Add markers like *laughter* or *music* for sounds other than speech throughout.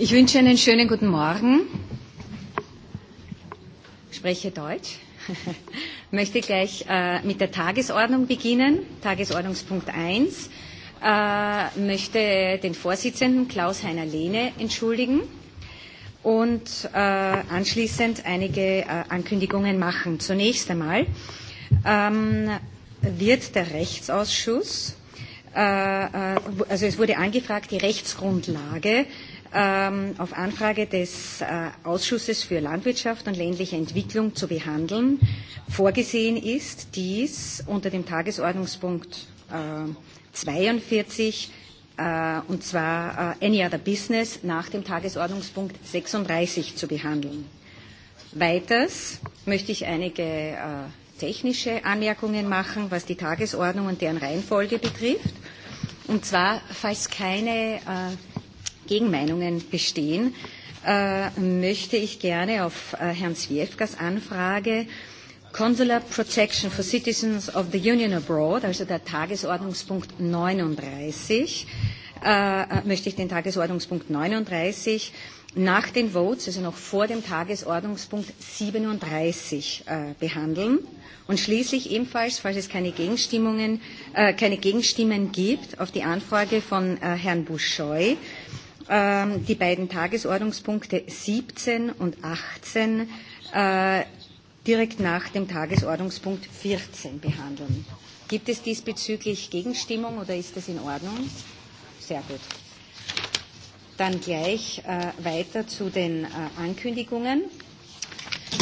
Ich wünsche einen schönen guten Morgen. Ich spreche Deutsch. Ich *laughs* möchte gleich äh, mit der Tagesordnung beginnen. Tagesordnungspunkt 1. Ich äh, möchte den Vorsitzenden Klaus-Heiner Lehne entschuldigen und äh, anschließend einige Ankündigungen machen. Zunächst einmal ähm, wird der Rechtsausschuss, also es wurde angefragt, die Rechtsgrundlage ähm, auf Anfrage des äh, Ausschusses für Landwirtschaft und ländliche Entwicklung zu behandeln. Vorgesehen ist dies unter dem Tagesordnungspunkt äh, 42 äh, und zwar äh, Any Other Business nach dem Tagesordnungspunkt 36 zu behandeln. Weiters möchte ich einige äh, technische Anmerkungen machen, was die Tagesordnung und deren Reihenfolge betrifft. Und zwar, falls keine äh, Gegenmeinungen bestehen, äh, möchte ich gerne auf äh, Herrn Zwiefkas Anfrage Consular Protection for Citizens of the Union Abroad, also der Tagesordnungspunkt 39, äh, möchte ich den Tagesordnungspunkt 39 nach den Votes, also noch vor dem Tagesordnungspunkt 37 behandeln. Und schließlich ebenfalls, falls es keine, Gegenstimmungen, äh, keine Gegenstimmen gibt, auf die Anfrage von äh, Herrn Bouchoy ähm, die beiden Tagesordnungspunkte 17 und 18 äh, direkt nach dem Tagesordnungspunkt 14 behandeln. Gibt es diesbezüglich Gegenstimmung oder ist das in Ordnung? Sehr gut. Dann gleich äh, weiter zu den äh, Ankündigungen.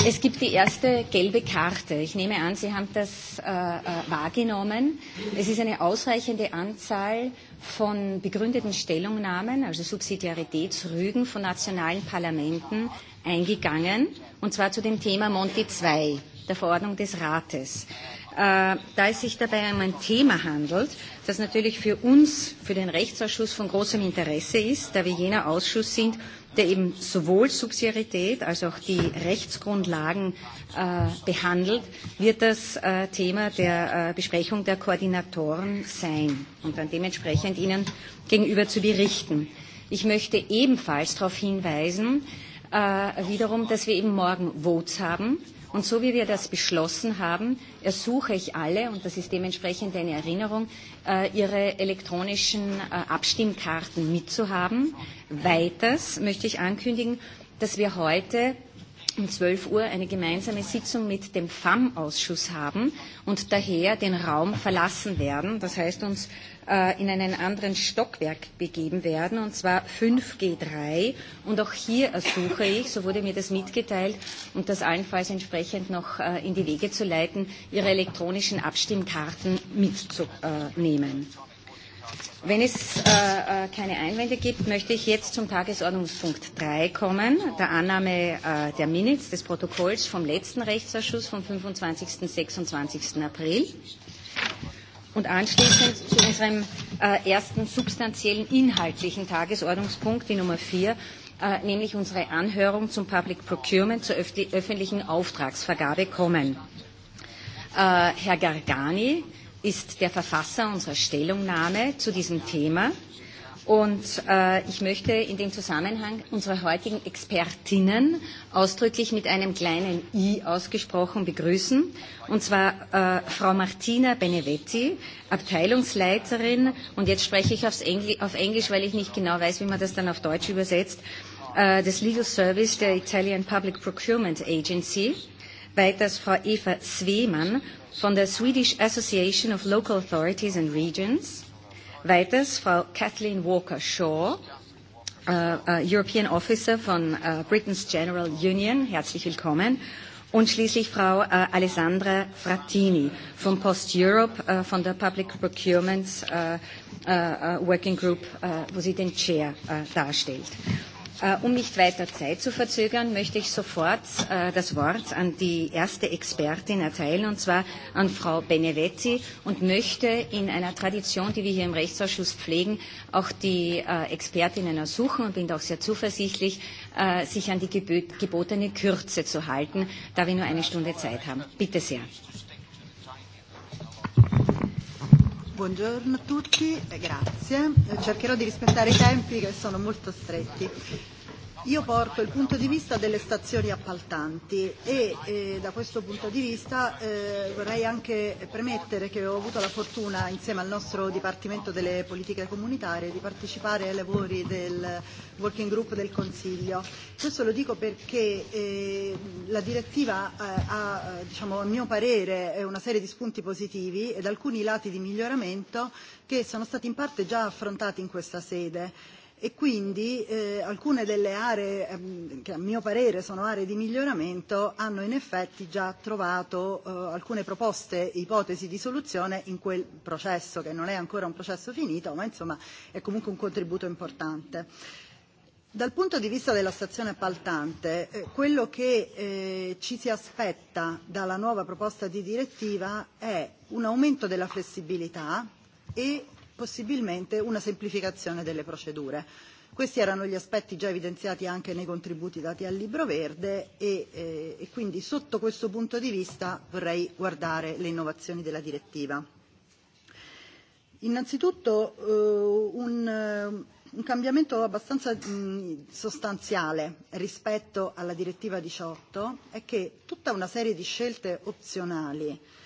Es gibt die erste gelbe Karte. Ich nehme an, Sie haben das äh, äh, wahrgenommen. Es ist eine ausreichende Anzahl von begründeten Stellungnahmen, also Subsidiaritätsrügen von nationalen Parlamenten eingegangen, und zwar zu dem Thema Monti II, der Verordnung des Rates. Äh, da es sich dabei um ein Thema handelt, das natürlich für uns, für den Rechtsausschuss von großem Interesse ist, da wir jener Ausschuss sind, der eben sowohl Subsidiarität als auch die Rechtsgrundlagen äh, behandelt, wird das äh, Thema der äh, Besprechung der Koordinatoren sein und dann dementsprechend Ihnen gegenüber zu berichten. Ich möchte ebenfalls darauf hinweisen, äh, wiederum, dass wir eben morgen Votes haben Und so wie wir das beschlossen haben, ersuche ich alle, und das ist dementsprechend eine Erinnerung, äh, ihre elektronischen äh, Abstimmkarten mitzuhaben. Weiters möchte ich ankündigen, dass wir heute um 12 Uhr eine gemeinsame Sitzung mit dem FAM-Ausschuss haben und daher den Raum verlassen werden. Das heißt, uns Äh, in einen anderen Stockwerk begeben werden, und zwar 5G3. Und auch hier ersuche ich, so wurde mir das mitgeteilt, und um das allenfalls entsprechend noch äh, in die Wege zu leiten, Ihre elektronischen Abstimmkarten mitzunehmen. Wenn es äh, äh keine Einwände gibt, möchte ich jetzt zum Tagesordnungspunkt 3 kommen, der Annahme äh, der Minutes des Protokolls vom letzten Rechtsausschuss vom 25. und 26. April. Und anschließend zu unserem äh, ersten substanziellen inhaltlichen Tagesordnungspunkt, die Nummer vier, äh, nämlich unsere Anhörung zum Public Procurement zur öf öffentlichen Auftragsvergabe kommen. Äh, Herr Gargani ist der Verfasser unserer Stellungnahme zu diesem Thema. Und äh, ich möchte in dem Zusammenhang unsere heutigen Expertinnen ausdrücklich mit einem kleinen i ausgesprochen begrüßen, und zwar äh, Frau Martina Benevetti, Abteilungsleiterin, und jetzt spreche ich aufs Engl auf Englisch, weil ich nicht genau weiß, wie man das dann auf Deutsch übersetzt, äh, des Legal Service der Italian Public Procurement Agency, weiters Frau Eva Sweemann von der Swedish Association of Local Authorities and Regions, weiters Frau Kathleen Walker-Shaw, äh, uh, European Officer von äh, Britain's General Union. Herzlich willkommen. Und schließlich Frau äh, Alessandra Frattini vom Post Europe, äh, von der Public Procurement äh, äh, Working Group, äh, wo sie den Chair äh, darstellt. Äh, um nicht weiter Zeit zu verzögern, möchte ich sofort äh, das Wort an die erste Expertin erteilen, und zwar an Frau Benevetti, und möchte in einer Tradition, die wir hier im Rechtsausschuss pflegen, auch die äh, Expertinnen ersuchen und bin auch sehr zuversichtlich, sich an die gebotene Kürze zu halten, da wir nur eine Stunde Zeit haben. Bitte sehr. Buongiorno a tutti, eh, grazie. Cercherò di rispettare i tempi che sono molto stretti. Io porto il punto di vista delle stazioni appaltanti e eh, da questo punto di vista eh, vorrei anche premettere che ho avuto la fortuna insieme al nostro Dipartimento delle politiche comunitarie di partecipare ai lavori del working group del Consiglio. Questo lo dico perché eh, la direttiva eh, ha, diciamo, a mio parere, una serie di spunti positivi ed alcuni lati di miglioramento che sono stati in parte già affrontati in questa sede e quindi eh, alcune delle aree ehm, che a mio parere sono aree di miglioramento hanno in effetti già trovato eh, alcune proposte, e ipotesi di soluzione in quel processo che non è ancora un processo finito, ma insomma è comunque un contributo importante. Dal punto di vista della stazione appaltante, eh, quello che eh, ci si aspetta dalla nuova proposta di direttiva è un aumento della flessibilità e possibilmente una semplificazione delle procedure. Questi erano gli aspetti già evidenziati anche nei contributi dati al Libro Verde e, eh, e quindi sotto questo punto di vista vorrei guardare le innovazioni della direttiva. Innanzitutto eh, un, un cambiamento abbastanza mh, sostanziale rispetto alla direttiva 18 è che tutta una serie di scelte opzionali eh,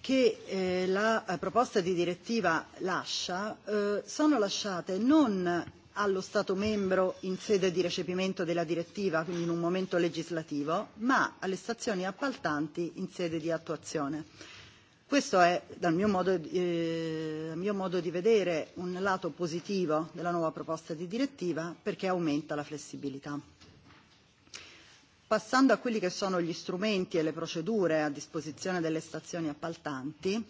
che eh, la eh, proposta di direttiva lascia eh, sono lasciate non allo Stato membro in sede di recepimento della direttiva, quindi in un momento legislativo, ma alle stazioni appaltanti in sede di attuazione. Questo è, dal mio modo, eh, mio modo di vedere, un lato positivo della nuova proposta di direttiva perché aumenta la flessibilità. Passando a quelli che sono gli strumenti e le procedure a disposizione delle stazioni appaltanti,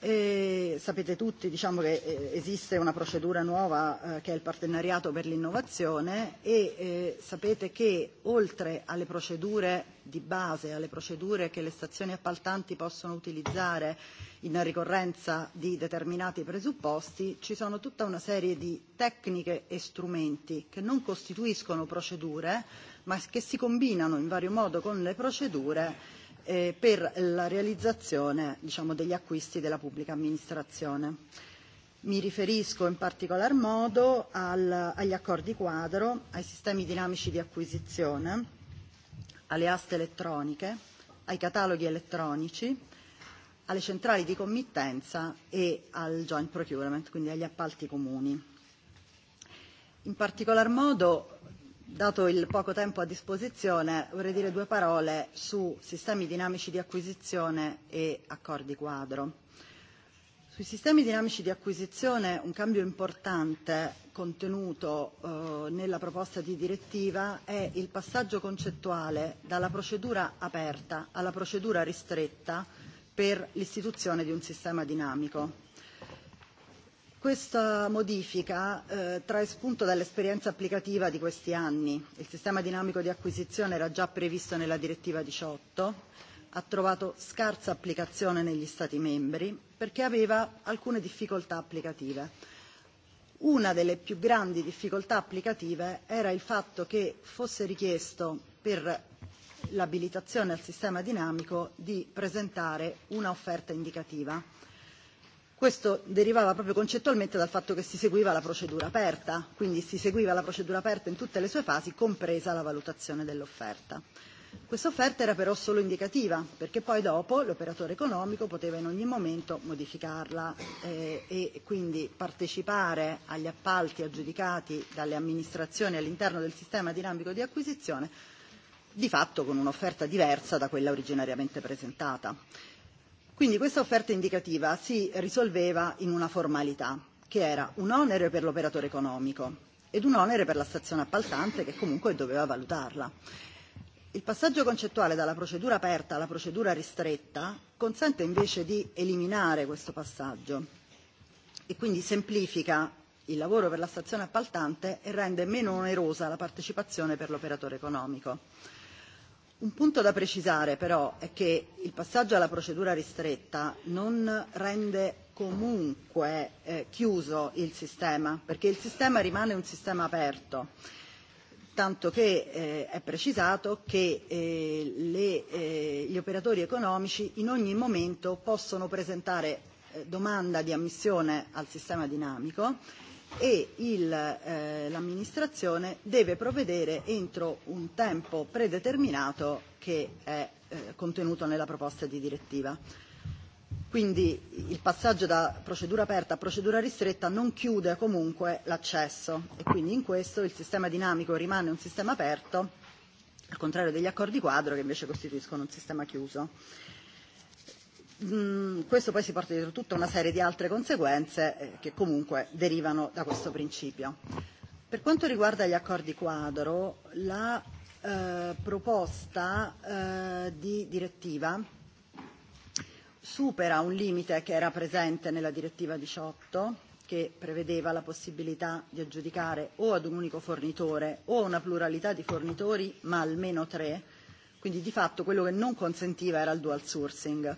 eh, sapete tutti diciamo, che eh, esiste una procedura nuova eh, che è il partenariato per l'innovazione e eh, sapete che oltre alle procedure di base, alle procedure che le stazioni appaltanti possono utilizzare in ricorrenza di determinati presupposti, ci sono tutta una serie di tecniche e strumenti che non costituiscono procedure ma che si combinano in vario modo con le procedure eh, per la realizzazione diciamo, degli acquisti della pubblica amministrazione. Mi riferisco in particolar modo al, agli accordi quadro, ai sistemi dinamici di acquisizione, alle aste elettroniche, ai cataloghi elettronici, alle centrali di committenza e al joint procurement, quindi agli appalti comuni. In particolar modo dato il poco tempo a disposizione, vorrei dire due parole su sistemi dinamici di acquisizione e accordi quadro. Sui sistemi dinamici di acquisizione un cambio importante contenuto eh, nella proposta di direttiva è il passaggio concettuale dalla procedura aperta alla procedura ristretta per l'istituzione di un sistema dinamico. Questa modifica eh, trae spunto dall'esperienza applicativa di questi anni. Il sistema dinamico di acquisizione era già previsto nella direttiva 18, ha trovato scarsa applicazione negli Stati membri perché aveva alcune difficoltà applicative. Una delle più grandi difficoltà applicative era il fatto che fosse richiesto per l'abilitazione al sistema dinamico di presentare una offerta indicativa Questo derivava proprio concettualmente dal fatto che si seguiva la procedura aperta, quindi si seguiva la procedura aperta in tutte le sue fasi, compresa la valutazione dell'offerta. Questa offerta era però solo indicativa, perché poi dopo l'operatore economico poteva in ogni momento modificarla eh, e quindi partecipare agli appalti aggiudicati dalle amministrazioni all'interno del sistema dinamico di acquisizione, di fatto con un'offerta diversa da quella originariamente presentata. Quindi questa offerta indicativa si risolveva in una formalità, che era un onere per l'operatore economico ed un onere per la stazione appaltante che comunque doveva valutarla. Il passaggio concettuale dalla procedura aperta alla procedura ristretta consente invece di eliminare questo passaggio e quindi semplifica il lavoro per la stazione appaltante e rende meno onerosa la partecipazione per l'operatore economico. Un punto da precisare però è che il passaggio alla procedura ristretta non rende comunque eh, chiuso il sistema, perché il sistema rimane un sistema aperto, tanto che eh, è precisato che eh, le, eh, gli operatori economici in ogni momento possono presentare eh, domanda di ammissione al sistema dinamico e il, eh, l'amministrazione deve provvedere entro un tempo predeterminato che è eh, contenuto nella proposta di direttiva. Quindi il passaggio da procedura aperta a procedura ristretta non chiude comunque l'accesso e quindi in questo il sistema dinamico rimane un sistema aperto, al contrario degli accordi quadro che invece costituiscono un sistema chiuso mh, mm, questo poi si porta dietro tutta una serie di altre conseguenze eh, che comunque derivano da questo principio. Per quanto riguarda gli accordi quadro, la eh, proposta eh, di direttiva supera un limite che era presente nella direttiva 18 che prevedeva la possibilità di aggiudicare o ad un unico fornitore o a una pluralità di fornitori, ma almeno tre. Quindi di fatto quello che non consentiva era il dual sourcing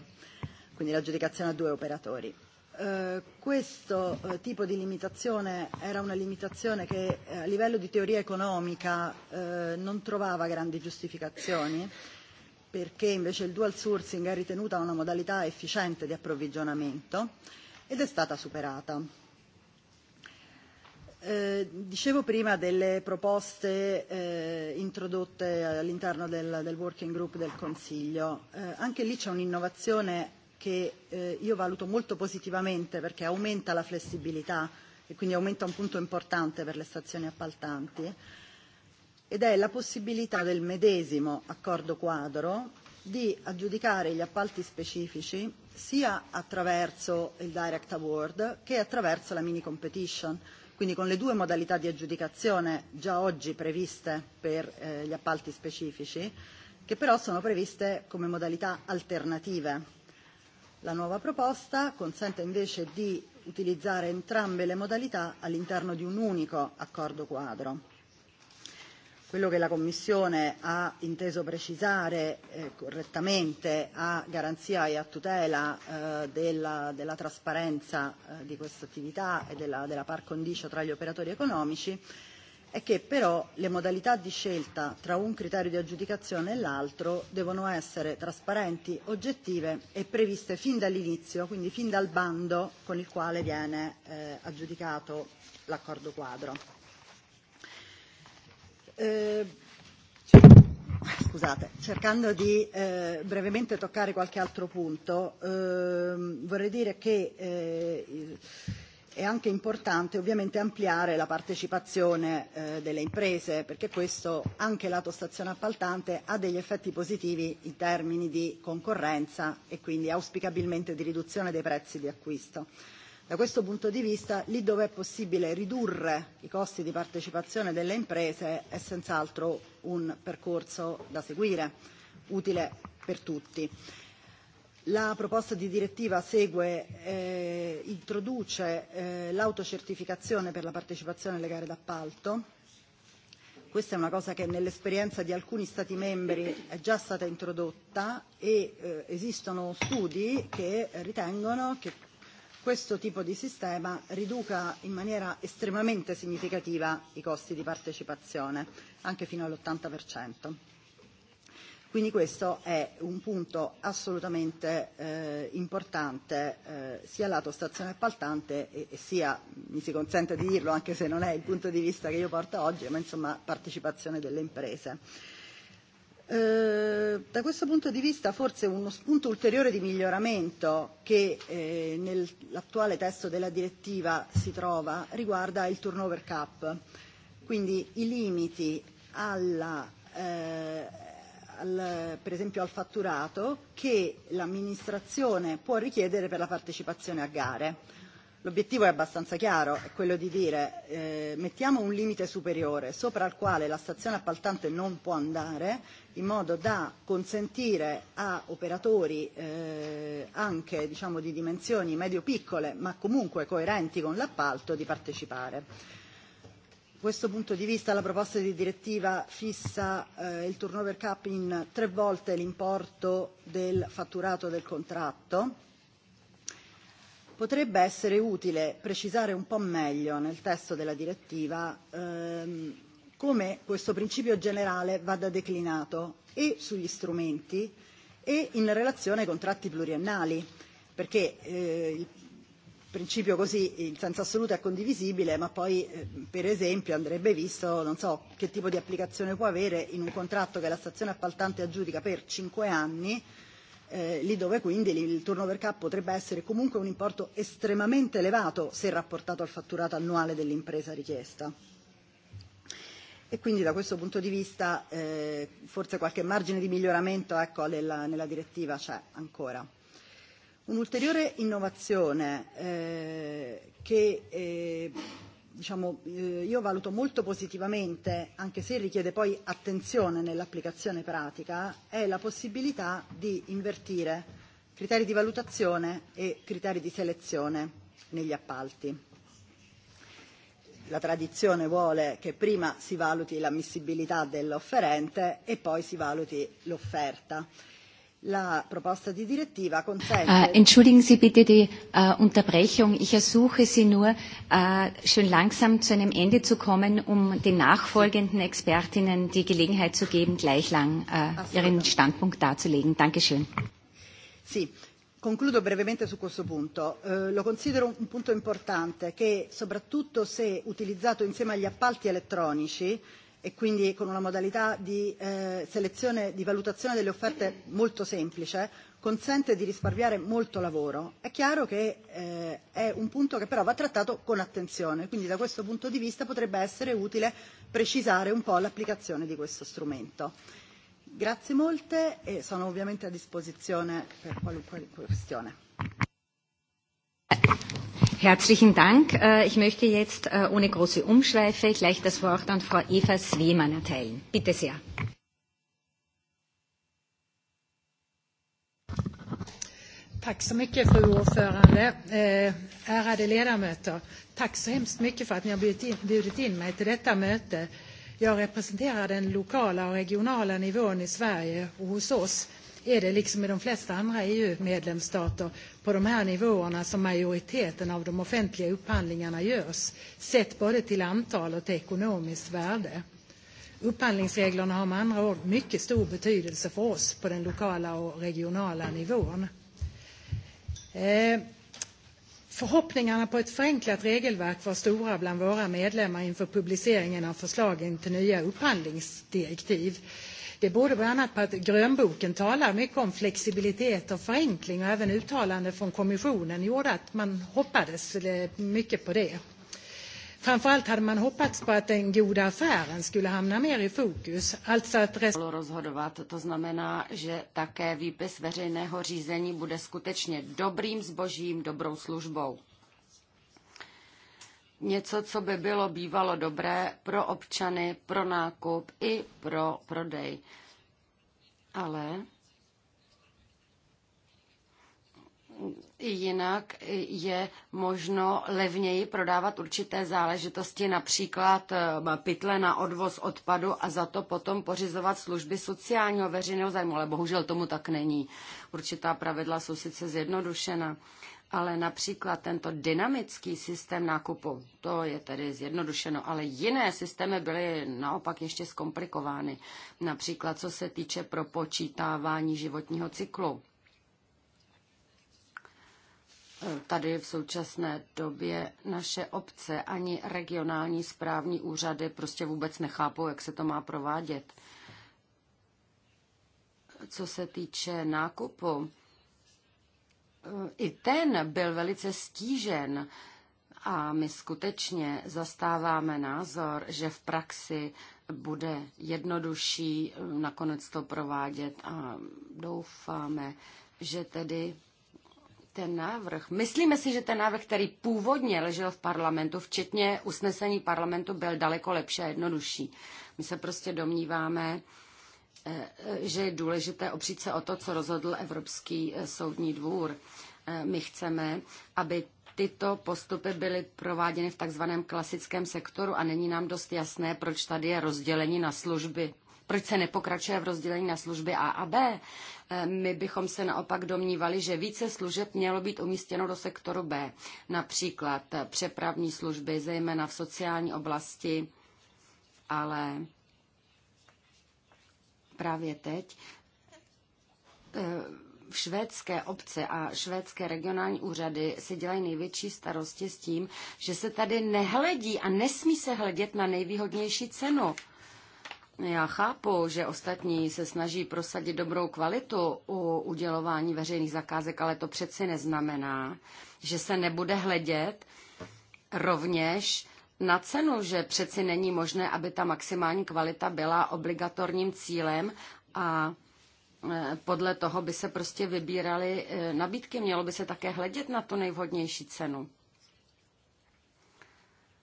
quindi l'aggiudicazione a due operatori. Eh, questo eh, tipo di limitazione era una limitazione che eh, a livello di teoria economica eh, non trovava grandi giustificazioni perché invece il dual sourcing è ritenuta una modalità efficiente di approvvigionamento ed è stata superata. Eh, dicevo prima delle proposte eh, introdotte all'interno del, del working group del Consiglio. Eh, anche lì c'è un'innovazione che eh, io valuto molto positivamente perché aumenta la flessibilità e quindi aumenta un punto importante per le stazioni appaltanti, ed è la possibilità del medesimo accordo quadro di aggiudicare gli appalti specifici sia attraverso il Direct Award che attraverso la mini competition, quindi con le due modalità di aggiudicazione già oggi previste per eh, gli appalti specifici, che però sono previste come modalità alternative La nuova proposta consente invece di utilizzare entrambe le modalità all'interno di un unico accordo quadro. Quello che la Commissione ha inteso precisare eh, correttamente a garanzia e a tutela eh, della, della trasparenza eh, di questa attività e della, della par condicio tra gli operatori economici è che però le modalità di scelta tra un criterio di aggiudicazione e l'altro devono essere trasparenti, oggettive e previste fin dall'inizio, quindi fin dal bando con il quale viene eh, aggiudicato l'accordo quadro. Eh, Scusate, cercando di eh, brevemente toccare qualche altro punto, eh, vorrei dire che eh, È anche importante ovviamente ampliare la partecipazione eh, delle imprese perché questo anche lato stazione appaltante ha degli effetti positivi in termini di concorrenza e quindi auspicabilmente di riduzione dei prezzi di acquisto. Da questo punto di vista, lì dove è possibile ridurre i costi di partecipazione delle imprese è senz'altro un percorso da seguire, utile per tutti. La proposta di direttiva segue, eh, introduce eh, l'autocertificazione per la partecipazione alle gare d'appalto. Questa è una cosa che nell'esperienza di alcuni Stati membri è già stata introdotta e eh, esistono studi che ritengono che questo tipo di sistema riduca in maniera estremamente significativa i costi di partecipazione, anche fino all'80%. Quindi questo è un punto assolutamente eh, importante eh, sia lato stazione appaltante e, e sia, mi si consente di dirlo anche se non è il punto di vista che io porto oggi, ma insomma partecipazione delle imprese. Eh, da questo punto di vista forse uno spunto ulteriore di miglioramento che eh, nell'attuale testo della direttiva si trova riguarda il turnover cap, quindi i limiti alla eh, al, per esempio al fatturato che l'amministrazione può richiedere per la partecipazione a gare. L'obiettivo è abbastanza chiaro, è quello di dire eh, mettiamo un limite superiore sopra il quale la stazione appaltante non può andare in modo da consentire a operatori eh, anche diciamo, di dimensioni medio-piccole ma comunque coerenti con l'appalto di partecipare questo punto di vista la proposta di direttiva fissa eh, il turnover cap in tre volte l'importo del fatturato del contratto. Potrebbe essere utile precisare un po' meglio nel testo della direttiva ehm, come questo principio generale vada declinato e sugli strumenti e in relazione ai contratti pluriannali, perché eh, il principio così in senso assoluto è condivisibile, ma poi eh, per esempio andrebbe visto non so, che tipo di applicazione può avere in un contratto che la stazione appaltante aggiudica per 5 anni, eh, lì dove quindi il turnover cap potrebbe essere comunque un importo estremamente elevato se rapportato al fatturato annuale dell'impresa richiesta. E quindi da questo punto di vista eh, forse qualche margine di miglioramento ecco, nella, nella direttiva c'è ancora. Un'ulteriore innovazione eh, che eh, diciamo, eh, io valuto molto positivamente, anche se richiede poi attenzione nell'applicazione pratica, è la possibilità di invertire criteri di valutazione e criteri di selezione negli appalti. La tradizione vuole che prima si valuti l'ammissibilità dell'offerente e poi si valuti l'offerta La proposta di direttiva consente... Äh, entschuldigen Sie bitte die äh, Unterbrechung. Ich ersuche Sie nur, äh, schön langsam zu einem Ende zu kommen, um den nachfolgenden Expertinnen die Gelegenheit zu geben, gleich lang äh, Ihren Standpunkt darzulegen. Dankeschön. Sì. Concludo brevemente su questo punto. Eh, lo considero un punto importante che, soprattutto se utilizzato insieme agli appalti elettronici, e quindi con una modalità di eh, selezione, di valutazione delle offerte molto semplice, consente di risparmiare molto lavoro. È chiaro che eh, è un punto che però va trattato con attenzione, quindi da questo punto di vista potrebbe essere utile precisare un po' l'applicazione di questo strumento. Grazie molte e sono ovviamente a disposizione per qualunque questione. Herzlichen Dank. Äh, ich möchte jetzt äh, ohne große Umschweife gleich das Wort an Frau Eva Swemann erteilen. Bitte sehr. Tack så mycket, fru ordförande. Eh, ärade ledamöter, tack så hemskt mycket för att ni har bjudit in, bjudit in mig till detta möte. Jag representerar den lokala och regionala nivån i Sverige och hos oss är det liksom i de flesta andra EU-medlemsstater på de här nivåerna som majoriteten av de offentliga upphandlingarna görs, sett både till antal och till ekonomiskt värde. Upphandlingsreglerna har med andra ord mycket stor betydelse för oss på den lokala och regionala nivån. Eh, förhoppningarna på ett förenklat regelverk var stora bland våra medlemmar inför publiceringen av förslagen till nya upphandlingsdirektiv. Det borde bland annat på att grönboken talar mycket om flexibilitet och förenkling och även uttalanden från kommissionen gjorde att man hoppades eh, mycket på det. Framförallt hade man hoppats på att den goda affären skulle hamna mer i fokus. Alltså att rozhodovat, to znamená, že také výpis veřejného řízení bude skutečně dobrým zbožím, dobrou službou něco, co by bylo bývalo dobré pro občany, pro nákup i pro prodej. Ale jinak je možno levněji prodávat určité záležitosti, například eh, pytle na odvoz odpadu a za to potom pořizovat služby sociálního veřejného zájmu, ale bohužel tomu tak není. Určitá pravidla jsou sice zjednodušena, ale například tento dynamický systém nákupu, to je tedy zjednodušeno, ale jiné systémy byly naopak ještě zkomplikovány, například co se týče propočítávání životního cyklu. Tady v současné době naše obce ani regionální správní úřady prostě vůbec nechápou, jak se to má provádět. Co se týče nákupu, i ten byl velice stížen a my skutečně zastáváme názor, že v praxi bude jednodušší eh, nakonec to provádět a doufáme, že tedy ten návrh. Myslíme si, že ten návrh, který původně ležel v parlamentu, včetně usnesení parlamentu, byl daleko lepší a jednodušší. My se prostě domníváme, že je důležité opřít se o to, co rozhodl Evropský eh, soudní dvůr. Eh, my chceme, aby tyto postupy byly prováděny v takzvaném klasickém sektoru a není nám dost jasné, proč tady je rozdělení na služby proč se nepokračuje v rozdělení na služby A a B. Eh, my bychom se naopak domnívali, že více služeb mělo být umístěno do sektoru B, například přepravní služby, zejména v sociální oblasti, ale právě teď eh, švédské obce a švédské regionální úřady si dělají největší starosti s tím, že se tady nehledí a nesmí se hledět na nejvýhodnější cenu. Já chápu, že ostatní se snaží prosadit dobrou kvalitu u udělování veřejných zakázek, ale to přeci neznamená, že se nebude hledět rovněž na cenu, že přeci není možné, aby ta maximální kvalita byla obligatorním cílem a e, podle toho by se prostě vybíraly e, nabídky. Mělo by se také hledět na tu nejvhodnější cenu.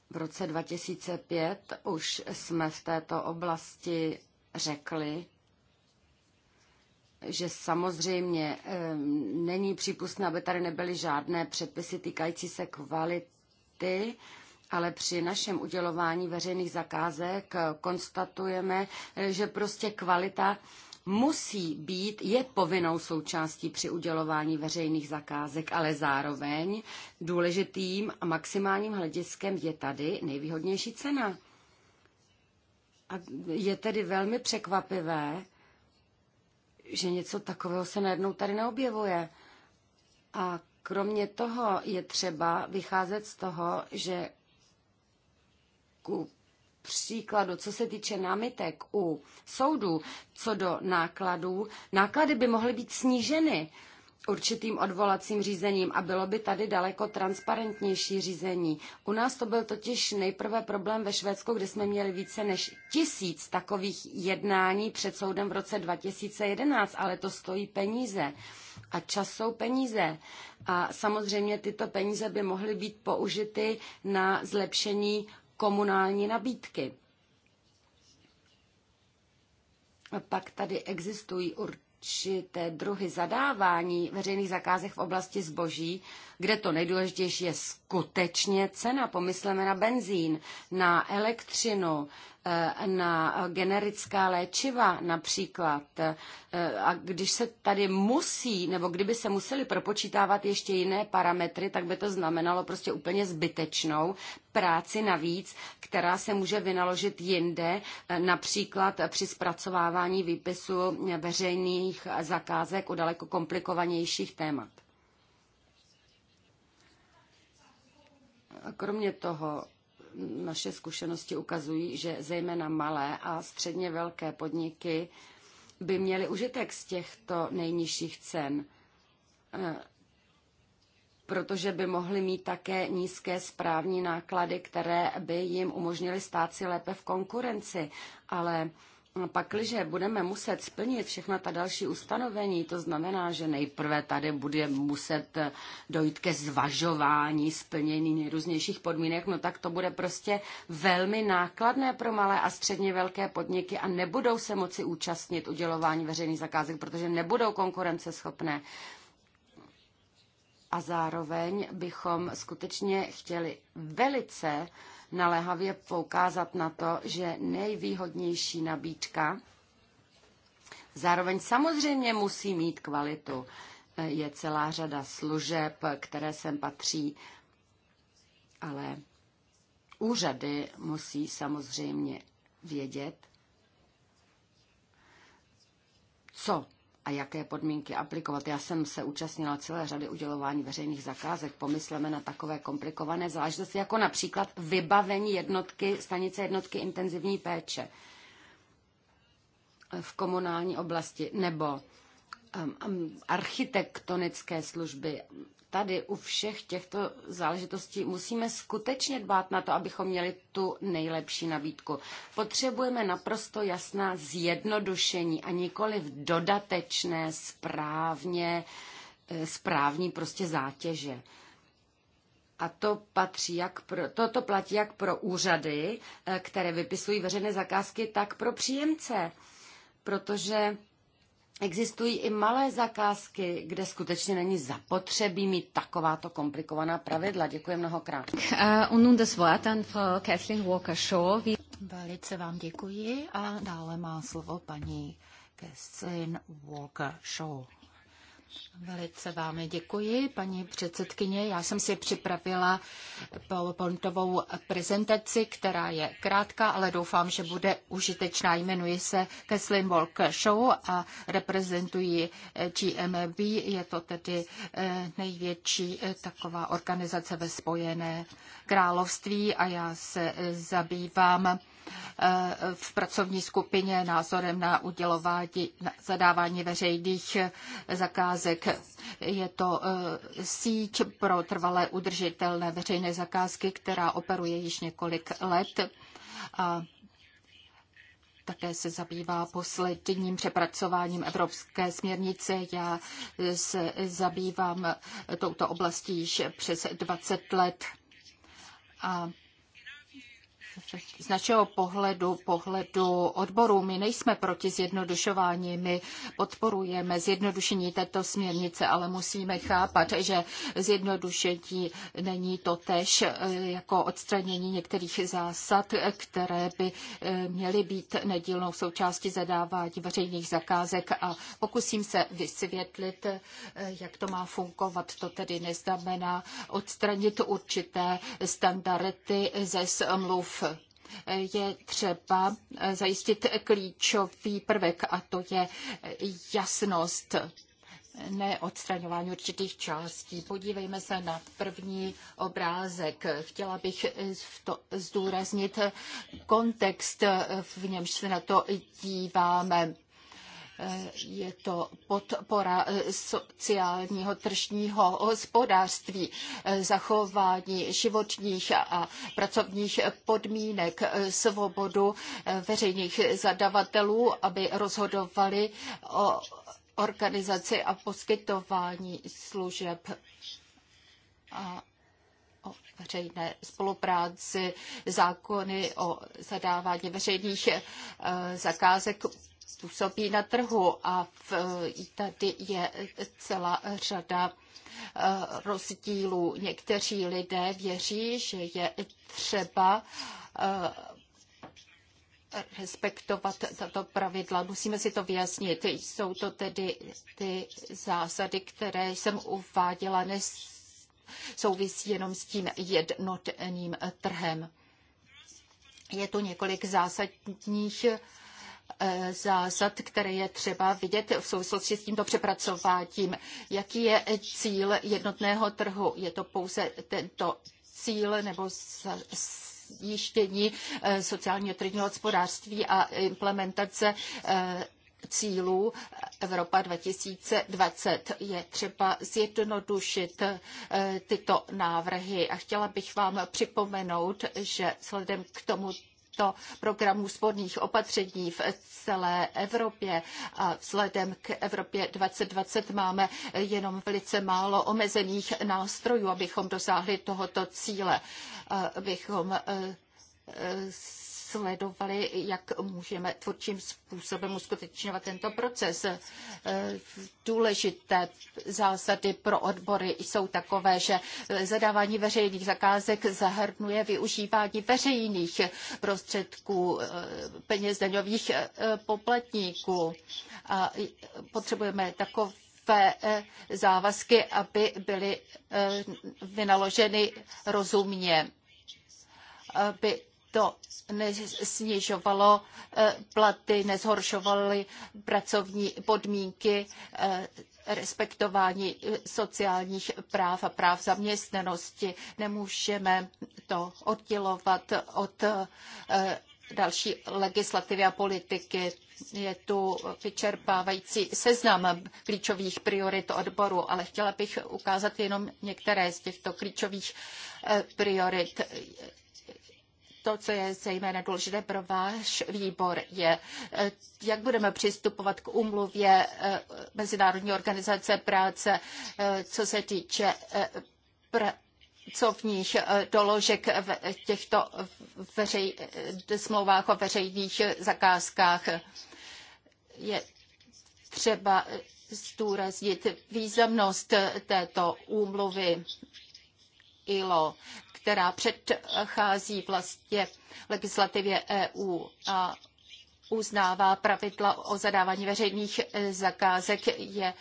V roce 2005 už jsme v této oblasti řekli, že samozřejmě e, není přípustné, aby tady nebyly žádné předpisy týkající se kvality, ale při našem udělování veřejných zakázek konstatujeme, že prostě kvalita musí být, je povinnou součástí při udělování veřejných zakázek, ale zároveň důležitým a maximálním hlediskem je tady nejvýhodnější cena. A je tedy velmi překvapivé, že něco takového se najednou tady neobjevuje. A kromě toho je třeba vycházet z toho, že ku příkladu, co se týče námitek u soudů, co do nákladů, náklady by mohly být sníženy určitým odvolacím řízením a bylo by tady daleko transparentnější řízení. U nás to byl totiž nejprve problém ve Švédsku, kde jsme měli více než tisíc takových jednání před soudem v roce 2011, ale to stojí peníze. A čas jsou peníze. A samozřejmě tyto peníze by mohly být použity na zlepšení komunální nabídky. A pak tady existují určité druhy zadávání veřejných zakázek v oblasti zboží, kde to nejdůležitější je skutečně cena. Pomysleme na benzín, na elektřinu, Eh, na generická léčiva například, eh, a když se tady musí, nebo kdyby se museli propočítávat ještě jiné parametry, tak by to znamenalo prostě úplně zbytečnou práci navíc, která se může vynaložit jinde, eh, například při zpracovávání výpisu veřejných zakázek u daleko komplikovanějších témat. Kromě toho, naše zkušenosti ukazují, že zejména malé a středně velké podniky by měly užitek z těchto nejnižších cen, eh, protože by mohly mít také nízké správní náklady, které by jim umožnily stát si lépe v konkurenci. Ale pak když budeme muset splnit všechna ta další ustanovení, to znamená, že nejprve tady bude muset eh, dojít ke zvažování splnění nejrůznějších podmínek, no tak to bude prostě velmi nákladné pro malé a středně velké podniky a nebudou se moci účastnit udělování veřejných zakázek, protože nebudou konkurenceschopné. A zároveň bychom skutečně chtěli velice naléhavě poukázat na to, že nejvýhodnější nabídka zároveň samozřejmě musí mít kvalitu. Je celá řada služeb, které sem patří, ale úřady musí samozřejmě vědět, co a jaké podmínky aplikovat. Já jsem se účastnila celé řady udělování veřejných zakázek. Pomysleme na takové komplikované záležitosti, jako například vybavení jednotky, stanice jednotky intenzivní péče v komunální oblasti nebo um, um, architektonické služby, tady u všech těchto záležitostí musíme skutečně dbát na to, abychom měli tu nejlepší nabídku. Potřebujeme naprosto jasná zjednodušení a nikoli v dodatečné správně, eh, správní prostě zátěže. A to patří jak pro, toto platí jak pro úřady, eh, které vypisují veřejné zakázky, tak pro příjemce. Protože Existují i malé zakázky, kde skutečně není zapotřebí mít takováto komplikovaná pravidla. Děkuji mnohokrát. Uh, und das Wort an Frau Kathleen Walker-Shaw. Velice vám děkuji a dále má slovo paní Kathleen Walker-Shaw. Velice vám děkuji, paní předsedkyně. Já jsem si připravila PowerPointovou prezentaci, která je krátká, ale doufám, že bude užitečná. Jmenuji se Kathleen Walker Show a reprezentuji GMB. Je to tedy eh, největší eh, taková organizace ve Spojené království a já se eh, zabývám v pracovní skupině názorem na udělování, na zadávání veřejných zakázek. Je to e, síť pro trvalé udržitelné veřejné zakázky, která operuje již několik let. A také se zabývá posledním přepracováním evropské směrnice. Já se zabývám touto oblastí již přes 20 let. A z našeho pohledu, pohledu odboru, my nejsme proti zjednodušování, my podporujeme zjednodušení této směrnice, ale musíme chápat, že zjednodušení není to tež eh, jako odstranění některých zásad, které by eh, měly být nedílnou součástí zadávání veřejných zakázek a pokusím se vysvětlit, eh, jak to má fungovat. To tedy neznamená odstranit určité standardy ze smluv je třeba zajistit klíčový prvek a to je jasnost neodstraňování určitých částí. Podívejme se na první obrázek. Chtěla bych to zdůraznit kontext, v němž se na to díváme. Eh, je to podpora eh, sociálního tržního hospodářství, eh, zachování životních a pracovních podmínek, svobodu veřejných zadavatelů, aby rozhodovali o organizaci a poskytování služeb a o veřejné spolupráci, zákony o zadávání veřejných zakázek způsobí na trhu a v, tady je celá řada eh, rozdílů. Někteří lidé věří, že je třeba eh, respektovat tato pravidla. Musíme si to vyjasnit. Jsou to tedy ty zásady, které jsem uváděla, souvisí jenom s tím jednotným trhem. Je tu několik zásadních Eh, zásad, které je třeba vidět v souvislosti s tímto přepracováním. Jaký je cíl jednotného trhu? Je to pouze tento cíl nebo zjištění eh, sociálního tržního hospodářství a implementace eh, cílů Evropa 2020. Je třeba zjednodušit tyto návrhy a chtěla bych vám připomenout, že vzhledem k tomu těchto programů sporných opatření v celé Evropě. A vzhledem k Evropě 2020 máme jenom velice málo omezených nástrojů, abychom dosáhli tohoto cíle, abychom eh, eh, sledovali, jak můžeme tvůrčím způsobem uskutečňovat tento proces. Eh, důležité zásady pro odbory jsou takové, že zadávání veřejných zakázek zahrnuje využívání veřejných prostředků eh, peněz daňových eh, poplatníků. A potřebujeme takové závazky, aby byly vynaloženy rozumně, aby to nesnižovalo eh, platy, nezhoršovaly pracovní podmínky, eh, respektování eh, sociálních práv a práv zaměstnanosti. Nemůžeme to oddělovat od další legislativy a politiky. Je tu vyčerpávající seznam klíčových priorit odboru, ale chtěla bych ukázat jenom některé z těchto klíčových priorit to, co je zejména důležité pro váš výbor, je, eh, jak budeme přistupovat k umluvě eh, Mezinárodní organizace práce, eh, co se týče pra- pracovních doložek v těchto veřej, smlouvách o veřejných zakázkách. Je třeba zdůraznit významnost této úmluvy ILO která předchází vlastně legislativě EU a uznává pravidla o zadávání veřejných e, zakázek, je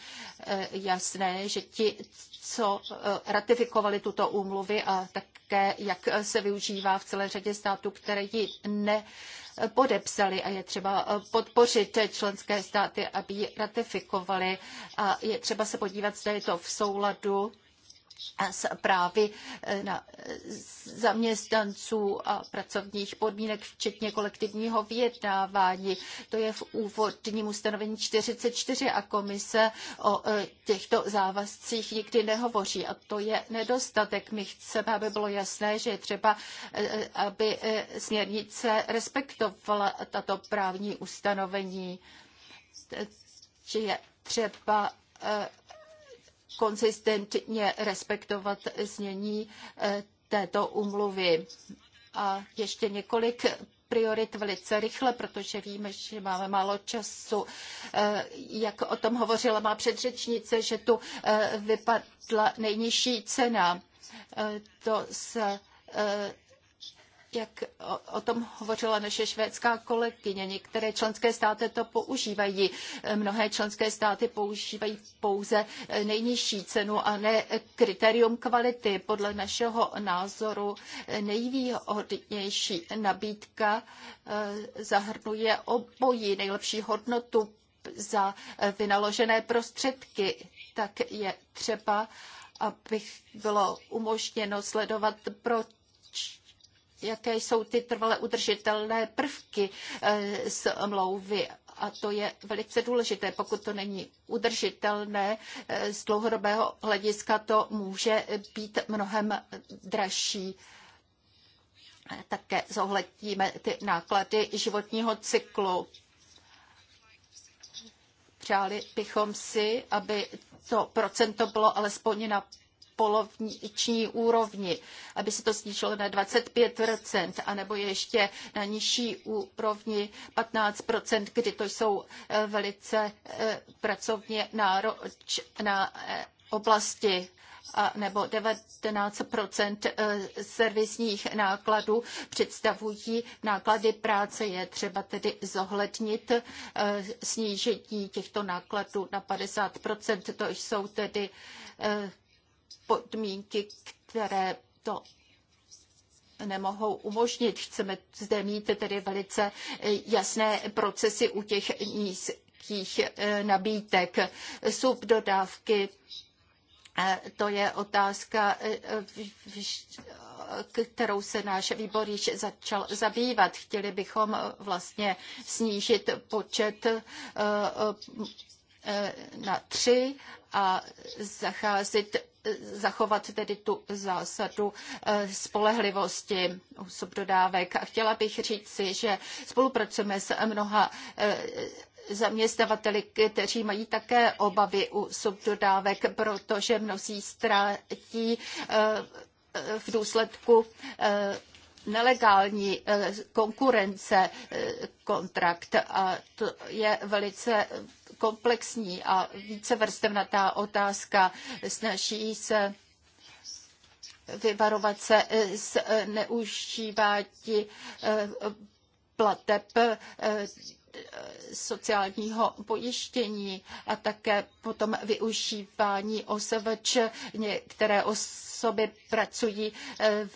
e, jasné, že ti, co e, ratifikovali tuto úmluvy a také, jak se využívá v celé řadě států, které ji nepodepsali a je třeba podpořit členské státy, aby ji ratifikovali a je třeba se podívat, zda je to v souladu právy e, na e, zaměstnanců a pracovních podmínek, včetně kolektivního vyjednávání. To je v úvodním ustanovení 44 a komise o e, těchto závazcích nikdy nehovoří a to je nedostatek. My chceme, aby bylo jasné, že je třeba, aby směrnice respektovala tato právní ustanovení, že je třeba konzistentně respektovat znění eh, této umluvy. A ještě několik priorit velice rychle, protože víme, že máme málo času. Eh, jak o tom hovořila má předřečnice, že tu eh, vypadla nejnižší cena. To se jak o tom hovořila naše švédská kolegyně. Některé členské státy to používají. Mnohé členské státy používají pouze eh, nejnižší cenu a ne kritérium kvality. Podle našeho názoru eh, nejvýhodnější nabídka eh, zahrnuje obojí nejlepší hodnotu za vynaložené prostředky. Tak je třeba, aby bylo umožněno sledovat, proč jaké jsou ty trvale udržitelné prvky smlouvy eh, a to je velice důležité. Pokud to není udržitelné eh, z dlouhodobého hlediska, to může být mnohem dražší. Také zohledníme ty náklady životního cyklu. Přáli bychom si, aby to procento bylo alespoň na poloviční úrovni, aby se to snížilo na 25 anebo ještě na nižší úrovni 15 kdy to jsou eh, velice eh, pracovně náročné eh, oblasti a nebo 19 servisních nákladů představují náklady práce. Je třeba tedy zohlednit snížení těchto nákladů na 50 To jsou tedy podmínky, které to nemohou umožnit. Chceme zde mít tedy velice jasné procesy u těch nízkých eh, nabídek, subdodávky. Eh, to je otázka, eh, kterou se náš výbor již začal zabývat. Chtěli bychom vlastně snížit počet na tři a zacházet zachovat tedy tu zásadu eh, spolehlivosti osob dodávek. A chtěla bych říci, že spolupracujeme s mnoha eh, zaměstnavateli, kteří mají také obavy u subdodávek, protože mnozí ztratí eh, v důsledku nelegální konkurence kontrakt a to je velice komplexní a více vrstevnatá otázka. Snaží se vyvarovat se z eh, eh, neužívání eh, plateb sociálního pojištění a také potom využívání OSVČ. Některé osoby pracují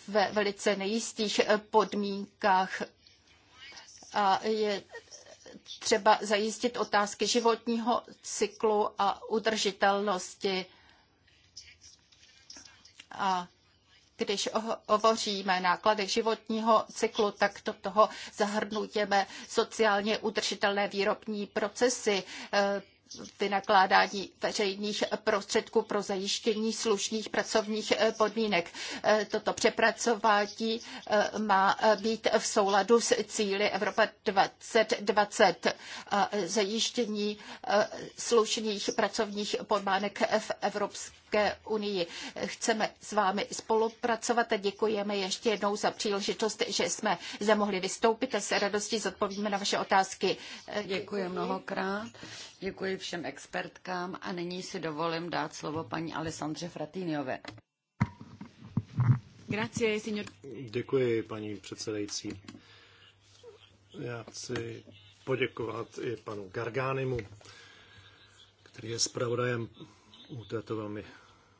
ve velice nejistých podmínkách a je třeba zajistit otázky životního cyklu a udržitelnosti. A když hovoříme o nákladech životního cyklu, tak do toho zahrnujeme sociálně udržitelné výrobní procesy, eh, vynakládání veřejných prostředků pro zajištění slušných pracovních eh, podmínek. Eh, toto přepracování eh, má být v souladu s cíly Evropa 2020 a zajištění slušných pracovních podmínek v Evropské Evropské unii. Chceme s vámi spolupracovat a děkujeme ještě jednou za příležitost, že jsme zde mohli vystoupit a s radostí zodpovíme na vaše otázky. Děkuji mnohokrát. Děkuji všem expertkám a nyní si dovolím dát slovo paní Alessandře Fratýniové. Grazie, signor. Děkuji, paní předsedající. Já chci poděkovat i panu Garganimu, který je zpravodajem u této velmi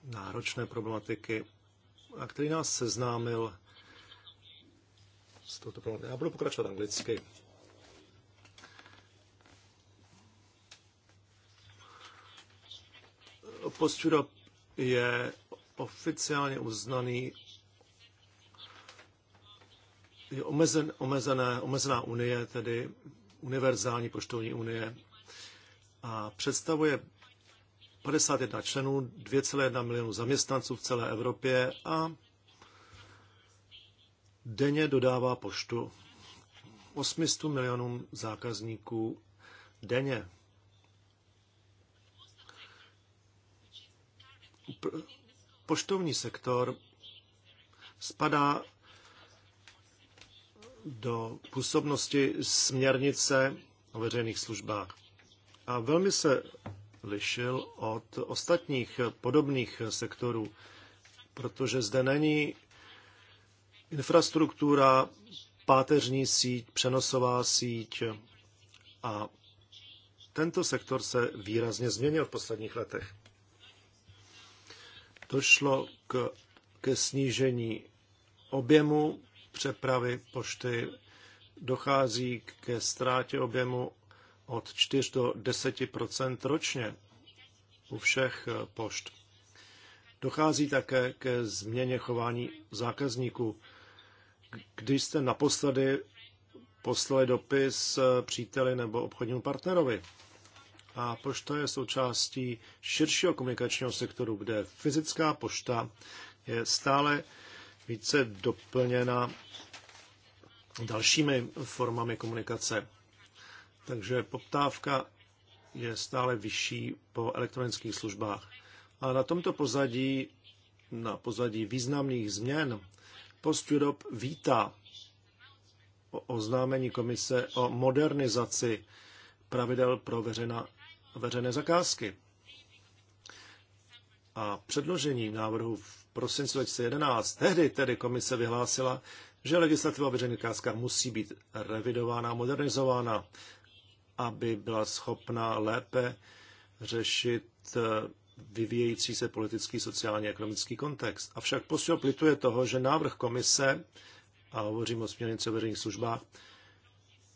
náročné problematiky a který nás seznámil s touto problematikou. Já budu pokračovat anglicky. Postura je oficiálně uznaný je omezen, omezené, omezená unie, tedy univerzální poštovní unie, a představuje 51 členů, 2,1 milionu zaměstnanců v celé Evropě a denně dodává poštu 800 milionům zákazníků denně. Poštovní sektor spadá do působnosti směrnice o veřejných službách. A velmi se lišil od ostatních podobných sektorů, protože zde není infrastruktura, páteřní síť, přenosová síť a tento sektor se výrazně změnil v posledních letech. Došlo k, ke snížení objemu přepravy pošty, dochází ke ztrátě objemu od 4 do 10 ročně u všech eh, pošt. Dochází také ke změně chování zákazníků. Když jste naposledy poslali dopis eh, příteli nebo obchodnímu partnerovi. A pošta je součástí širšího komunikačního sektoru, kde fyzická pošta je stále více doplněna dalšími formami komunikace. Takže poptávka je stále vyšší po elektronických službách. A na tomto pozadí, na pozadí významných změn, Post Europe vítá oznámení komise o modernizaci pravidel pro veřejna, veřejné zakázky. A předložení návrhu v prosinci 2011, tehdy tedy komise vyhlásila, že legislativa veřejných zakázkách musí být revidována, modernizována aby byla schopna lépe řešit eh, vyvíjející se politický, sociální a ekonomický kontext. Avšak posil plituje toho, že návrh komise, a hovořím o směrnici o veřejných službách,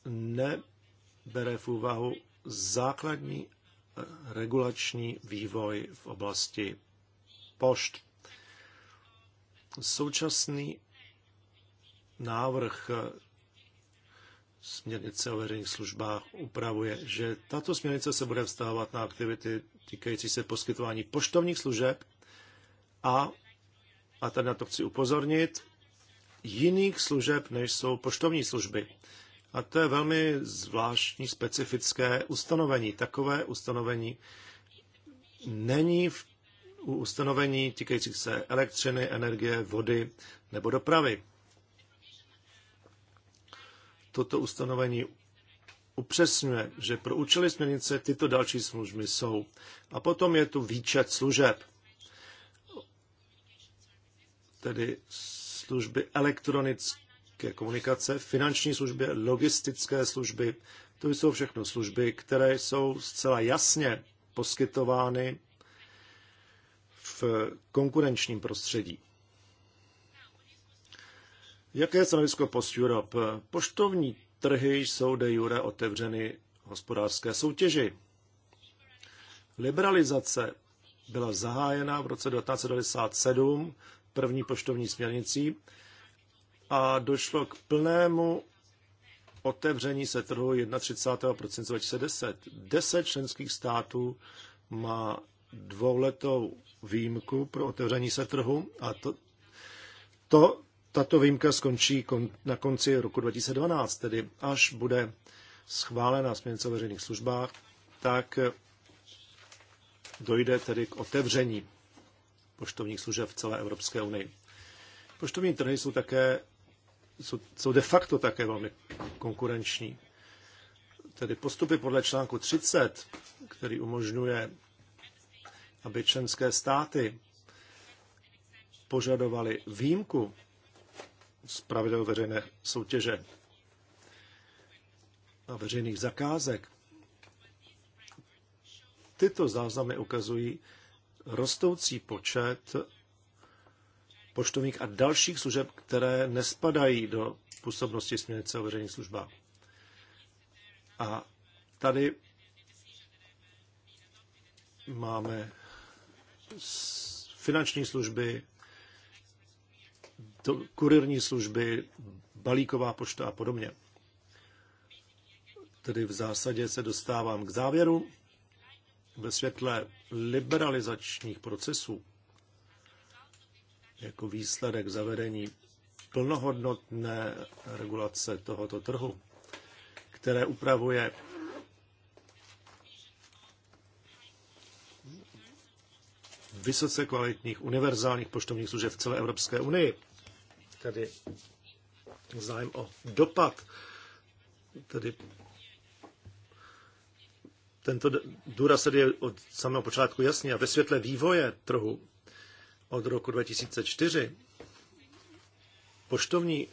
nebere v úvahu základní eh, regulační vývoj v oblasti pošt. Současný návrh eh, směrnice o veřejných službách upravuje, že tato směrnice se bude vztahovat na aktivity týkající se poskytování poštovních služeb a, a tady na to chci upozornit, jiných služeb, než jsou poštovní služby. A to je velmi zvláštní, specifické ustanovení. Takové ustanovení není v, u ustanovení týkajících se elektřiny, energie, vody nebo dopravy toto ustanovení upřesňuje, že pro účely směrnice tyto další služby jsou. A potom je tu výčet služeb, tedy služby elektronické komunikace, finanční služby, logistické služby. To jsou všechno služby, které jsou zcela jasně poskytovány v konkurenčním prostředí. Jaké je stanovisko Post Europe? Poštovní trhy jsou de jure otevřeny hospodářské soutěži. Liberalizace byla zahájena v roce 1997 první poštovní směrnicí a došlo k plnému otevření se trhu 31. prosince 2010. Deset členských států má dvouletou výjimku pro otevření se trhu a to, to tato výjimka skončí na konci roku 2012, tedy až bude schválena směrnice o veřejných službách, tak dojde tedy k otevření poštovních služeb v celé Evropské unii. Poštovní trhy jsou také jsou, jsou de facto také velmi konkurenční. Tedy postupy podle článku 30, který umožňuje, aby členské státy požadovaly výjimku z pravidel veřejné soutěže a veřejných zakázek. Tyto záznamy ukazují rostoucí počet poštovních a dalších služeb, které nespadají do působnosti směrnice o veřejných službách. A tady máme finanční služby, kurirní kurierní služby, balíková pošta a podobně. Tedy v zásadě se dostávám k závěru. Ve světle liberalizačních procesů jako výsledek zavedení plnohodnotné regulace tohoto trhu, které upravuje vysoce kvalitních univerzálních poštovních služeb v celé Evropské unii tedy zájem o dopad, tedy tento důraz tedy je od samého počátku jasný a ve světle vývoje trhu od roku 2004 poštovní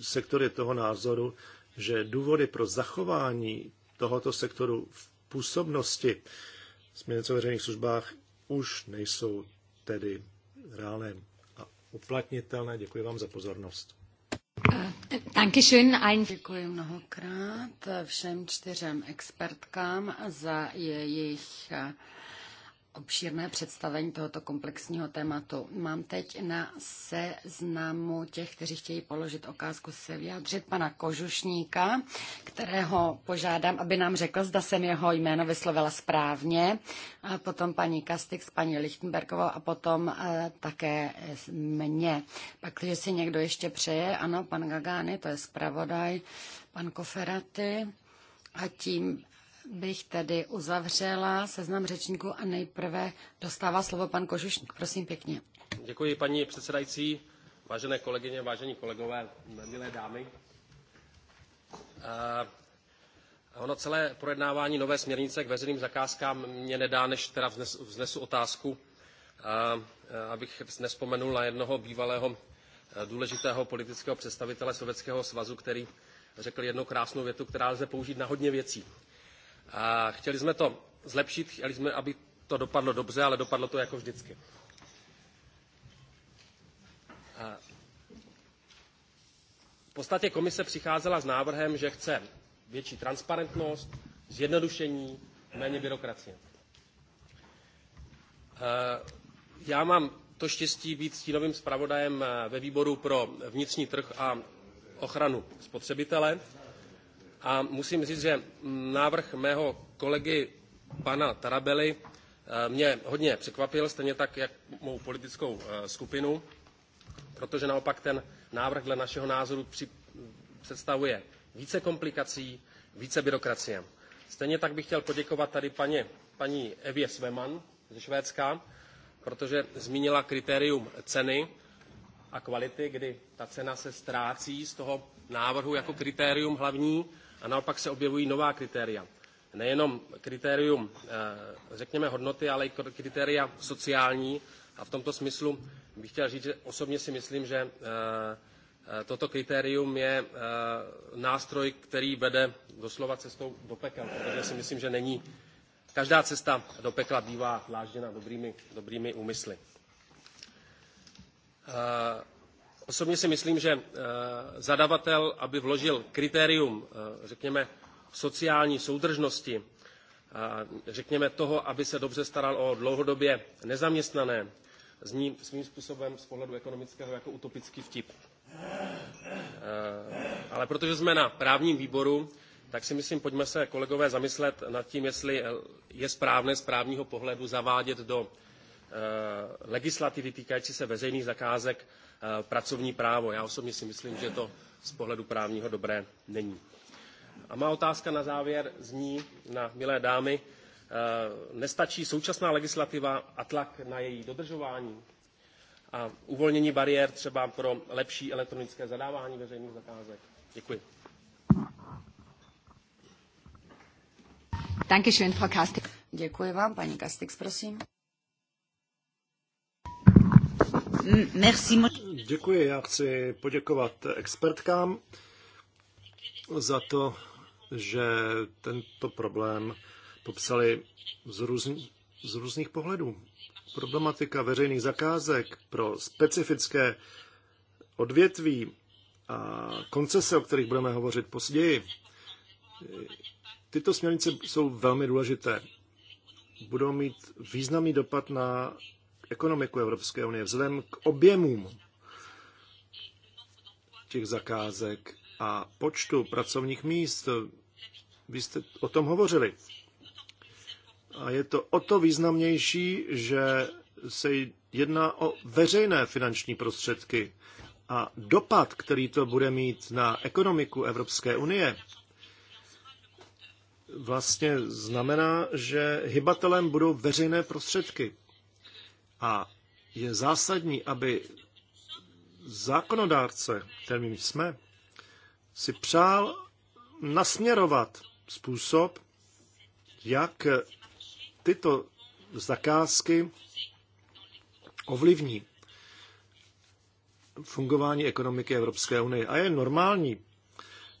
sektor je toho názoru, že důvody pro zachování tohoto sektoru v působnosti směrnice o veřejných službách už nejsou tedy reálné uplatnitelné. Děkuji vám za pozornost. Děkuji mnohokrát všem čtyřem expertkám za jejich obšírné představení tohoto komplexního tématu. Mám teď na seznamu těch, kteří chtějí položit okázku, se vyjádřit pana Kožušníka, kterého požádám, aby nám řekl, zda jsem jeho jméno vyslovila správně, a potom paní Kastix, paní Lichtenbergovou a potom eh, také mě. Pak, když si někdo ještě přeje, ano, pan Gagány, to je zpravodaj, pan Koferaty a tím bych tedy uzavřela seznam řečníků a nejprve dostává slovo pan Kožušník. Prosím pěkně. Děkuji paní předsedající, vážené kolegyně, vážení kolegové, milé dámy. Uh, ono celé projednávání nové směrnice k veřejným zakázkám mě nedá, než teda vznesu, vznesu otázku, uh, abych nespomenul na jednoho bývalého eh, důležitého politického představitele Sovětského svazu, který řekl jednu krásnou větu, která lze použít na hodně věcí. A chtěli jsme to zlepšit, chtěli jsme, aby to dopadlo dobře, ale dopadlo to jako vždycky. A v podstatě komise přicházela s návrhem, že chce větší transparentnost, zjednodušení, méně byrokracie. Já mám to štěstí být stínovým zpravodajem eh, ve výboru pro vnitřní trh a ochranu spotřebitele. A musím říct, že návrh mého kolegy pana Tarabely eh, mě hodně překvapil, stejně tak, jak mou politickou eh, skupinu, protože naopak ten návrh dle našeho názoru představuje více komplikací, více byrokracie. Stejně tak bych chtěl poděkovat tady paní paní Evě Sveman ze Švédska, protože zmínila kritérium ceny a kvality, kdy ta cena se ztrácí z toho návrhu jako kritérium hlavní a naopak se objevují nová kritéria. Nejenom kritérium, eh, řekněme, hodnoty, ale i kritéria sociální. A v tomto smyslu bych chtěl říct, že osobně si myslím, že eh, eh, toto kritérium je nástroj, který vede doslova cestou do pekel, protože si myslím, že není. Každá cesta do pekla bývá dlážděna dobrými, dobrými úmysly. Osobně si myslím, že eh, zadavatel, aby vložil kritérium, eh, řekněme, sociální soudržnosti, eh, řekněme toho, aby se dobře staral o dlouhodobě nezaměstnané, zní svým způsobem z pohledu ekonomického jako utopický vtip. Ale protože jsme na právním výboru, tak si myslím, pojďme se kolegové zamyslet nad tím, jestli je správné z právního pohledu zavádět do legislativy týkající se veřejných zakázek Eh, pracovní právo. Já osobně si myslím, že to z pohledu právního dobré není. A má otázka na závěr zní na milé dámy, eh, nestačí současná legislativa a tlak na její dodržování a uvolnění bariér třeba pro lepší elektronické zadávání veřejných zakázek. Děkuji. Děkuji vám, paní Kastix, prosím. Merci. Děkuji, já chci poděkovat expertkám za to, že tento problém popsali z, různ- z různých pohledů. Problematika veřejných zakázek pro specifické odvětví a koncese, o kterých budeme hovořit později, tyto směrnice jsou velmi důležité. Budou mít významný dopad na ekonomiku Evropské unie vzhledem k objemům těch zakázek a počtu pracovních míst. Vy jste o tom hovořili. A je to o to významnější, že se jedná o veřejné finanční prostředky a dopad, který to bude mít na ekonomiku Evropské unie, vlastně znamená, že hybatelem budou veřejné prostředky. A je zásadní, aby zákonodárce, kterým jsme, si přál nasměrovat způsob, jak tyto zakázky ovlivní fungování ekonomiky Evropské unie. A je normální,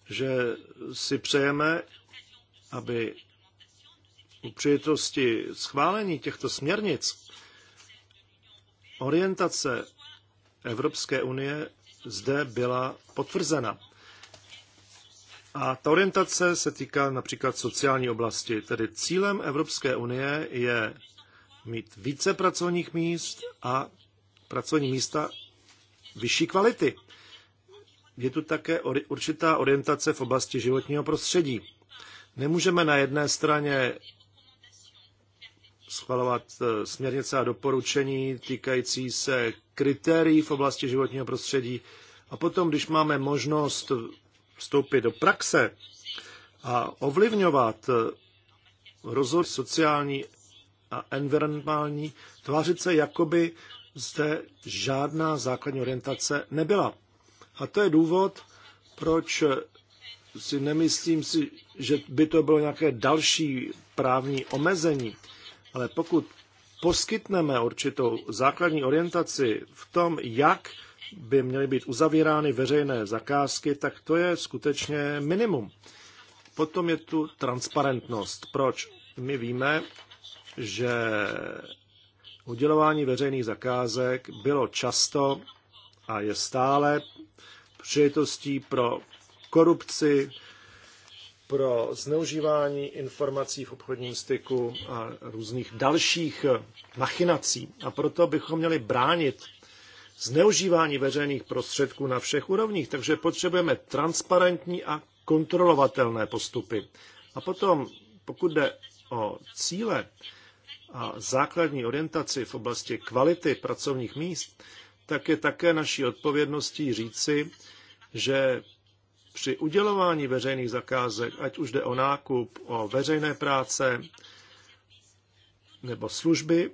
že si přejeme, aby u přijetosti schválení těchto směrnic orientace Evropské unie zde byla potvrzena. A ta orientace se týká například sociální oblasti. Tedy cílem Evropské unie je mít více pracovních míst a pracovní místa vyšší kvality. Je tu také určitá orientace v oblasti životního prostředí. Nemůžeme na jedné straně schvalovat e, směrnice a doporučení týkající se kritérií v oblasti životního prostředí. A potom, když máme možnost vstoupit do praxe a ovlivňovat e, rozvoj sociální a environmentální, tvářit se, jakoby zde žádná základní orientace nebyla. A to je důvod, proč si nemyslím si, že by to bylo nějaké další právní omezení. Ale pokud poskytneme určitou základní orientaci v tom, jak by měly být uzavírány veřejné zakázky, tak to je skutečně minimum. Potom je tu transparentnost. Proč? My víme, že udělování veřejných zakázek bylo často a je stále příležitostí pro korupci, pro zneužívání informací v obchodním styku a různých dalších eh, machinací. A proto bychom měli bránit zneužívání veřejných prostředků na všech úrovních. Takže potřebujeme transparentní a kontrolovatelné postupy. A potom, pokud jde o cíle a základní orientaci v oblasti kvality pracovních míst, tak je také naší odpovědností říci, že při udělování veřejných zakázek, ať už jde o nákup, o veřejné práce nebo služby,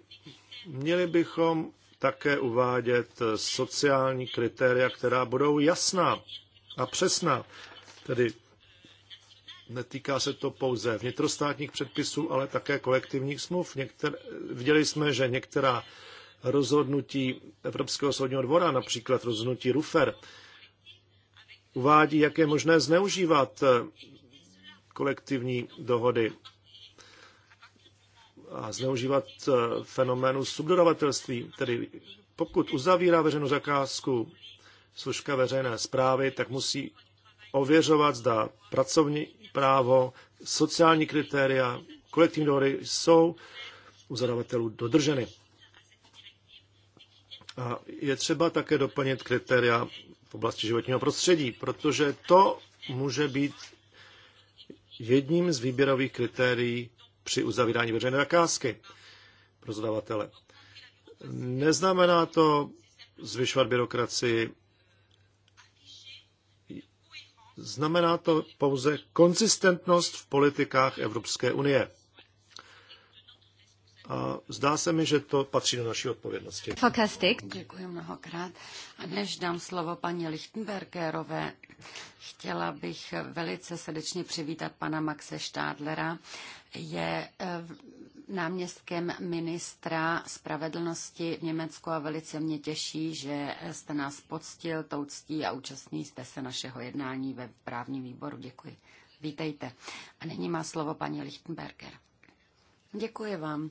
měli bychom také uvádět sociální kritéria, která budou jasná a přesná. Tedy netýká se to pouze vnitrostátních předpisů, ale také kolektivních smluv. Některé, viděli jsme, že některá rozhodnutí Evropského soudního dvora, například rozhodnutí Rufer, uvádí, jak je možné zneužívat eh, kolektivní dohody a zneužívat eh, fenoménu subdodavatelství. Tedy pokud uzavírá veřejnou zakázku služka veřejné zprávy, tak musí ověřovat, zda pracovní právo, sociální kritéria, kolektivní dohody jsou u zadavatelů dodrženy. A je třeba také doplnit kritéria v oblasti životního prostředí, protože to může být jedním z výběrových kritérií při uzavírání veřejné zakázky pro zadavatele. Neznamená to zvyšovat byrokracii, znamená to pouze konzistentnost v politikách Evropské unie. A zdá se mi, že to patří do naší odpovědnosti. Fokastik. Děkuji mnohokrát. A než dám slovo paní Lichtenbergerové, chtěla bych velice srdečně přivítat pana Maxe Štádlera. Je eh, náměstkem ministra spravedlnosti v Německu a velice mě těší, že jste nás poctil tou ctí a účastní jste se našeho jednání ve právním výboru. Děkuji. Vítejte. A nyní má slovo paní Lichtenberger. Děkuji vám.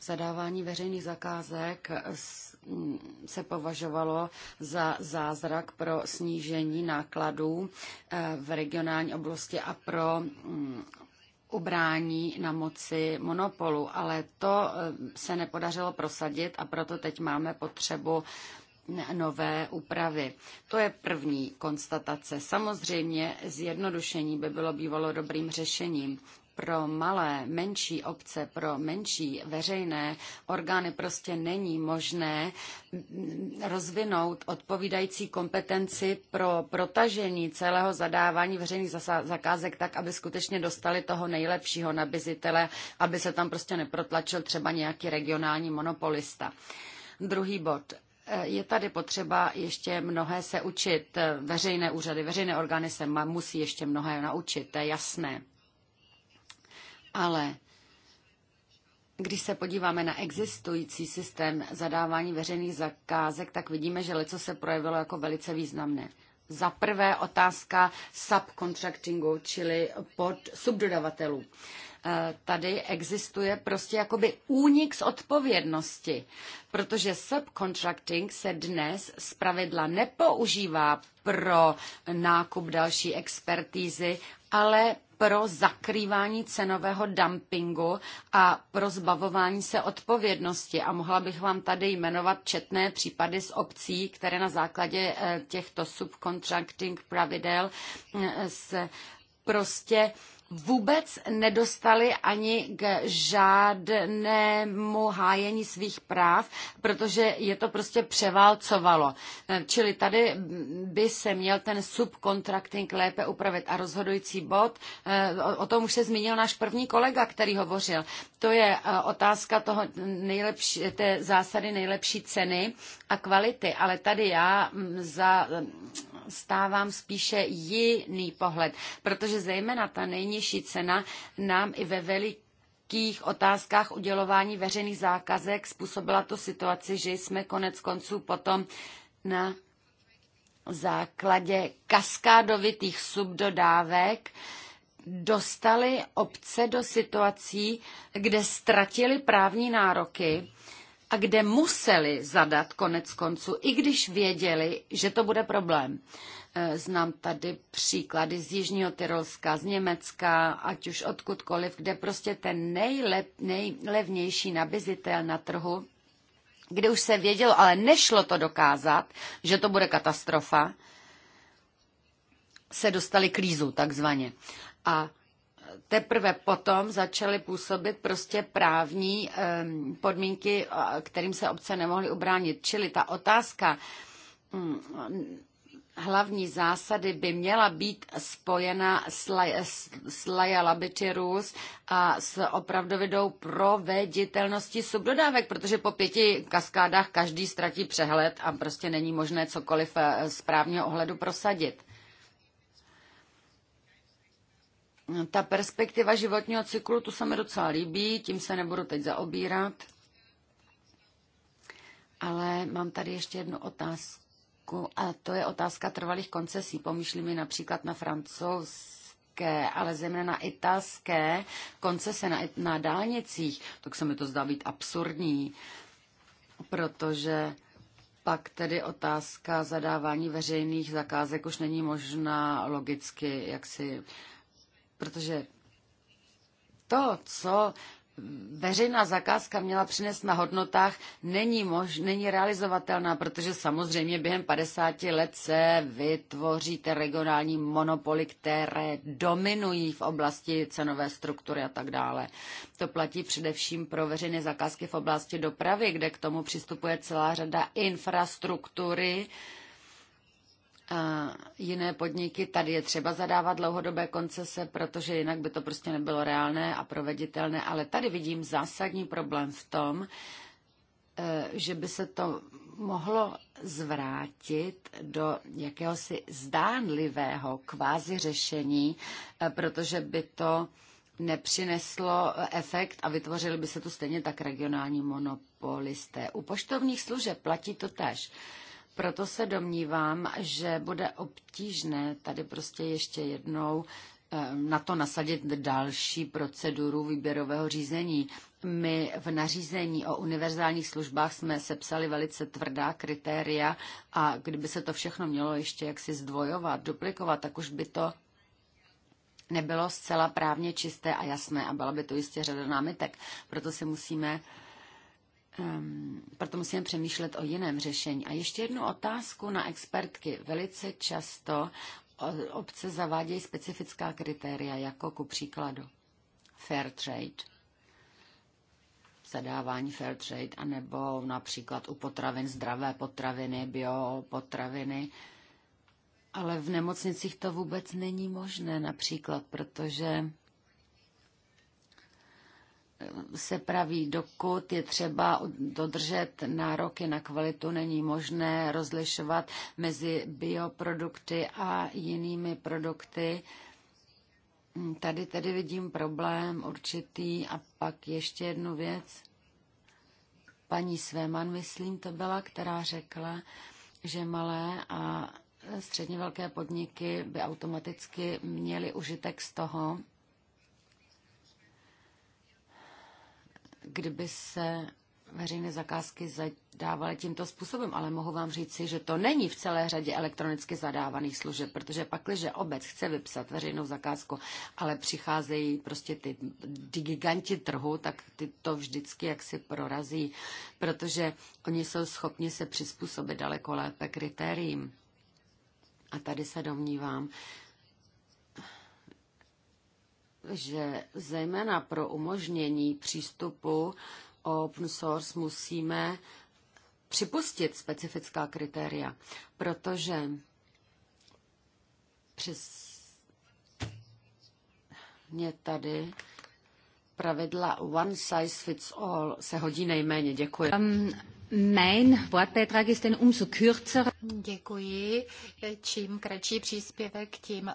Zadávání veřejných zakázek se považovalo za zázrak pro snížení nákladů eh, v regionální oblasti a pro mm, ubrání na moci monopolu, ale to eh, se nepodařilo prosadit a proto teď máme potřebu nové úpravy. To je první konstatace. Samozřejmě zjednodušení by bylo bývalo dobrým řešením pro malé, menší obce, pro menší veřejné orgány prostě není možné rozvinout odpovídající kompetenci pro protažení celého zadávání veřejných zakázek tak, aby skutečně dostali toho nejlepšího nabizitele, aby se tam prostě neprotlačil třeba nějaký regionální monopolista. Druhý bod. Je tady potřeba ještě mnohé se učit. Veřejné úřady, veřejné orgány se musí ještě mnohé naučit, to je jasné. Ale když se podíváme na existující systém zadávání veřejných zakázek, tak vidíme, že leco se projevilo jako velice významné. Za prvé otázka subcontractingu, čili pod subdodavatelů. Eh, tady existuje prostě jakoby únik z odpovědnosti, protože subcontracting se dnes pravidla nepoužívá pro nákup další expertízy, ale pro zakrývání cenového dumpingu a pro zbavování se odpovědnosti. A mohla bych vám tady jmenovat četné případy z obcí, které na základě eh, těchto subcontracting pravidel eh, se prostě vůbec nedostali ani k žádnému hájení svých práv, protože je to prostě převálcovalo. Čili tady by se měl ten subcontracting lépe upravit. A rozhodující bod, eh, o tom už se zmínil náš první kolega, který hovořil. To je eh, otázka toho nejlepší, té zásady nejlepší ceny a kvality. Ale tady já mm, za zastávám spíše jiný pohled, protože zejména ta nejnižší cena nám i ve velikém velkých otázkách udělování veřejných zákazek způsobila tu situaci, že jsme konec konců potom na základě kaskádovitých subdodávek dostali obce do situací, kde ztratili právní nároky a kde museli zadat konec konců, i když věděli, že to bude problém. Eh, znám tady příklady z Jižního Tyrolska, z Německa, ať už odkudkoliv, kde prostě ten nejlep, nejlevnější nabizitel na trhu, kde už se vědělo, ale nešlo to dokázat, že to bude katastrofa, se dostali k lízu takzvaně. A teprve potom začaly působit prostě právní podmínky, kterým se obce nemohly ubránit. Čili ta otázka mm, hlavní zásady by měla být spojena s liability rules a s opravdovidou proveditelností subdodávek, protože po pěti kaskádách každý ztratí přehled a prostě není možné cokoliv eh, z právního ohledu prosadit. Ta perspektiva životního cyklu, tu se mi docela líbí, tím se nebudu teď zaobírat. Ale mám tady ještě jednu otázku a to je otázka trvalých koncesí. Pomýšlím například na francouz, ale zejména na italské koncese na, na dálnicích, tak se mi to zdá být absurdní, protože pak tedy otázka zadávání veřejných zakázek už není možná logicky, jak si protože to, co veřejná zakázka měla přinést na hodnotách, není, mož, není realizovatelná, protože samozřejmě během 50 let se vytvoří ty regionální monopoly, které dominují v oblasti cenové struktury a tak dále. To platí především pro veřejné zakázky v oblasti dopravy, kde k tomu přistupuje celá řada infrastruktury, jiné podniky. Tady je třeba zadávat dlouhodobé koncese, protože jinak by to prostě nebylo reálné a proveditelné. Ale tady vidím zásadní problém v tom, e, že by se to mohlo zvrátit do jakéhosi zdánlivého kvázi řešení, e, protože by to nepřineslo efekt a vytvořili by se tu stejně tak regionální monopolisté. U poštovních služeb platí to tež. Proto se domnívám, že bude obtížné tady prostě ještě jednou eh, na to nasadit další proceduru výběrového řízení. My v nařízení o univerzálních službách jsme sepsali velice tvrdá kritéria a kdyby se to všechno mělo ještě jaksi zdvojovat, duplikovat, tak už by to nebylo zcela právně čisté a jasné a byla by to jistě řada námitek. Proto si musíme uh, Um, proto musíme přemýšlet o jiném řešení. A ještě jednu otázku na expertky. Velice často obce zavádějí specifická kritéria, jako ku příkladu fair trade, zadávání fair trade, anebo například u potravin zdravé potraviny, bio potraviny. Ale v nemocnicích to vůbec není možné, například, protože se praví, dokud je třeba dodržet nároky na kvalitu, není možné rozlišovat mezi bioprodukty a jinými produkty. Tady tedy vidím problém určitý a pak ještě jednu věc. Paní Sveman, myslím, to byla, která řekla, že malé a středně velké podniky by automaticky měly užitek z toho, kdyby se veřejné zakázky zadávaly tímto způsobem, ale mohu vám říci, že to není v celé řadě elektronicky zadávaných služeb, protože pakliže obec chce vypsat veřejnou zakázku, ale přicházejí prostě ty giganti trhu, tak ty to vždycky jaksi prorazí, protože oni jsou schopni se přizpůsobit daleko lépe kritériím. A tady se domnívám, že zejména pro umožnění přístupu open source musíme připustit specifická kritéria, protože přes mě tady pravidla one size fits all se hodí nejméně. Děkuji. Um, Mein Wortbeitrag ist ein umso kürzer. Děkuji. Čím kratší příspěvek, tím eh,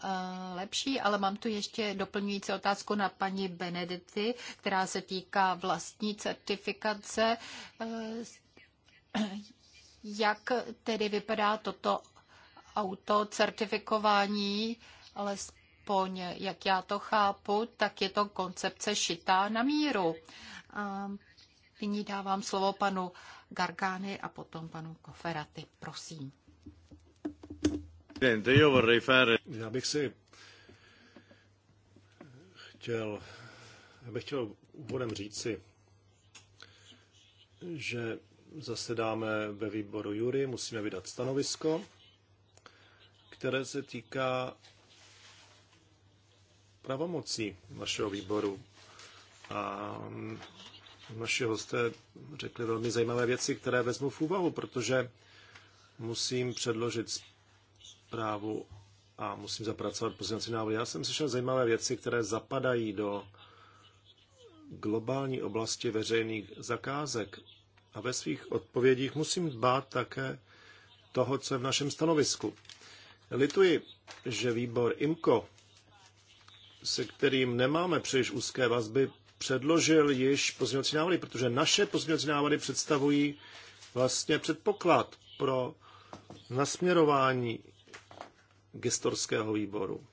lepší, ale mám tu ještě doplňující otázku na paní Benedity, která se týká vlastní certifikace. Eh, jak tedy vypadá toto auto certifikování, alespoň jak já to chápu, tak je to koncepce šitá na míru. A nyní dávám slovo panu Gargány a potom panu Koferaty. Prosím. Já bych si chtěl, já bych chtěl úvodem říci, že zasedáme ve výboru Jury, musíme vydat stanovisko, které se týká pravomocí našeho výboru. A naši hosté řekli velmi zajímavé věci, které vezmu v úvahu, protože musím předložit zprávu a musím zapracovat pozměňovací návrhy. Já jsem slyšel zajímavé věci, které zapadají do globální oblasti veřejných zakázek a ve svých odpovědích musím dbát také toho, co je v našem stanovisku. Lituji, že výbor IMCO, se kterým nemáme příliš úzké vazby, předložil již pozměňovací návrhy, protože naše pozměňovací návrhy představují vlastně předpoklad pro nasměrování gestorského výboru.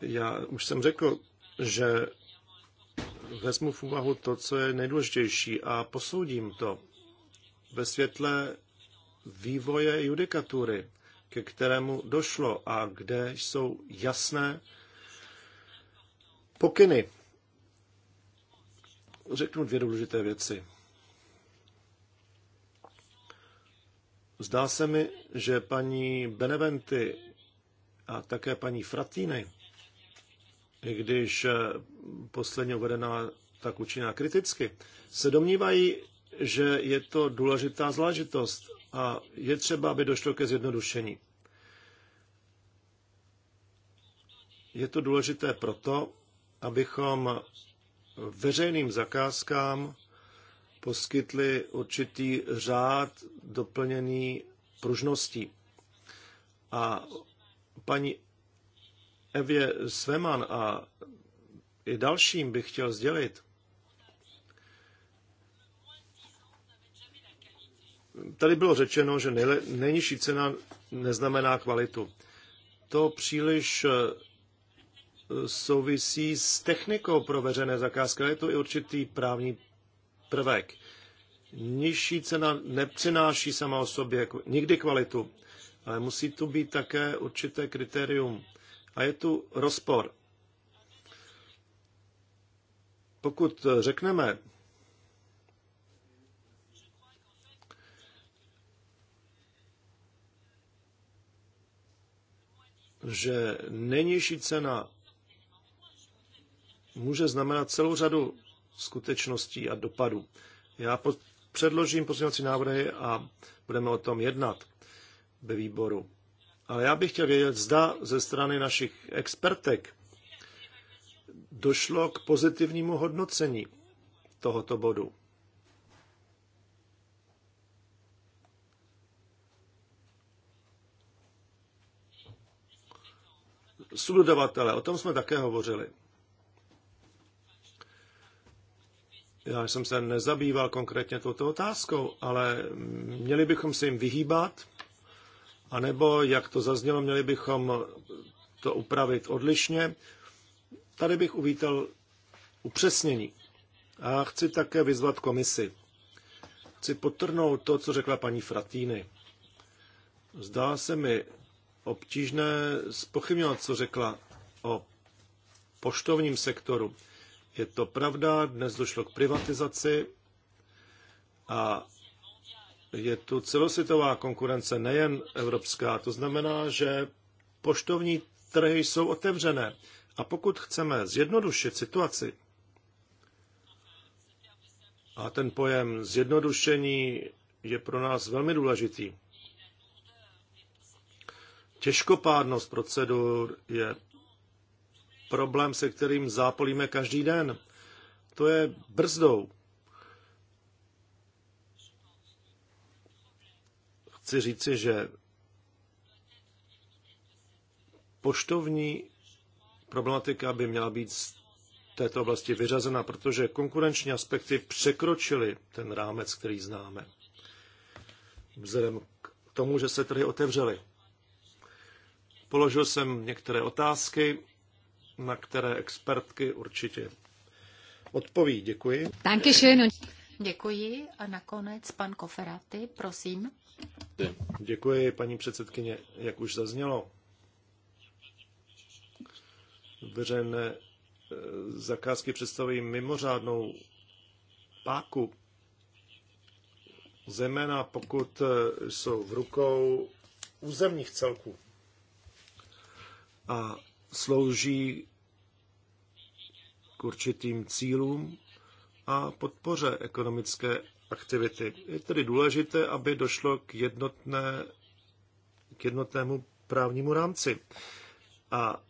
Já už jsem řekl, že vezmu v úvahu to, co je nejdůležitější a posoudím to ve světle vývoje judikatury ke kterému došlo a kde jsou jasné pokyny. Řeknu dvě důležité věci. Zdá se mi, že paní Beneventy a také paní Fratýny, i když posledně uvedená tak učiněna kriticky, se domnívají, že je to důležitá záležitost a je třeba, aby došlo ke zjednodušení. Je to důležité proto, abychom veřejným zakázkám poskytli určitý řád doplněný pružností. A paní Evě Sveman a i dalším bych chtěl sdělit, Tady bylo řečeno, že nejnižší cena neznamená kvalitu. To příliš souvisí s technikou pro veřejné zakázky, ale je to i určitý právní prvek. Nižší cena nepřináší sama o sobě jako- nikdy kvalitu, ale musí tu být také určité kritérium. A je tu rozpor. Pokud řekneme, že nejnižší cena může znamenat celou řadu skutečností a dopadů. Já předložím pozměňovací návrhy a budeme o tom jednat ve výboru. Ale já bych chtěl vědět, zda ze strany našich expertek došlo k pozitivnímu hodnocení tohoto bodu. Sudodavatele, o tom jsme také hovořili. Já jsem se nezabýval konkrétně touto otázkou, ale měli bychom se jim vyhýbat, anebo, jak to zaznělo, měli bychom to upravit odlišně. Tady bych uvítal upřesnění. A chci také vyzvat komisi. Chci potrhnout to, co řekla paní Fratýny. Zdá se mi obtížné spochybňovat, co řekla o poštovním sektoru. Je to pravda, dnes došlo k privatizaci a je tu celosvětová konkurence, nejen evropská. To znamená, že poštovní trhy jsou otevřené. A pokud chceme zjednodušit situaci, a ten pojem zjednodušení je pro nás velmi důležitý. Těžkopádnost procedur je problém, se kterým zápolíme každý den. To je brzdou. Chci říci, že poštovní problematika by měla být z této oblasti vyřazena, protože konkurenční aspekty překročily ten rámec, který známe. Vzhledem k tomu, že se trhy otevřely. Položil jsem některé otázky na které expertky určitě odpoví. Děkuji. Dankeschön. Děkuji a nakonec pan Koferaty, prosím. Děkuji, paní předsedkyně. Jak už zaznělo, veřejné eh, zakázky představují mimořádnou páku, zejména pokud eh, jsou v rukou územních celků. A slouží k určitým cílům a podpoře ekonomické aktivity. Je tedy důležité, aby došlo k, jednotné, k jednotnému právnímu rámci. A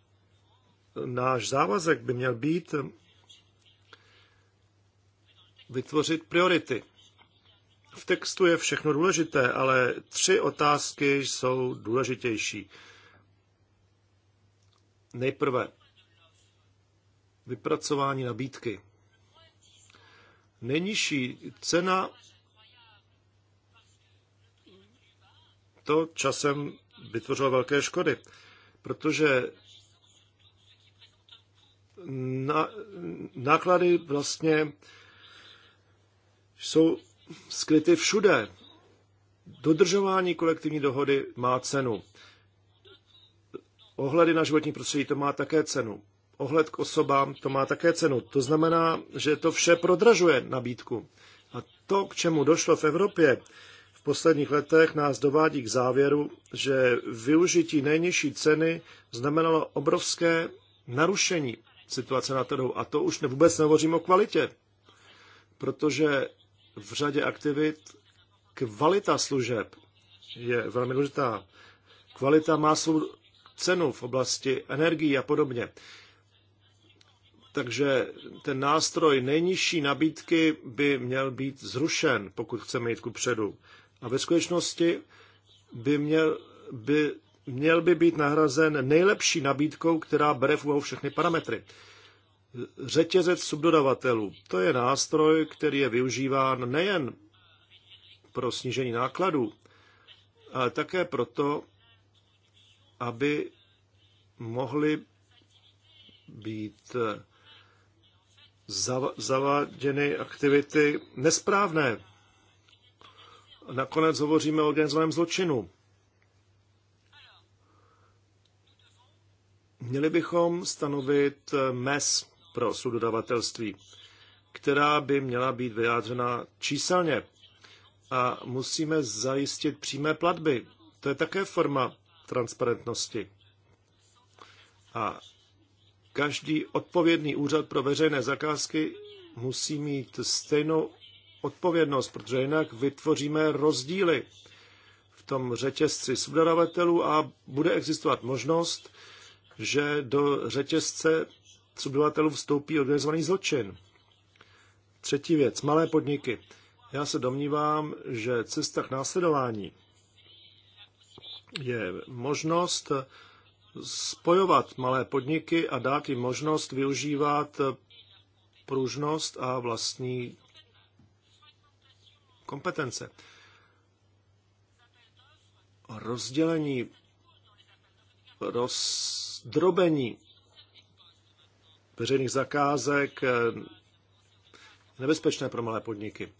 náš závazek by měl být vytvořit priority. V textu je všechno důležité, ale tři otázky jsou důležitější. Nejprve vypracování nabídky. Nejnižší cena to časem vytvořilo velké škody, protože na, náklady vlastně jsou skryty všude. Dodržování kolektivní dohody má cenu. Ohledy na životní prostředí, to má také cenu. Ohled k osobám, to má také cenu. To znamená, že to vše prodražuje nabídku. A to, k čemu došlo v Evropě v posledních letech, nás dovádí k závěru, že využití nejnižší ceny znamenalo obrovské narušení situace na trhu. A to už vůbec nehovořím o kvalitě, protože v řadě aktivit kvalita služeb je velmi důležitá. Kvalita má svou cenu v oblasti energií a podobně. Takže ten nástroj nejnižší nabídky by měl být zrušen, pokud chceme jít ku předu. A ve skutečnosti by měl, by, měl by být nahrazen nejlepší nabídkou, která bere v úvahu všechny parametry. Řetězec subdodavatelů. To je nástroj, který je využíván nejen pro snížení nákladů, ale také proto, aby mohly být eh, zaváděny aktivity nesprávné. Nakonec hovoříme o organizovaném zločinu. Měli bychom stanovit eh, mes pro sudodavatelství, která by měla být vyjádřena číselně. A musíme zajistit přímé platby. To je také forma transparentnosti. A každý odpovědný úřad pro veřejné zakázky musí mít stejnou odpovědnost, protože jinak vytvoříme rozdíly v tom řetězci subdodavatelů a bude existovat možnost, že do řetězce subdodavatelů vstoupí organizovaný zločin. Třetí věc, malé podniky. Já se domnívám, že cesta k následování je možnost spojovat malé podniky a dát jim možnost využívat pružnost a vlastní kompetence. Rozdělení, rozdrobení veřejných zakázek nebezpečné pro malé podniky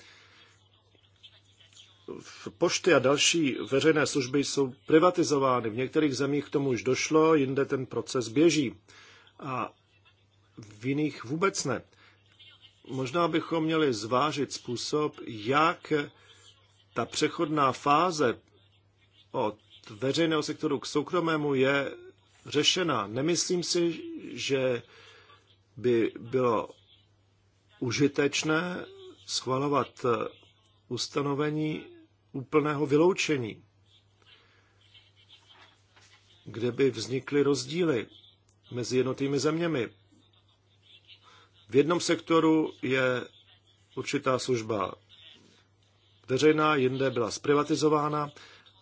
v pošty a další veřejné služby jsou privatizovány. V některých zemích k tomu už došlo, jinde ten proces běží. A v jiných vůbec ne. Možná bychom měli zvážit způsob, jak ta přechodná fáze od veřejného sektoru k soukromému je řešena. Nemyslím si, že by bylo užitečné schvalovat ustanovení, úplného vyloučení, kde by vznikly rozdíly mezi jednotými zeměmi. V jednom sektoru je určitá služba veřejná, jinde byla zprivatizována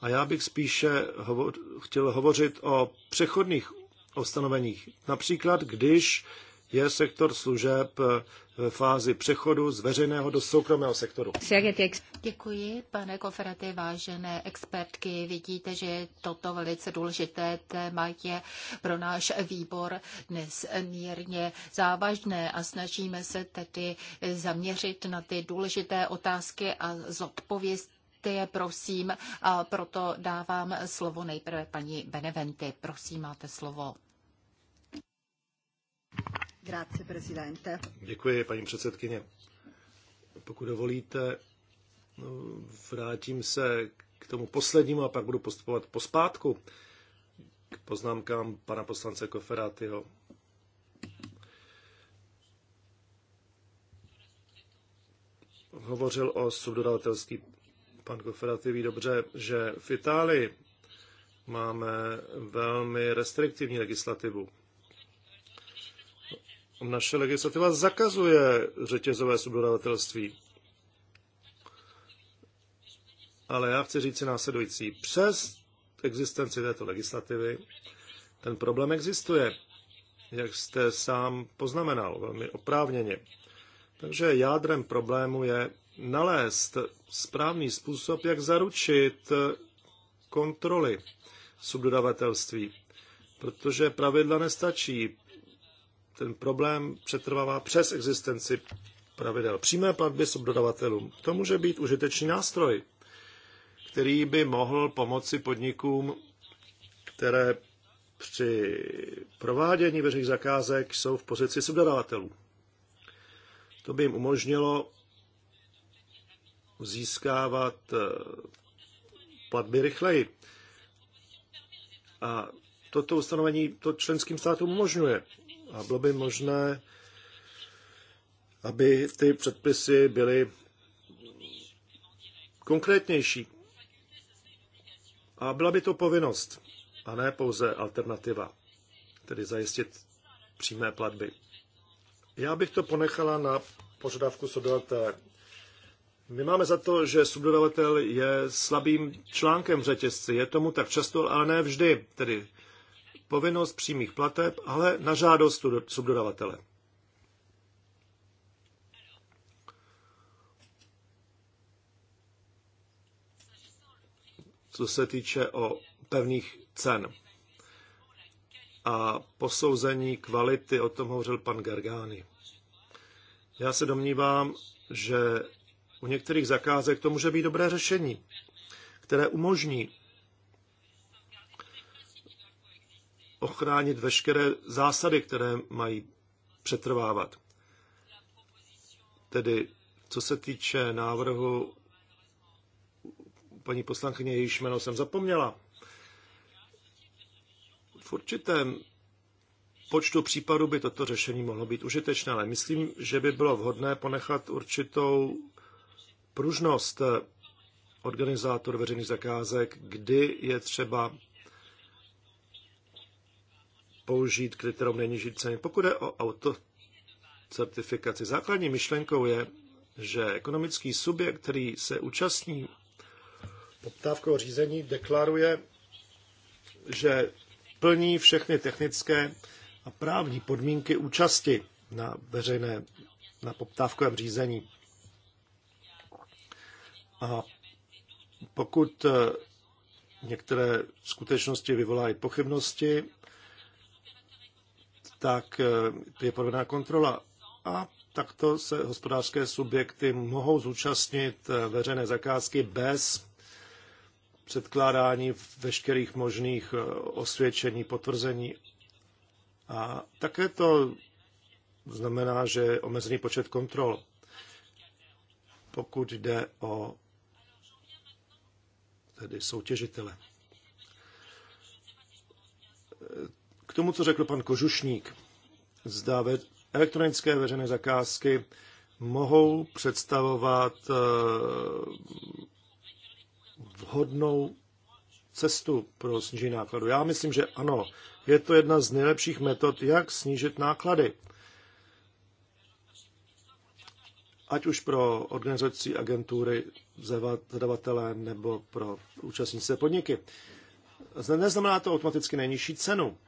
a já bych spíše hovo- chtěl hovořit o přechodných ustanoveních. Například, když je sektor služeb eh, ve fázi přechodu z veřejného do soukromého sektoru. Děkuji, pane Koferaty, vážené expertky. Vidíte, že toto velice důležité téma je pro náš výbor dnes mírně závažné a snažíme se tedy zaměřit na ty důležité otázky a zodpovědět je, prosím, a proto dávám slovo nejprve paní Beneventy. Prosím, máte slovo. Grazie, presidente. Děkuji, paní předsedkyně. Pokud dovolíte, no, vrátím se k tomu poslednímu a pak budu postupovat pospátku k poznámkám pana poslance Koferátyho. Hovořil o subdodavatelský pan Koferáty ví dobře, že v Itálii máme velmi restriktivní legislativu naše legislativa zakazuje řetězové subdodavatelství. Ale já chci říct si následující. Přes existenci této legislativy ten problém existuje, jak jste sám poznamenal, velmi oprávněně. Takže jádrem problému je nalézt správný způsob, jak zaručit kontroly subdodavatelství, protože pravidla nestačí ten problém přetrvává přes existenci pravidel. Přímé platby subdodavatelům. To může být užitečný nástroj, který by mohl pomoci podnikům, které při provádění veřejných zakázek jsou v pozici subdodavatelů. To by jim umožnilo získávat eh, platby rychleji. A toto ustanovení to členským státům umožňuje. A bylo by možné, aby ty předpisy byly konkrétnější. A byla by to povinnost, a ne pouze alternativa, tedy zajistit přímé platby. Já bych to ponechala na požadavku subdodavatele. My máme za to, že subdodavatel je slabým článkem v řetězci. Je tomu tak často, ale ne vždy. Tedy povinnost přímých plateb, ale na žádost subdodavatele. Co se týče o pevných cen a posouzení kvality, o tom hovořil pan Gargány. Já se domnívám, že u některých zakázek to může být dobré řešení, které umožní ochránit veškeré zásady, které mají přetrvávat. Tedy, co se týče návrhu paní poslankyně, jejíž jméno jsem zapomněla, v určitém počtu případů by toto řešení mohlo být užitečné, ale myslím, že by bylo vhodné ponechat určitou pružnost organizátor veřejných zakázek, kdy je třeba použít kritérium nejnižší ceny. Pokud je o autocertifikaci, základní myšlenkou je, že ekonomický subjekt, který se účastní poptávkou řízení, deklaruje, že plní všechny technické a právní podmínky účasti na veřejné, na poptávkovém řízení. A pokud eh, některé skutečnosti vyvolají pochybnosti, tak eh, je provedena kontrola. A takto se hospodářské subjekty mohou zúčastnit eh, veřejné zakázky bez předkládání veškerých možných eh, osvědčení, potvrzení. A také to znamená, že je omezený počet kontrol, pokud jde o tedy soutěžitele. K tomu, co řekl pan Kožušník, zda ve elektronické veřejné zakázky mohou představovat eh, vhodnou cestu pro snížení nákladu. Já myslím, že ano, je to jedna z nejlepších metod, jak snížit náklady. Ať už pro organizaci agentury, zadavatele nebo pro účastnice podniky. Neznamená to automaticky nejnižší cenu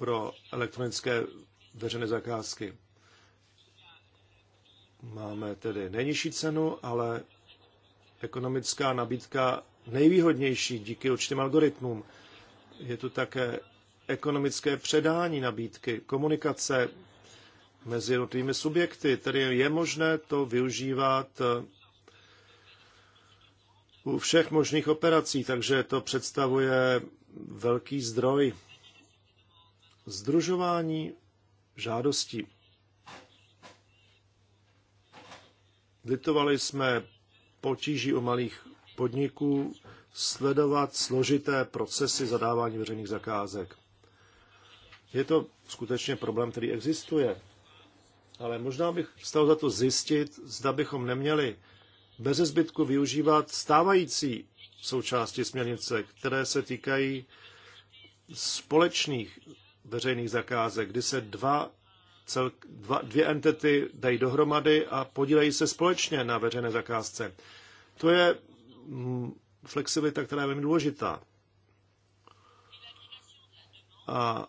pro elektronické veřejné zakázky. Máme tedy nejnižší cenu, ale ekonomická nabídka nejvýhodnější díky určitým algoritmům. Je tu také ekonomické předání nabídky, komunikace mezi jednotlivými subjekty, tedy je možné to využívat eh, u všech možných operací, takže to představuje velký zdroj združování žádostí. Litovali jsme potíží o malých podniků sledovat složité procesy zadávání veřejných zakázek. Je to skutečně problém, který existuje, ale možná bych stál za to zjistit, zda bychom neměli bez zbytku využívat stávající součásti směrnice, které se týkají společných veřejných zakázek, kdy se dva, cel, dva, dvě entity dají dohromady a podílejí se společně na veřejné zakázce. To je mm, flexibilita, která je velmi důležitá. A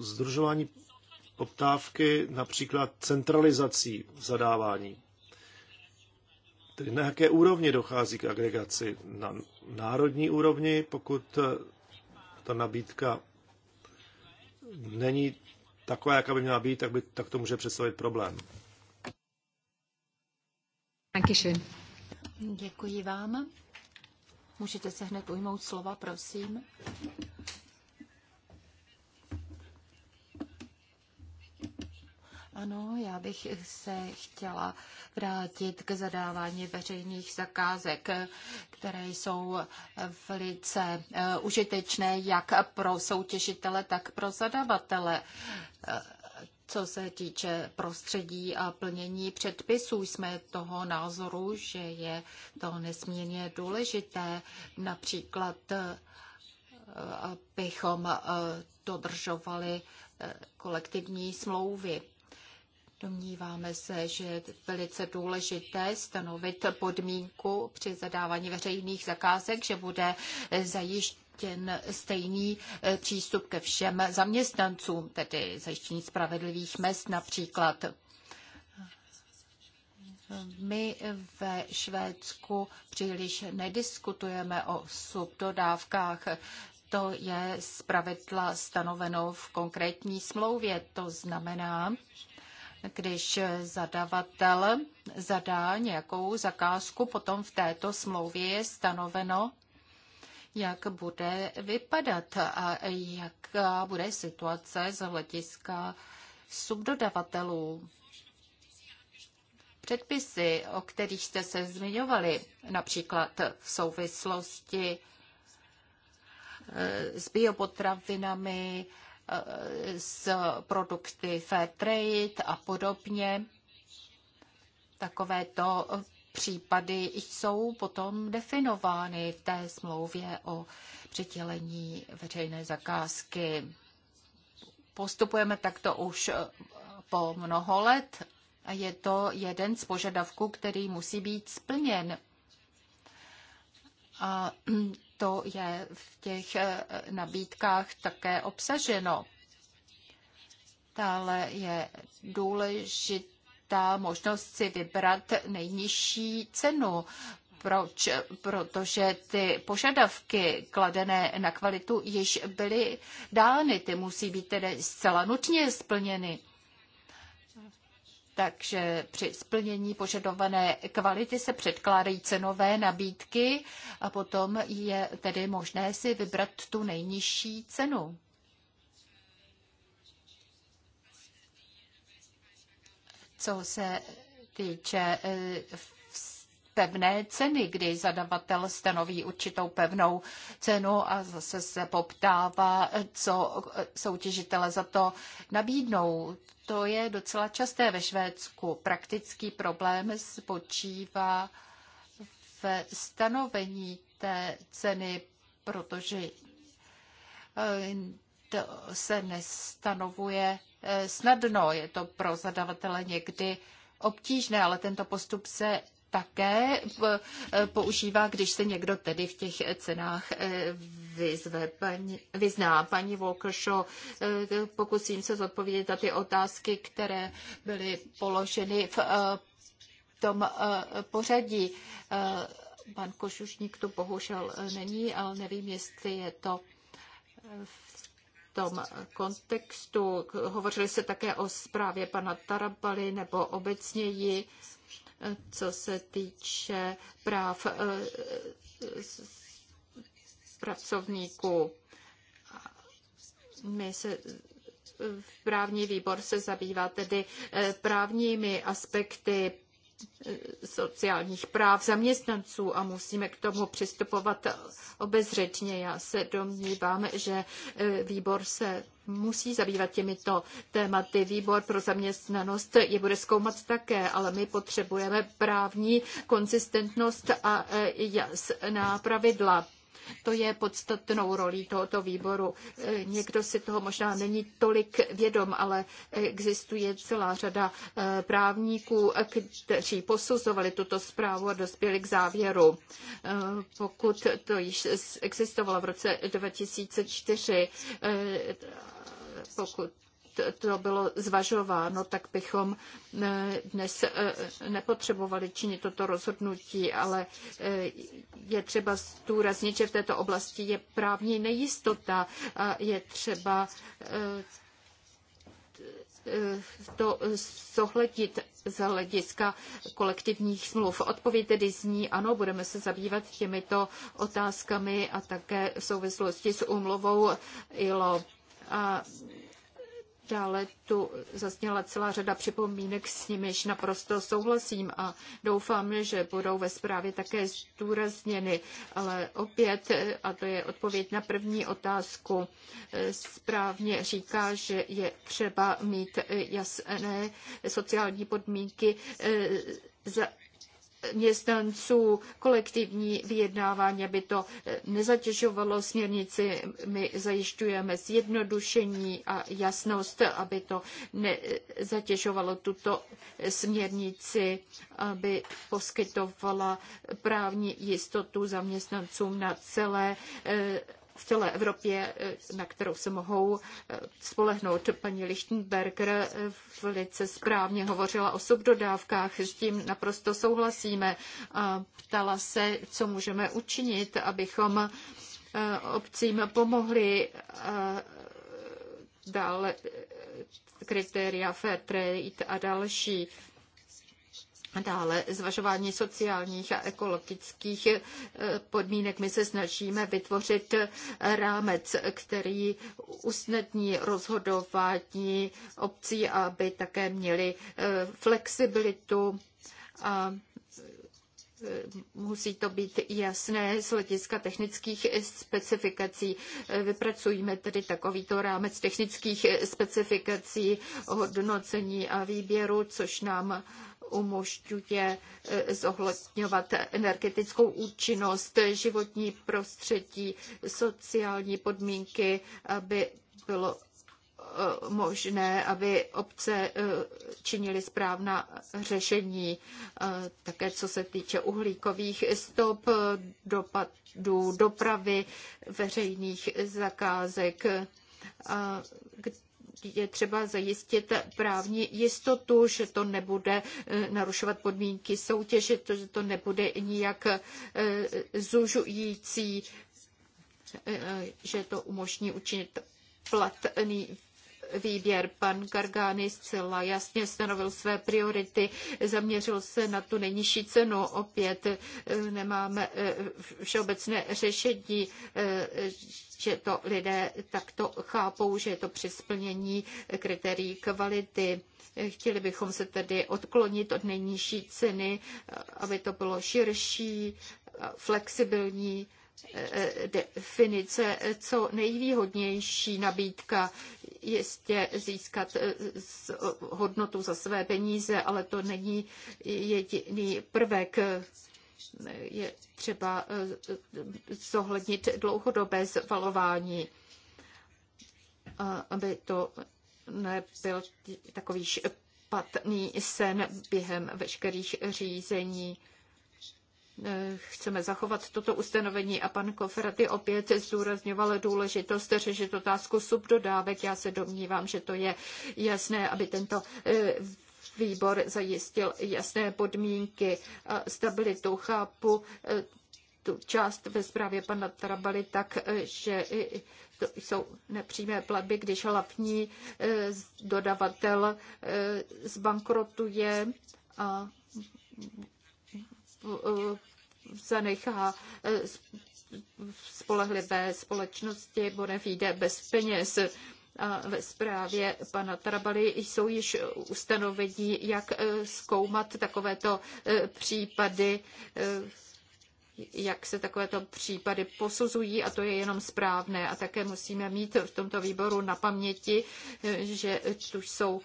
združování poptávky například centralizací zadávání. Tedy na jaké úrovni dochází k agregaci? Na národní úrovni, pokud ta nabídka není taková, jaká by měla být, tak, by, tak to může představit problém. Děkuji vám. Můžete se hned ujmout slova, prosím. Ano, já bych se chtěla vrátit k zadávání veřejných zakázek, které jsou velice eh, užitečné jak pro soutěžitele, tak pro zadavatele. Eh, co se týče prostředí a plnění předpisů, jsme toho názoru, že je to nesmírně důležité. Například eh, abychom dodržovali kolektivní smlouvy. Domníváme se, že je velice důležité stanovit podmínku při zadávání veřejných zakázek, že bude zajištěn stejný eh, přístup ke všem zaměstnancům, tedy zajištění spravedlivých mest například. My ve Švédsku příliš nediskutujeme o subdodávkách. To je zpravidla stanoveno v konkrétní smlouvě. To znamená, když zadavatel zadá nějakou zakázku, potom v této smlouvě je stanoveno, jak bude vypadat a jaká bude situace z hlediska subdodavatelů. Předpisy, o kterých jste se zmiňovali, například v souvislosti eh, s biopotravinami, s produkty fair trade a podobně. Takovéto případy jsou potom definovány v té smlouvě o přidělení veřejné zakázky. Postupujeme takto už po mnoho let a je to jeden z požadavků, který musí být splněn. A to je v těch eh, nabídkách také obsaženo. Dále je důležitá možnost si vybrat nejnižší cenu. Proč? Protože ty požadavky kladené na kvalitu již byly dány, ty musí být tedy zcela nutně splněny takže při splnění požadované kvality se předkládají cenové nabídky a potom je tedy možné si vybrat tu nejnižší cenu. Co se týče eh, pevné ceny, kdy zadavatel stanoví určitou pevnou cenu a zase se poptává, co soutěžitele za to nabídnou. To je docela časté ve Švédsku. Praktický problém spočívá ve stanovení té ceny, protože eh, to se nestanovuje eh, snadno. Je to pro zadavatele někdy obtížné, ale tento postup se také eh, používá, když se někdo tedy v těch cenách eh, vyzve, paní, vyzná. Paní Walkershaw, pokusím se zodpovědět na ty otázky, které byly položeny v eh, tom pořadí. Pan Košušník tu bohužel není, ale nevím, jestli je to v tom kontextu. Hovořili se také o zprávě pana Tarabaly nebo obecněji co se týče práv eh, pracovníků. My se eh, právní výbor se zabývá tedy eh, právními aspekty sociálních práv zaměstnanců a musíme k tomu přistupovat obezřetně. Já se domnívám, že výbor se musí zabývat těmito tématy. Výbor pro zaměstnanost je bude zkoumat také, ale my potřebujeme právní konzistentnost a e, jasná pravidla. To je podstatnou rolí tohoto výboru. E, někdo si toho možná není tolik vědom, ale existuje celá řada e, právníků, e, kteří posuzovali tuto zprávu a dospěli k závěru. Pokud to již existovalo v roce 2004, pokud to bylo zvažováno, tak bychom eh, dnes eh, nepotřebovali činit toto rozhodnutí, ale eh, je třeba zdůraznit, že v této oblasti je právní nejistota a je třeba to zohlednit z hlediska kolektivních smluv. Odpověď tedy zní, ano, budeme se zabývat těmito otázkami a také v souvislosti s úmluvou ILO. A Dále tu zazněla celá řada připomínek, s nimiž naprosto souhlasím a doufám, že budou ve zprávě také zdůrazněny. Ale opět, a to je odpověď na první otázku, správně říká, že je třeba mít jasné sociální podmínky eh, zaměstnanců, kolektivní vyjednávání, aby to eh, nezatěžovalo směrnici. My zajišťujeme zjednodušení a jasnost, aby to nezatěžovalo tuto eh, směrnici, aby poskytovala právní jistotu zaměstnancům na celé eh, v celé Evropě, eh, na kterou se mohou eh, spolehnout. Paní Lichtenberger eh, velice správně hovořila o subdodávkách, s tím naprosto souhlasíme. A ptala se, co můžeme učinit, abychom obcím pomohli dále kritéria fair trade a další. Dále zvažování sociálních a ekologických eh, podmínek. My se snažíme vytvořit eh, rámec, který usnadní rozhodování obcí, aby také měli eh, flexibilitu a musí to být jasné z hlediska technických specifikací. Vypracujeme tedy takovýto rámec technických specifikací, hodnocení a výběru, což nám umožňuje eh, zohledňovat energetickou účinnost, životní prostředí, sociální podmínky, aby bylo eh, možné, aby obce eh, činily správná řešení, také co se týče uhlíkových stop, dopadů dopravy, veřejných zakázek, je třeba zajistit právní jistotu, že to nebude eh, narušovat podmínky soutěže, že to nebude nijak eh, zužující, eh, že to umožní učinit platný výběr. Pan Gargány zcela jasně stanovil své priority, zaměřil se na tu nejnižší cenu. Opět eh, nemáme eh, všeobecné řešení, eh, že to lidé takto chápou, že je to při splnění kritérií kvality. Chtěli bychom se tedy odklonit od nejnižší ceny, aby to bylo širší, flexibilní definice co nejvýhodnější nabídka jistě získat eh, hodnotu za své peníze, ale to není jediný prvek. Je třeba eh, zohlednit dlouhodobé zvalování, eh, aby to nebyl takový špatný sen během veškerých řízení chceme zachovat toto ustanovení a pan Koferaty opět zdůrazňoval důležitost řešit otázku subdodávek. Já se domnívám, že to je jasné, aby tento eh, výbor zajistil jasné podmínky a stabilitu. Chápu eh, tu část ve zprávě pana Tarabaly tak, eh, že to jsou nepřímé platby, když hlavní dodavatel zbankrotuje a zanechá eh, spolehlivé společnosti, bude výjde bez peněz. A ve zprávě pana Tarabaly jsou již ustanovení, jak eh, zkoumat takovéto eh, případy, jak se takovéto případy posuzují a to je jenom správné. A také musíme mít v tomto výboru na paměti, že tu jsou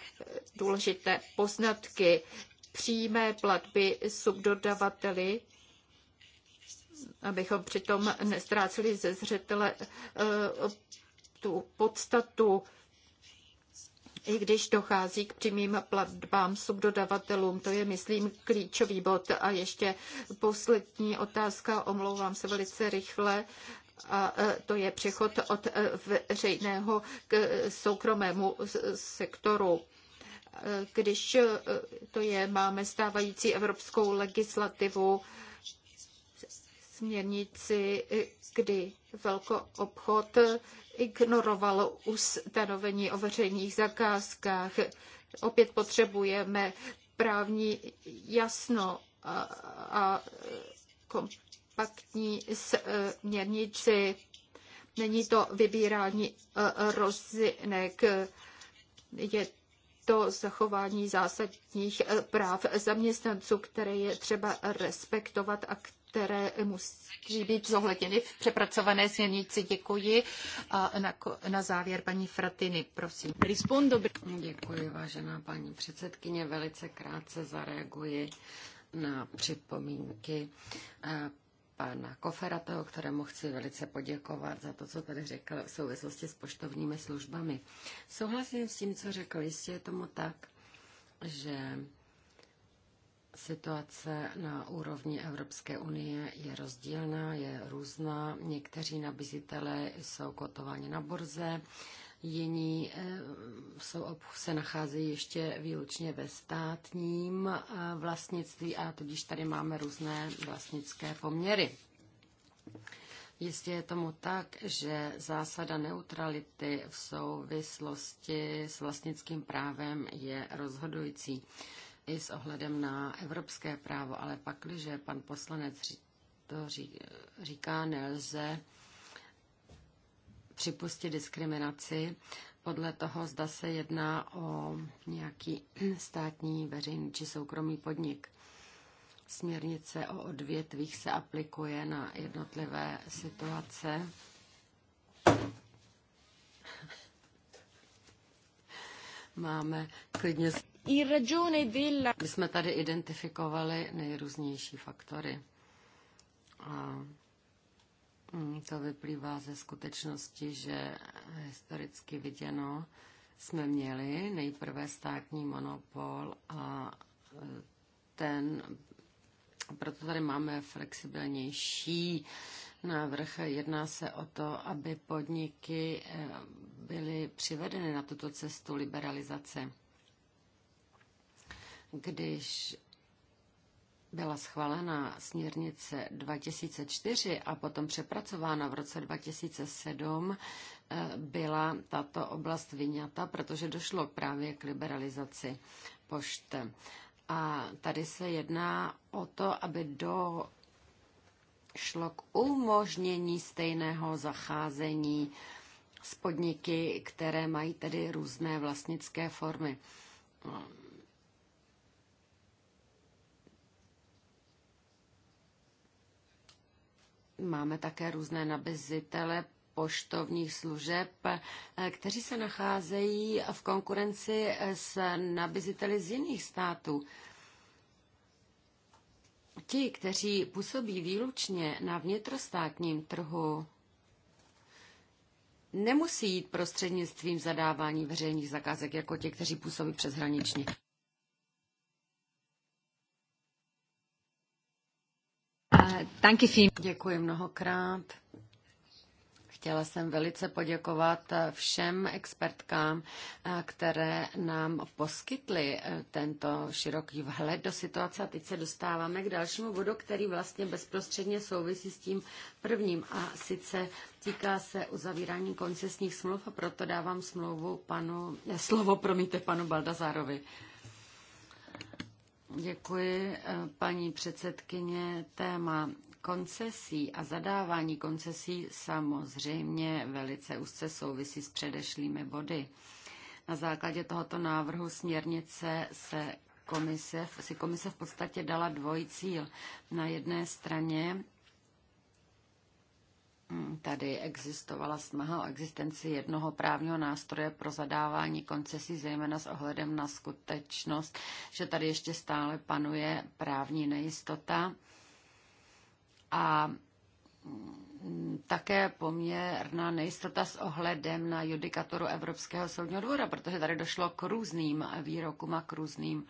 důležité poznatky přímé platby subdodavateli abychom přitom nestráceli ze zřetele eh, tu podstatu i když dochází k přímým platbám subdodavatelům. To je, myslím, klíčový bod. A ještě poslední otázka, omlouvám se velice rychle. A eh, to je přechod od eh, veřejného k soukromému sektoru. Když to je, máme stávající evropskou legislativu, směrnici, kdy velkoobchod ignoroval ustanovení o veřejných zakázkách. Opět potřebujeme právní jasno a, a kompaktní směrnici. Není to vybírání e, rozinek, je to zachování zásadních e, práv zaměstnanců, které je třeba respektovat a které musí být zohledněny v přepracované směrnici. Děkuji. A na, na závěr paní Fratiny, prosím. Děkuji, vážená paní předsedkyně. Velice krátce zareaguji na připomínky eh, pana toho, kterému chci velice poděkovat za to, co tady řekl v souvislosti s poštovními službami. Souhlasím s tím, co řekl, jistě je tomu tak, že Situace na úrovni Evropské unie je rozdílná, je různá. Někteří nabízitelé jsou kotováni na borze, jiní eh, jsou, se nacházejí ještě výlučně ve státním eh, vlastnictví a tudíž tady máme různé vlastnické poměry. Jistě je tomu tak, že zásada neutrality v souvislosti s vlastnickým právem je rozhodující i s ohledem na evropské právo, ale pak, když pan poslanec to říká, nelze připustit diskriminaci podle toho, zda se jedná o nějaký *clears throat* státní, veřejný či soukromý podnik. Směrnice o odvětvích se aplikuje na jednotlivé situace. *laughs* Máme klidně. My jsme tady identifikovali nejrůznější faktory. A mm, to vyplývá ze skutečnosti, že historicky viděno jsme měli nejprve státní monopol a e, ten, proto tady máme flexibilnější návrh. Jedná se o to, aby podniky e, byly přivedeny na tuto cestu liberalizace když byla schválena směrnice 2004 a potom přepracována v roce 2007, eh, byla tato oblast vyňata, protože došlo právě k liberalizaci pošt. A tady se jedná o to, aby do šlo k umožnění stejného zacházení s podniky, které mají tedy různé vlastnické formy Máme také různé nabizitele poštovních služeb, eh, kteří se nacházejí v konkurenci s nabiziteli z jiných států. Ti, kteří působí výlučně na vnitrostátním trhu, nemusí jít prostřednictvím zadávání veřejných zakázek jako ti, kteří působí přeshraničně. Děkuji mnohokrát. Chtěla jsem velice poděkovat eh, všem expertkám, eh, které nám poskytly eh, tento široký vhled do situace. A teď se dostáváme k dalšímu bodu, který vlastně bezprostředně souvisí s tím prvním. A sice týká se uzavírání koncesních smluv a proto dávám smlouvu panu, slovo, promiňte, panu Baldazárovi. Děkuji, eh, paní předsedkyně. Téma koncesí a zadávání koncesí samozřejmě velice úzce souvisí s předešlými body. Na základě tohoto návrhu směrnice se komise, si komise v podstatě dala dvojí cíl. Na jedné straně Mm, tady existovala snaha o existenci jednoho právního nástroje pro zadávání koncesí, zejména s ohledem na skutečnost, že tady ještě stále panuje právní nejistota a mm, také poměrná nejistota s ohledem na judikaturu Evropského soudního dvora, protože tady došlo k různým výrokům a k různým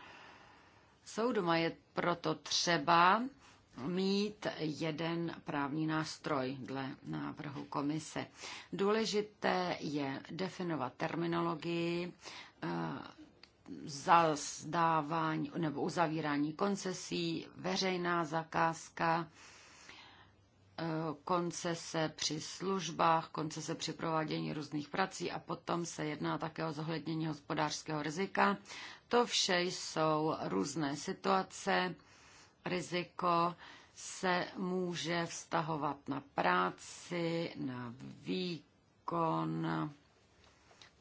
soudům a je proto třeba mít jeden právní nástroj dle návrhu komise. Důležité je definovat terminologii eh, zazdávání nebo uzavírání koncesí, veřejná zakázka, eh, koncese při službách, koncese při provádění různých prací a potom se jedná také o zohlednění hospodářského rizika. To vše jsou různé situace, riziko se může vztahovat na práci, na výkon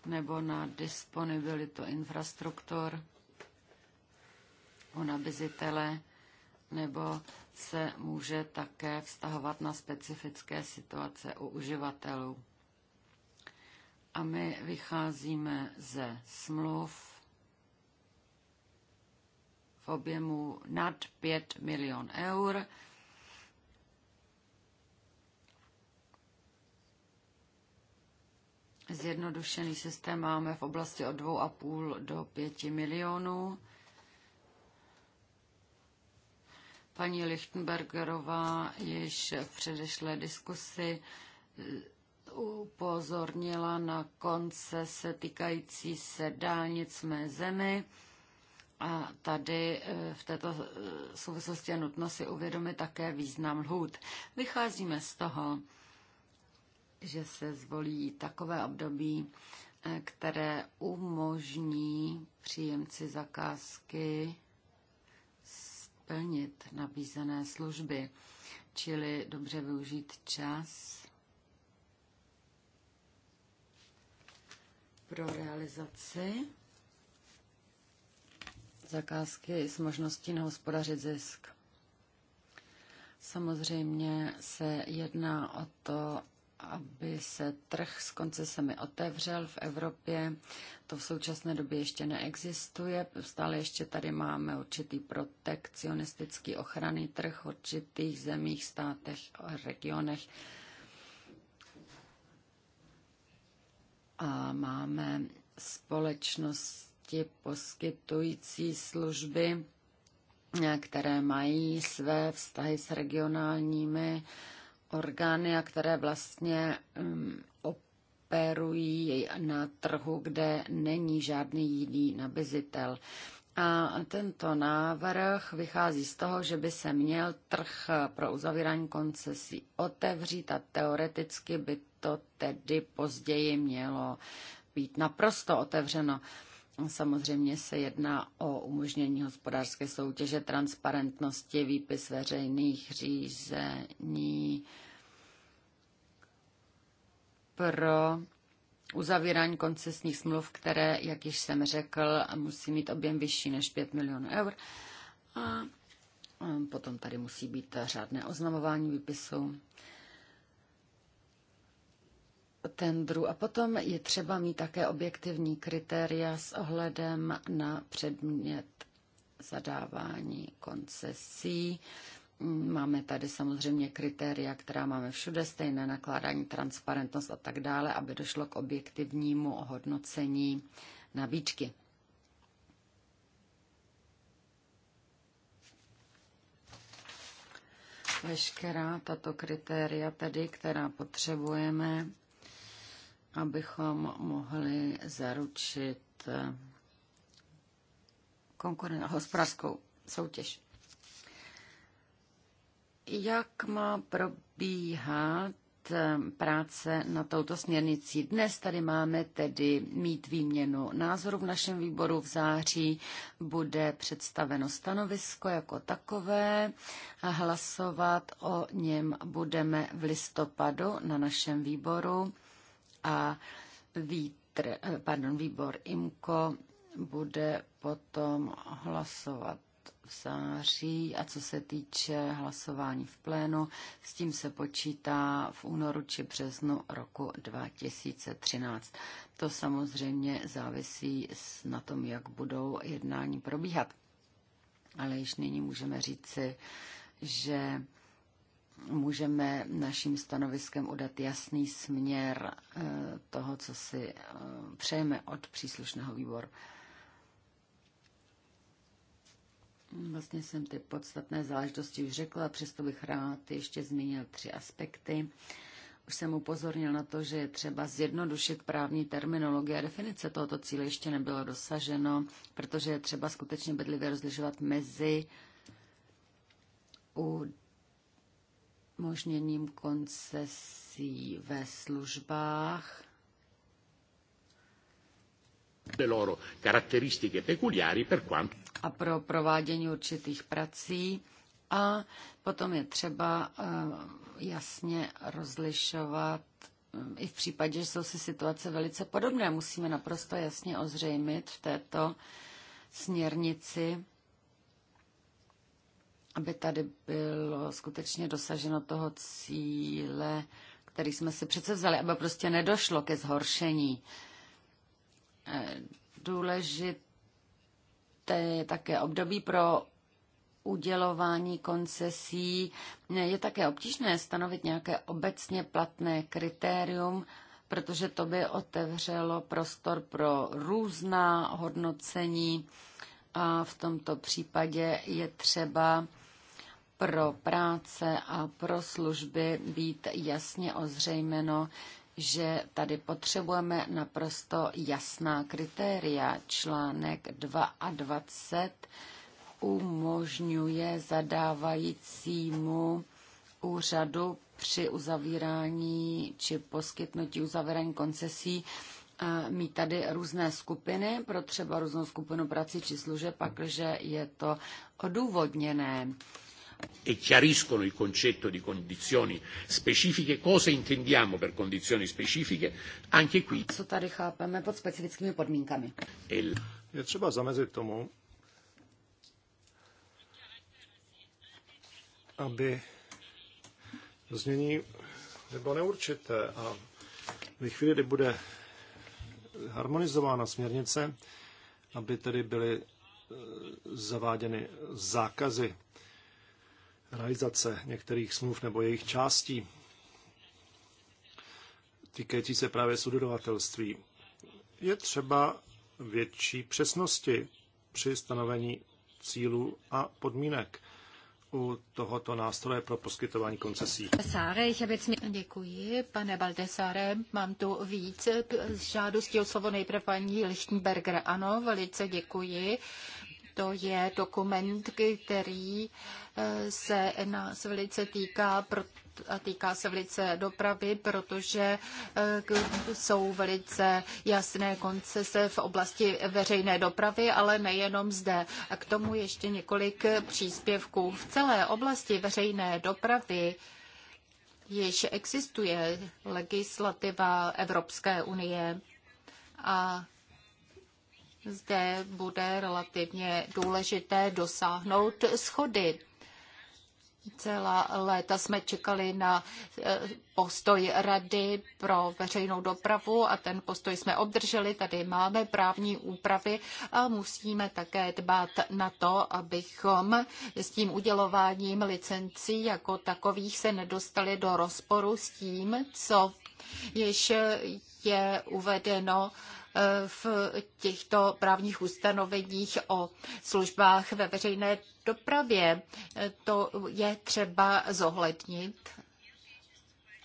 nebo na disponibilitu infrastruktur u nabizitele, nebo se může také vztahovat na specifické situace u uživatelů. A my vycházíme ze smluv v objemu nad 5 milion eur. Zjednodušený systém máme v oblasti od 2,5 do 5 milionů. Paní Lichtenbergerová již v předešlé diskusi eh, upozornila na konce se týkající se dálnic mé zemi. A tady eh, v této eh, souvislosti je nutno si uvědomit také význam lhůt. Vycházíme z toho, že se zvolí takové období, eh, které umožní příjemci zakázky splnit nabízené služby, čili dobře využít čas pro realizaci zakázky s možností nahospodařit zisk. Samozřejmě se jedná o to, aby se trh s koncesemi otevřel v Evropě. To v současné době ještě neexistuje. Stále ještě tady máme určitý protekcionistický ochranný trh v určitých zemích, státech a regionech. A máme společnost společnosti poskytující služby, které mají své vztahy s regionálními orgány a které vlastně mm, operují na trhu, kde není žádný jiný nabizitel. A tento návrh vychází z toho, že by se měl trh pro uzavírání koncesí otevřít a teoreticky by to tedy později mělo být naprosto otevřeno. Samozřejmě se jedná o umožnění hospodářské soutěže, transparentnosti, výpis veřejných řízení pro uzavírání koncesních smluv, které, jak již jsem řekl, musí mít objem vyšší než 5 milionů eur. A potom tady musí být řádné oznamování výpisu tendru. A potom je třeba mít také objektivní kritéria s ohledem na předmět zadávání koncesí. Máme tady samozřejmě kritéria, která máme všude, stejné nakládání, transparentnost a tak dále, aby došlo k objektivnímu ohodnocení nabídky. Veškerá tato kritéria tedy, která potřebujeme, abychom mohli zaručit eh, konkuren- hospodářskou soutěž. Jak má probíhat eh, práce na touto směrnicí? Dnes tady máme tedy mít výměnu názoru v našem výboru v září. Bude představeno stanovisko jako takové a hlasovat o něm budeme v listopadu na našem výboru a vítr, pardon, výbor IMKO bude potom hlasovat v září a co se týče hlasování v plénu, s tím se počítá v únoru či březnu roku 2013. To samozřejmě závisí na tom, jak budou jednání probíhat. Ale již nyní můžeme říci, že můžeme naším stanoviskem udat jasný směr eh, toho, co si eh, přejeme od příslušného výboru. Vlastně jsem ty podstatné záležitosti už řekla, přesto bych rád ještě zmínil tři aspekty. Už jsem upozornil na to, že je třeba zjednodušit právní terminologie a definice tohoto cíle ještě nebylo dosaženo, protože je třeba skutečně bedlivě rozlišovat mezi u možněním koncesí ve službách. A pro provádění určitých prací. A potom je třeba eh, jasně rozlišovat eh, i v případě, že jsou si situace velice podobné, musíme naprosto jasně ozřejmit v této směrnici, aby tady bylo skutečně dosaženo toho cíle, který jsme si přece vzali, aby prostě nedošlo ke zhoršení. Eh, důležité je také období pro udělování koncesí. Je také obtížné stanovit nějaké obecně platné kritérium, protože to by otevřelo prostor pro různá hodnocení a v tomto případě je třeba pro práce a pro služby být jasně ozřejmeno, že tady potřebujeme naprosto jasná kritéria. Článek 22 umožňuje zadávajícímu úřadu při uzavírání či poskytnutí uzavírání koncesí mít tady různé skupiny pro třeba různou skupinu prací či služeb, pakliže je to odůvodněné e chiariscono il concetto di condizioni specifiche, cosa intendiamo per condizioni specifiche, anche qui. Co tady chápeme pod specifickými podmínkami? E Je třeba zamezit tomu, aby znění nebo neurčité a ve chvíli, kdy bude harmonizována směrnice, aby tedy byly e, zaváděny zákazy realizace některých smluv nebo jejich částí týkající se právě sudodovatelství. Je třeba větší přesnosti při stanovení cílů a podmínek u tohoto nástroje pro poskytování koncesí. Děkuji, pane Baldesare. Mám tu víc žádostí o slovo nejprve paní Lichtenberger. Ano, velice děkuji. To je dokument, který eh, se nás velice týká, a týká se velice dopravy, protože eh, jsou velice jasné koncese v oblasti veřejné dopravy, ale nejenom zde. A k tomu ještě několik příspěvků. V celé oblasti veřejné dopravy již existuje legislativa Evropské unie a zde bude relativně důležité dosáhnout schody. Celá léta jsme čekali na e, postoj Rady pro veřejnou dopravu a ten postoj jsme obdrželi. Tady máme právní úpravy a musíme také dbát na to, abychom s tím udělováním licencí jako takových se nedostali do rozporu s tím, co již je uvedeno v těchto právních ustanoveních o službách ve veřejné dopravě. To je třeba zohlednit.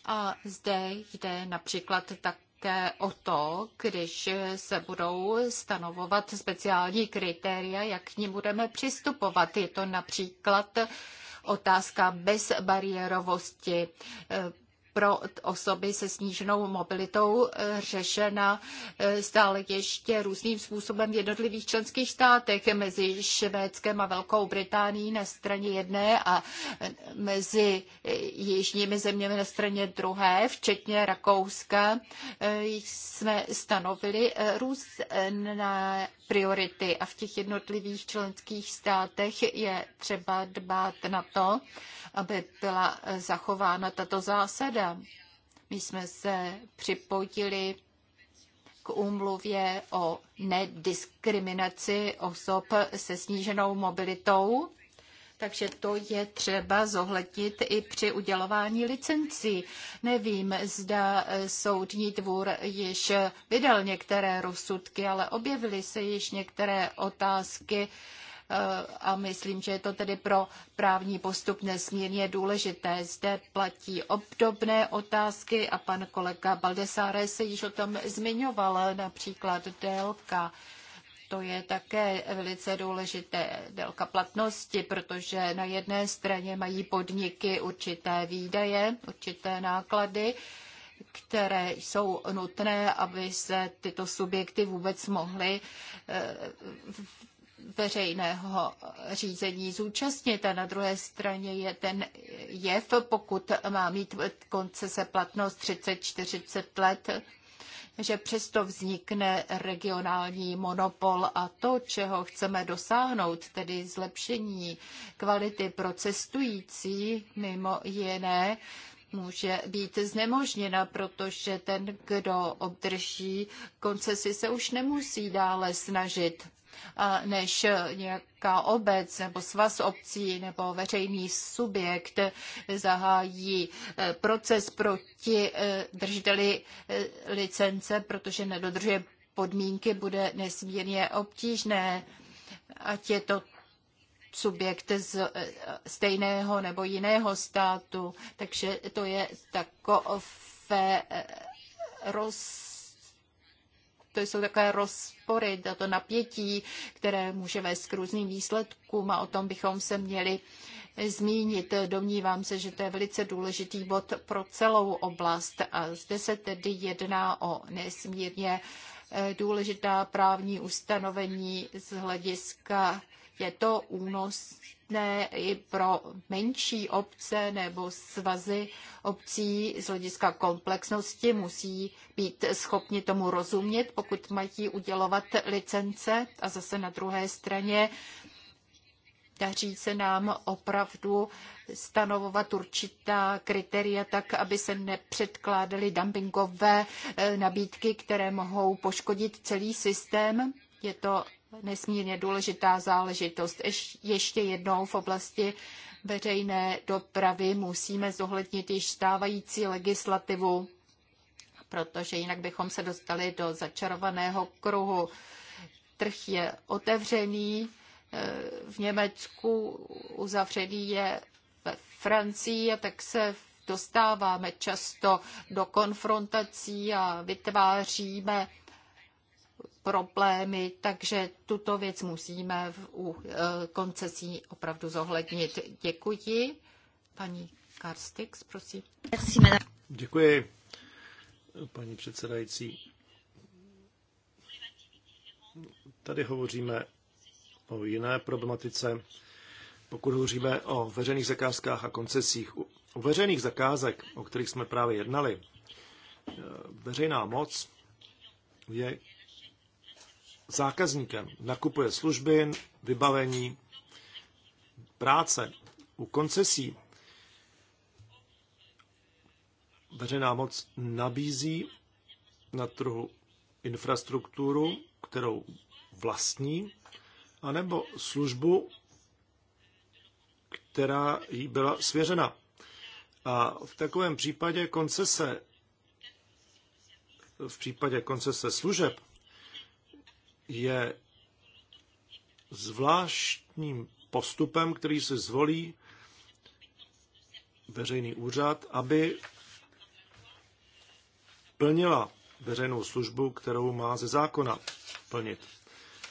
A zde jde například tak také o to, když se budou stanovovat speciální kritéria, jak k ním budeme přistupovat. Je to například otázka bezbariérovosti pro osoby se sníženou mobilitou eh, řešena eh, stále ještě různým způsobem v jednotlivých členských státech mezi Švédskem a Velkou Británií na straně jedné a eh, mezi jižními zeměmi na straně druhé, včetně Rakouska, jsme stanovili různé priority a v těch jednotlivých členských státech je třeba dbát na to, aby byla zachována tato zásada. My jsme se připojili k úmluvě o nediskriminaci osob se sníženou mobilitou takže to je třeba zohlednit i při udělování licencí. Nevím, zda eh, soudní dvůr již vydal některé rozsudky, ale objevily se již některé otázky, eh, a myslím, že je to tedy pro právní postup nesmírně důležité. Zde platí obdobné otázky a pan kolega Baldesáre se již o tom zmiňoval, například délka to je také velice důležité délka platnosti, protože na jedné straně mají podniky určité výdaje, určité náklady, které jsou nutné, aby se tyto subjekty vůbec mohly eh, veřejného řízení zúčastnit. A na druhé straně je ten jev, pokud má mít koncese platnost 30-40 let, že přesto vznikne regionální monopol a to, čeho chceme dosáhnout, tedy zlepšení kvality pro cestující, mimo jiné, může být znemožněna, protože ten, kdo obdrží koncesi, se už nemusí dále snažit než nějaká obec nebo svaz obcí nebo veřejný subjekt zahájí e, proces proti e, držiteli e, licence, protože nedodržuje podmínky, bude nesmírně obtížné, ať je to subjekt z stejného nebo jiného státu. Takže to je takové roz to jsou takové rozpory, tato napětí, které může vést k různým výsledkům a o tom bychom se měli zmínit. Domnívám se, že to je velice důležitý bod pro celou oblast a zde se tedy jedná o nesmírně eh, důležitá právní ustanovení z hlediska je to únosné i pro menší obce nebo svazy obcí z hlediska komplexnosti musí být schopni tomu rozumět, pokud mají udělovat licence. A zase na druhé straně daří se nám opravdu stanovovat určitá kritéria tak, aby se nepředkládaly dumpingové eh, nabídky, které mohou poškodit celý systém. Je to nesmírně důležitá záležitost. Ještě jednou v oblasti veřejné dopravy musíme zohlednit již stávající legislativu protože jinak bychom se dostali do začarovaného kruhu. Trh je otevřený, e, v Německu uzavřený je ve Francii, a tak se dostáváme často do konfrontací a vytváříme problémy, takže tuto věc musíme u e, koncesí opravdu zohlednit. Děkuji. Paní Karstix, prosím. Děkuji paní předsedající. Tady hovoříme o jiné problematice. Pokud hovoříme o veřejných zakázkách a koncesích, u veřejných zakázek, o kterých jsme právě jednali, veřejná moc je zákazníkem. Nakupuje služby, vybavení, práce. U koncesí veřejná moc nabízí na trhu infrastrukturu, kterou vlastní, anebo službu, která jí byla svěřena. A v takovém případě koncese, v případě koncese služeb, je zvláštním postupem, který se zvolí veřejný úřad, aby plnila veřejnou službu, kterou má ze zákona plnit.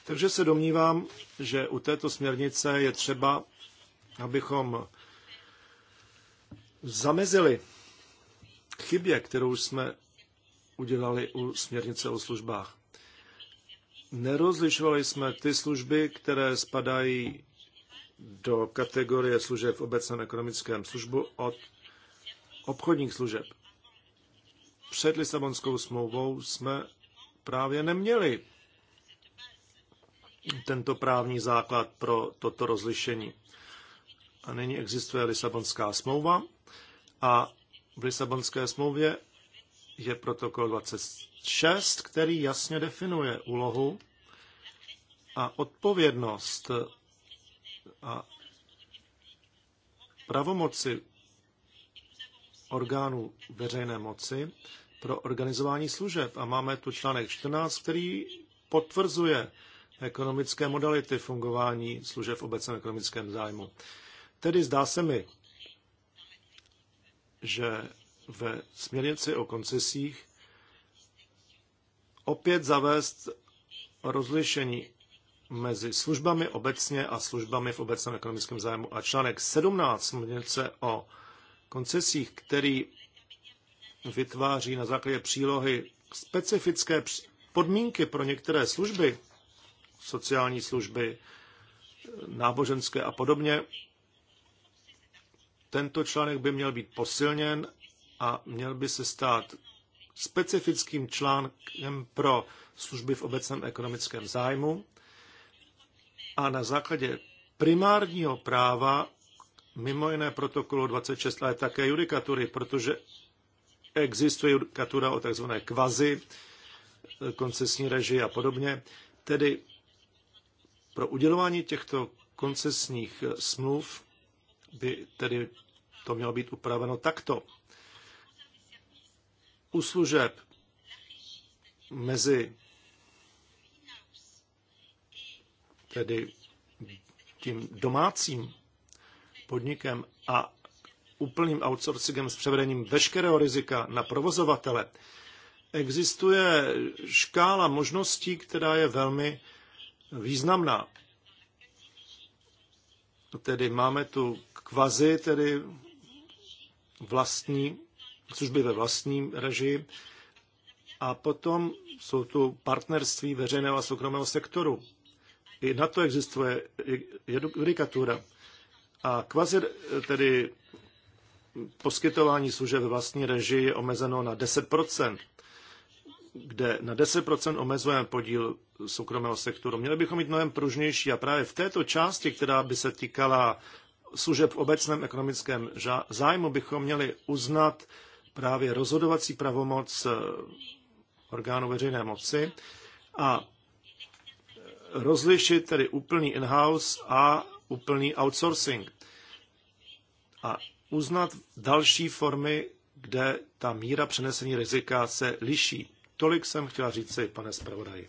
Takže se domnívám, že u této směrnice je třeba, abychom zamezili chybě, kterou jsme udělali u směrnice o službách. Nerozlišovali jsme ty služby, které spadají do kategorie služeb v obecném ekonomickém službu od obchodních služeb před Lisabonskou smlouvou jsme právě neměli tento právní základ pro toto rozlišení. A nyní existuje Lisabonská smlouva a v Lisabonské smlouvě je protokol 26, který jasně definuje úlohu a odpovědnost a pravomoci orgánů veřejné moci pro organizování služeb. A máme tu článek 14, který potvrzuje ekonomické modality fungování služeb v obecném ekonomickém zájmu. Tedy zdá se mi, že ve směrnici o koncesích opět zavést rozlišení mezi službami obecně a službami v obecném ekonomickém zájmu. A článek 17 směrnice o koncesích, který vytváří na základě přílohy specifické podmínky pro některé služby, sociální služby, náboženské a podobně, tento článek by měl být posilněn a měl by se stát specifickým článkem pro služby v obecném ekonomickém zájmu a na základě primárního práva mimo jiné protokolu 26, ale také judikatury, protože existuje judikatura o tzv. kvazi, eh, koncesní režii a podobně. Tedy pro udělování těchto koncesních eh, smluv by tedy to mělo být upraveno takto. U služeb mezi tedy tím domácím podnikem a úplným outsourcingem s převedením veškerého rizika na provozovatele, existuje škála možností, která je velmi významná. Tedy máme tu kvazi, tedy vlastní, služby ve vlastním režii, a potom jsou tu partnerství veřejného a soukromého sektoru. I na to existuje judikatura. A kvazi eh, tedy poskytování služeb vlastní režii je omezeno na 10%, kde na 10% omezujeme podíl soukromého sektoru. Měli bychom mít mnohem pružnější a právě v této části, která by se týkala služeb v obecném ekonomickém zájmu, bychom měli uznat právě rozhodovací pravomoc eh, orgánu veřejné moci a rozlišit tedy úplný in-house a úplný outsourcing a uznat další formy, kde ta míra přenesení rizika se liší. Tolik jsem chtěla si, pane zpravodaji.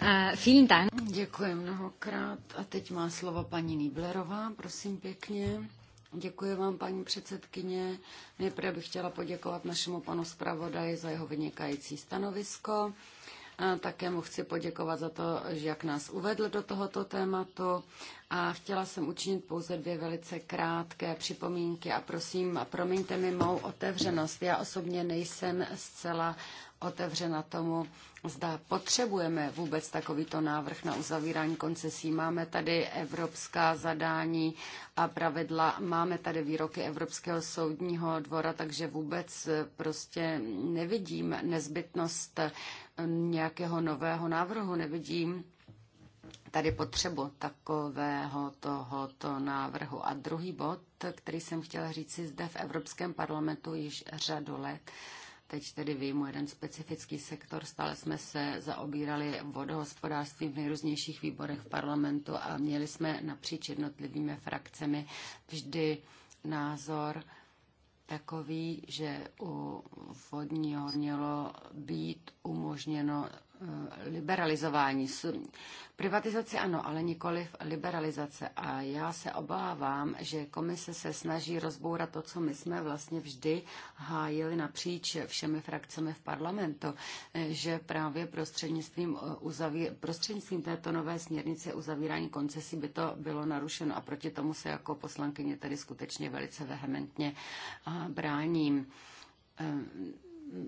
Eh, vielen Dank. Děkuji mnohokrát. A teď má slovo paní Nýblerová, prosím pěkně. Děkuji vám, paní předsedkyně. Nejprve bych chtěla poděkovat našemu panu zpravodaji za jeho vynikající stanovisko také mu chci poděkovat za to, že jak nás uvedl do tohoto tématu a chtěla jsem učinit pouze dvě velice krátké připomínky a prosím, promiňte mi mou otevřenost. Já osobně nejsem zcela otevřena tomu, zda potřebujeme vůbec takovýto návrh na uzavírání koncesí. Máme tady evropská zadání a pravidla, máme tady výroky Evropského soudního dvora, takže vůbec eh, prostě nevidím nezbytnost eh, nějakého nového návrhu, nevidím tady potřebu takového tohoto návrhu. A druhý bod, který jsem chtěla říct si zde v Evropském parlamentu již řadu let, Teď tedy vyjmu jeden specifický sektor. Stále jsme se zaobírali vodohospodářstvím v nejrůznějších výborech v parlamentu a měli jsme napříč jednotlivými frakcemi vždy názor takový, že u vodního mělo být umožněno Eh, liberalizování. Privatizace ano, ale nikoliv liberalizace. A já se obávám, že komise se snaží rozbourat to, co my jsme vlastně vždy hájili napříč všemi frakcemi v parlamentu, eh, že právě prostřednictvím, eh, uzavír, prostřednictvím této nové směrnice uzavírání koncesí by to bylo narušeno. A proti tomu se jako poslankyně tady skutečně velice vehementně bráním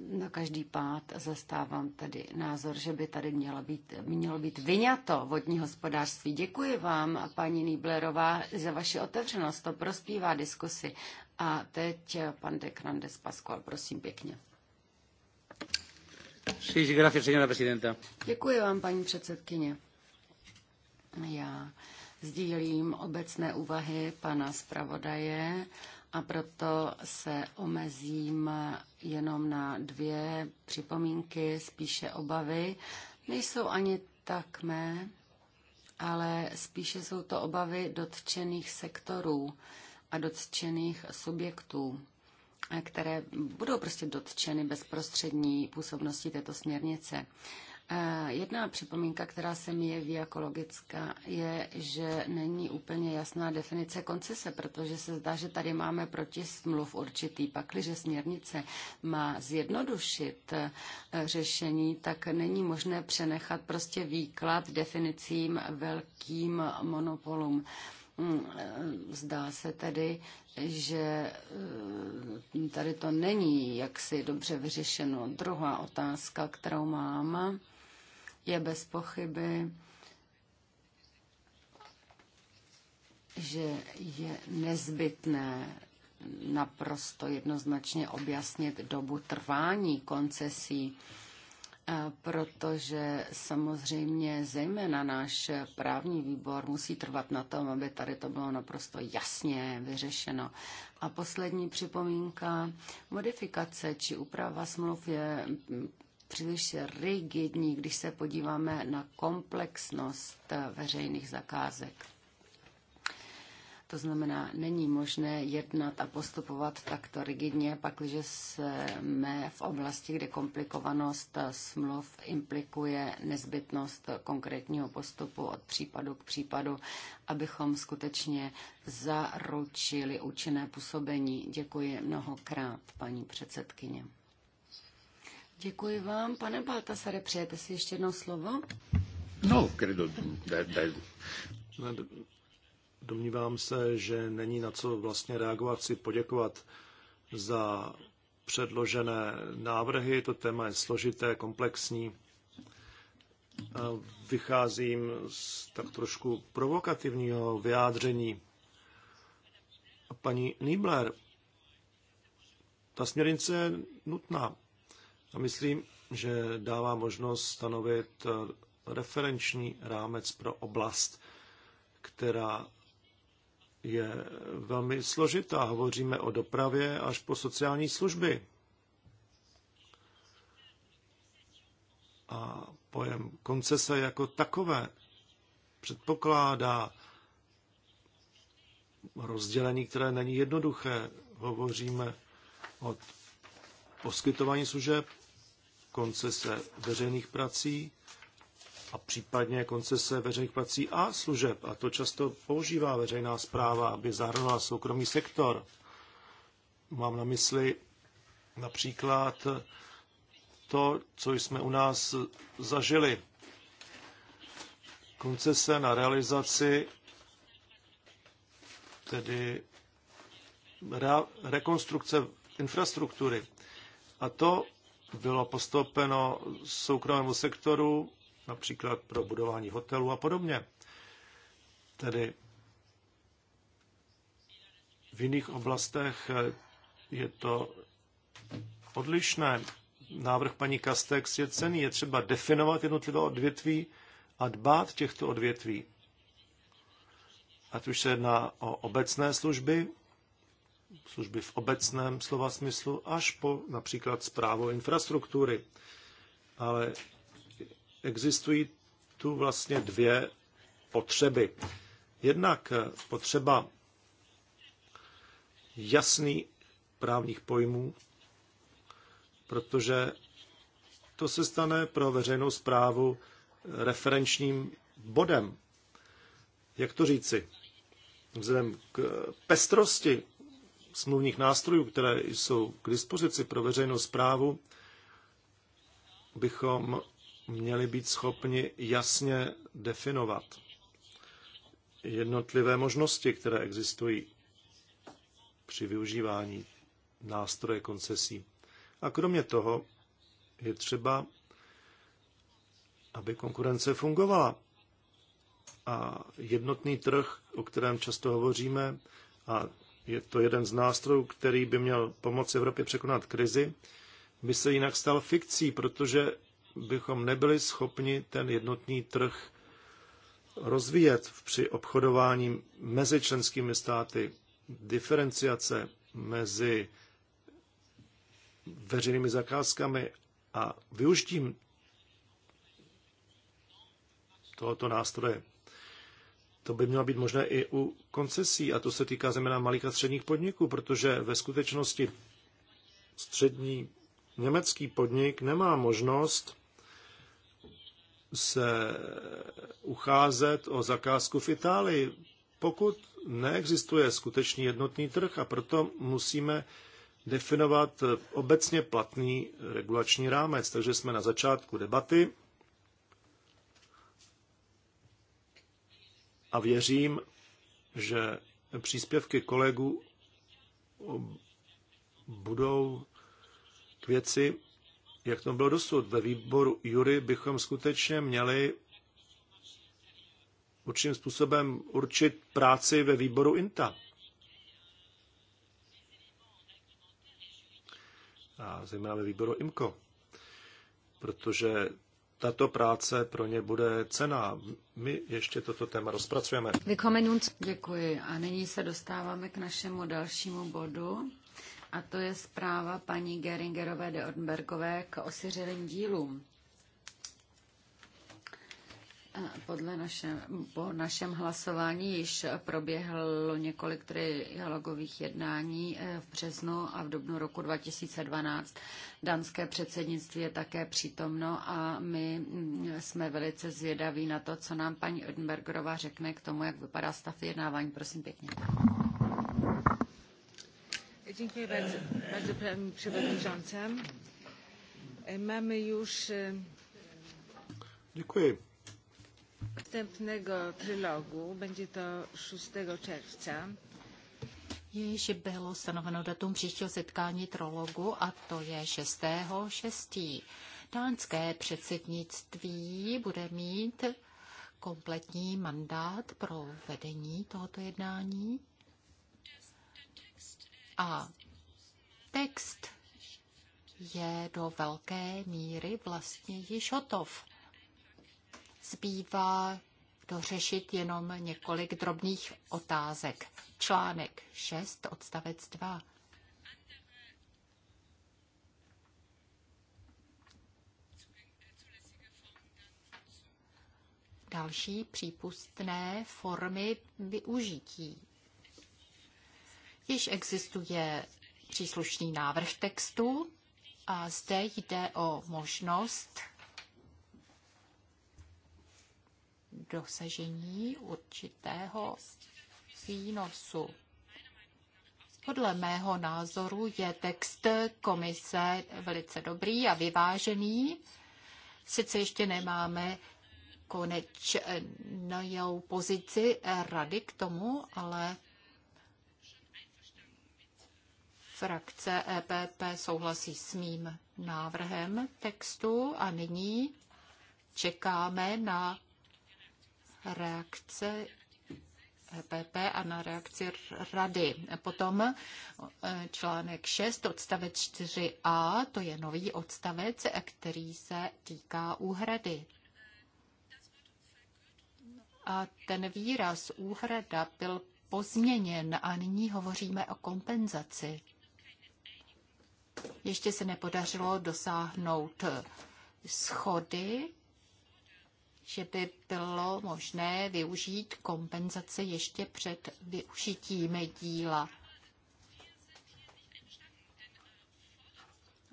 na každý pád zastávám tady názor, že by tady mělo být, mělo být vyňato vodní hospodářství. Děkuji vám, paní Nýblerová, za vaši otevřenost. To prospívá diskusi. A teď pan de Grandes Pascual, prosím pěkně. Sí, sí, gracias, señora presidenta. Děkuji vám, paní předsedkyně. Já sdílím obecné úvahy pana zpravodaje a proto se omezím jenom na dvě připomínky, spíše obavy. Nejsou ani tak mé, ale spíše jsou to obavy dotčených sektorů a dotčených subjektů, které budou prostě dotčeny bezprostřední působností této směrnice. Jedna připomínka, která se mi jeví jako logická, je, že není úplně jasná definice koncese, protože se zdá, že tady máme proti smluv určitý. Pakliže směrnice má zjednodušit eh, řešení, tak není možné přenechat prostě výklad definicím velkým monopolům. Mm, eh, zdá se tedy, že eh, tady to není jaksi dobře vyřešeno. Druhá otázka, kterou mám, je bez pochyby, že je nezbytné naprosto jednoznačně objasnit dobu trvání koncesí, eh, protože samozřejmě zejména náš právní výbor musí trvat na tom, aby tady to bylo naprosto jasně vyřešeno. A poslední připomínka, modifikace či úprava smluv je příliš rigidní, když se podíváme na komplexnost veřejných zakázek. To znamená, není možné jednat a postupovat takto rigidně, pakliže jsme v oblasti, kde komplikovanost smluv implikuje nezbytnost konkrétního postupu od případu k případu, abychom skutečně zaručili účinné působení. Děkuji mnohokrát, paní předsedkyně. Děkuji vám. Pane Baltasare, přejete si ještě jedno slovo? No, kredo. da, da. Domnívám se, že není na co vlastně reagovat. Chci poděkovat za předložené návrhy. To téma je složité, komplexní. Vycházím z tak trošku provokativního vyjádření. Paní Niebler, ta směrnice je nutná. A myslím, že dává možnost stanovit eh, referenční rámec pro oblast, která je velmi složitá. Hovoříme o dopravě až po sociální služby. A pojem koncese jako takové předpokládá rozdělení, které není jednoduché. Hovoříme o poskytování služeb koncese veřejných prací a případně koncese veřejných prací a služeb. A to často používá veřejná zpráva, aby zahrnula soukromý sektor. Mám na mysli například to, co jsme u nás zažili. Koncese na realizaci tedy rekonstrukce infrastruktury. A to bylo postoupeno soukromému sektoru, například pro budování hotelů a podobně. Tedy v jiných oblastech je to odlišné. Návrh paní Kastex je cený. Je třeba definovat jednotlivé odvětví a dbát těchto odvětví. Ať už se jedná o obecné služby, služby v obecném slova smyslu, až po například zprávu infrastruktury. Ale existují tu vlastně dvě potřeby. Jednak potřeba jasný právních pojmů, protože to se stane pro veřejnou zprávu referenčním bodem. Jak to říci? Vzhledem k pestrosti smluvních nástrojů, které jsou k dispozici pro veřejnou zprávu, bychom měli být schopni jasně definovat jednotlivé možnosti, které existují při využívání nástroje koncesí. A kromě toho je třeba, aby konkurence fungovala. A jednotný trh, o kterém často hovoříme, a je to jeden z nástrojů, který by měl pomoci Evropě překonat krizi, by se jinak stal fikcí, protože bychom nebyli schopni ten jednotný trh rozvíjet při obchodování mezi členskými státy, diferenciace mezi veřejnými zakázkami a využitím tohoto nástroje. To by mělo být možné i u koncesí, a to se týká zejména malých a středních podniků, protože ve skutečnosti střední německý podnik nemá možnost se ucházet o zakázku v Itálii, pokud neexistuje skutečný jednotný trh a proto musíme definovat obecně platný regulační rámec. Takže jsme na začátku debaty a věřím, že příspěvky kolegů budou k věci, jak to bylo dosud. Ve výboru Jury bychom skutečně měli určitým způsobem určit práci ve výboru INTA. A zejména ve výboru IMCO. Protože tato práce pro ně bude cená. My ještě toto téma rozpracujeme. Děkuji a nyní se dostáváme k našemu dalšímu bodu a to je zpráva paní Geringerové de Odenbergové k osiřelým dílům. Podle naše, po našem hlasování již proběhlo několik trialogových jednání eh, v březnu a v dubnu roku 2012. Danské předsednictví je také přítomno a my mm, jsme velice zvědaví na to, co nám paní Odenbergerová řekne k tomu, jak vypadá stav vyjednávání. Prosím pěkně. Dziękuję bardzo, bardzo e, Mamy już... E, Dziękuję. Następnego trilogu będzie to 6. czerwca. Již bylo stanoveno datum příštího setkání trologu a to je 6. 6. Dánské předsednictví bude mít kompletní mandát pro vedení tohoto jednání a text je do velké míry vlastně již hotov. Zbývá dořešit jenom několik drobných otázek. Článek 6, odstavec 2. Další přípustné formy využití. Již existuje příslušný návrh textu a zde jde o možnost dosažení určitého výnosu. Podle mého názoru je text komise velice dobrý a vyvážený. Sice ještě nemáme konečnou pozici rady k tomu, ale frakce EPP souhlasí s mým návrhem textu a nyní čekáme na reakce EPP a na reakci rady. Potom e, článek 6, odstavec 4a, to je nový odstavec, který se týká úhrady. A ten výraz úhrada byl pozměněn a nyní hovoříme o kompenzaci. Ještě se nepodařilo dosáhnout schody že by bylo možné využít kompenzace ještě před využitím díla.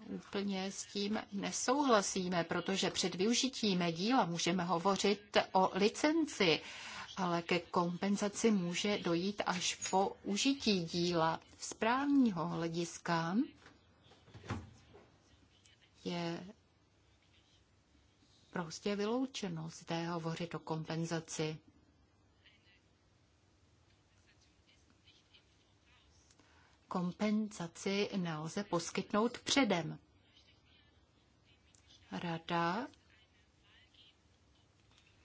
Úplně s tím nesouhlasíme, protože před využitím díla můžeme hovořit o licenci, ale ke kompenzaci může dojít až po užití díla. Z právního hlediska je prostě vyloučeno zde hovořit o kompenzaci. Kompenzaci nelze poskytnout předem. Rada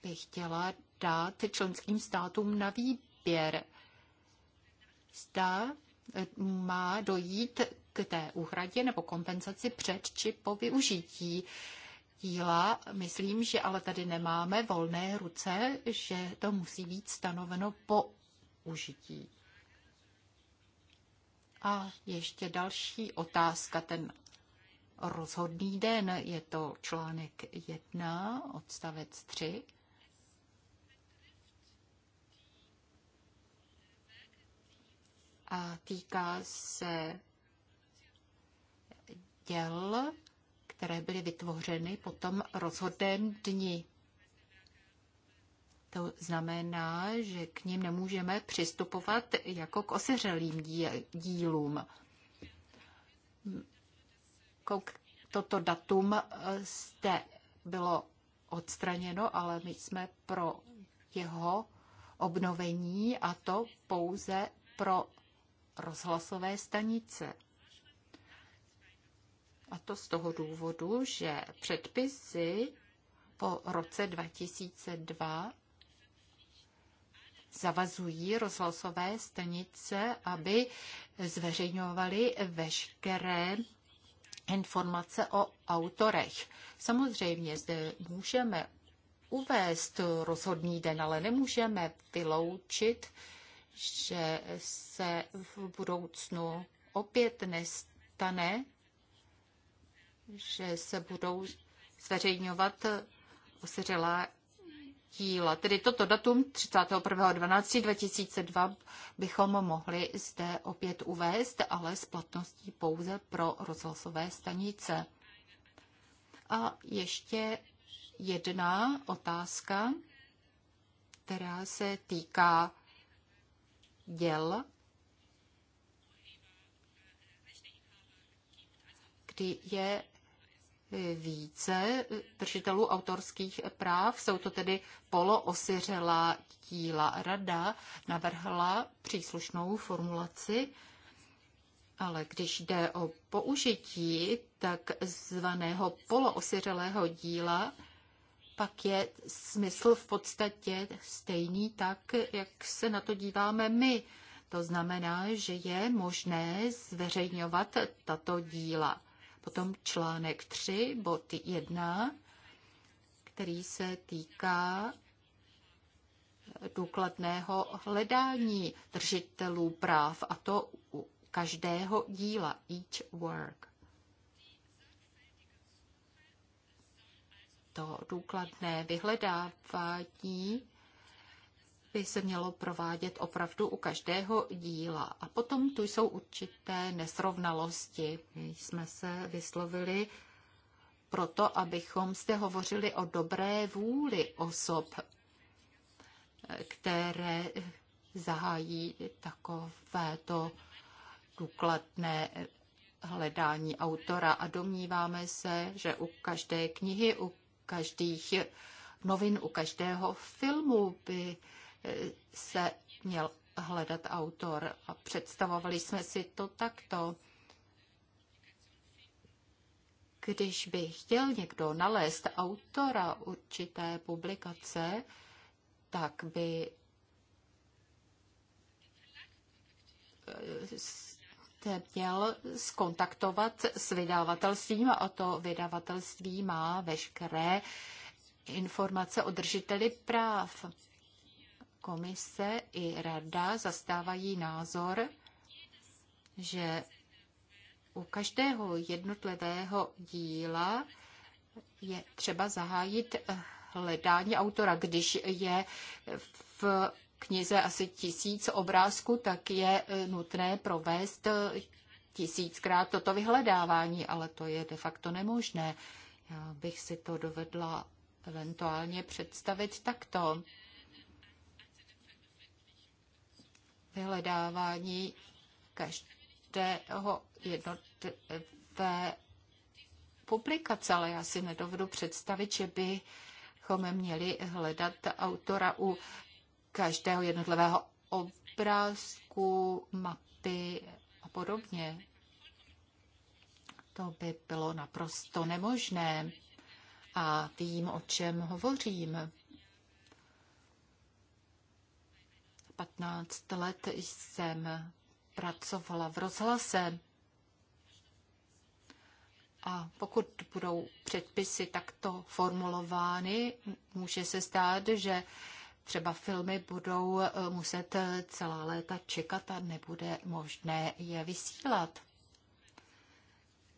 by chtěla dát členským státům na výběr. Zda eh, má dojít k té úhradě nebo kompenzaci před či po využití díla. Myslím, že ale tady nemáme volné ruce, že to musí být stanoveno po užití. A ještě další otázka, ten rozhodný den, je to článek 1, odstavec 3. A týká se děl, které byly vytvořeny po tom rozhodném dni. To znamená, že k ním nemůžeme přistupovat jako k osiřelým dílům. Toto datum eh, zde bylo odstraněno, ale my jsme pro jeho obnovení a to pouze pro rozhlasové stanice. A to z toho důvodu, že předpisy po roce 2002 zavazují rozhlasové stanice, aby zveřejňovaly veškeré informace o autorech. Samozřejmě zde můžeme uvést rozhodný den, ale nemůžeme vyloučit, že se v budoucnu opět nestane, že se budou zveřejňovat osiřelá díla. Tedy toto datum 31.12.2002 bychom mohli zde opět uvést, ale s platností pouze pro rozhlasové stanice. A ještě jedna otázka, která se týká děl, kdy je více držitelů autorských práv. Jsou to tedy poloosyřelá díla. Rada navrhla příslušnou formulaci, ale když jde o použití tak zvaného poloosyřelého díla, pak je smysl v podstatě stejný tak, jak se na to díváme my. To znamená, že je možné zveřejňovat tato díla. Potom článek 3, bod 1, který se týká důkladného hledání držitelů práv, a to u každého díla, each work. To důkladné vyhledávání by se mělo provádět opravdu u každého díla. A potom tu jsou určité nesrovnalosti. My jsme se vyslovili proto, abychom zde hovořili o dobré vůli osob, které zahájí takovéto důkladné hledání autora a domníváme se, že u každé knihy, u každých novin, u každého filmu by se měl hledat autor a představovali jsme si to takto. Když by chtěl někdo nalézt autora určité publikace, tak by eh, se měl skontaktovat s vydavatelstvím a to vydavatelství má veškeré informace o držiteli práv. Komise i rada zastávají názor, že u každého jednotlivého díla je třeba zahájit hledání autora. Když je v knize asi tisíc obrázků, tak je nutné provést tisíckrát toto vyhledávání, ale to je de facto nemožné. Já bych si to dovedla eventuálně představit takto. vyhledávání každého jednotlivé publikace, ale já si nedovedu představit, že bychom měli hledat autora u každého jednotlivého obrázku, mapy a podobně. To by bylo naprosto nemožné. A vím, o čem hovořím. 15 let jsem pracovala v rozhlase. A pokud budou předpisy takto formulovány, může se stát, že třeba filmy budou eh, muset eh, celá léta čekat a nebude možné je vysílat.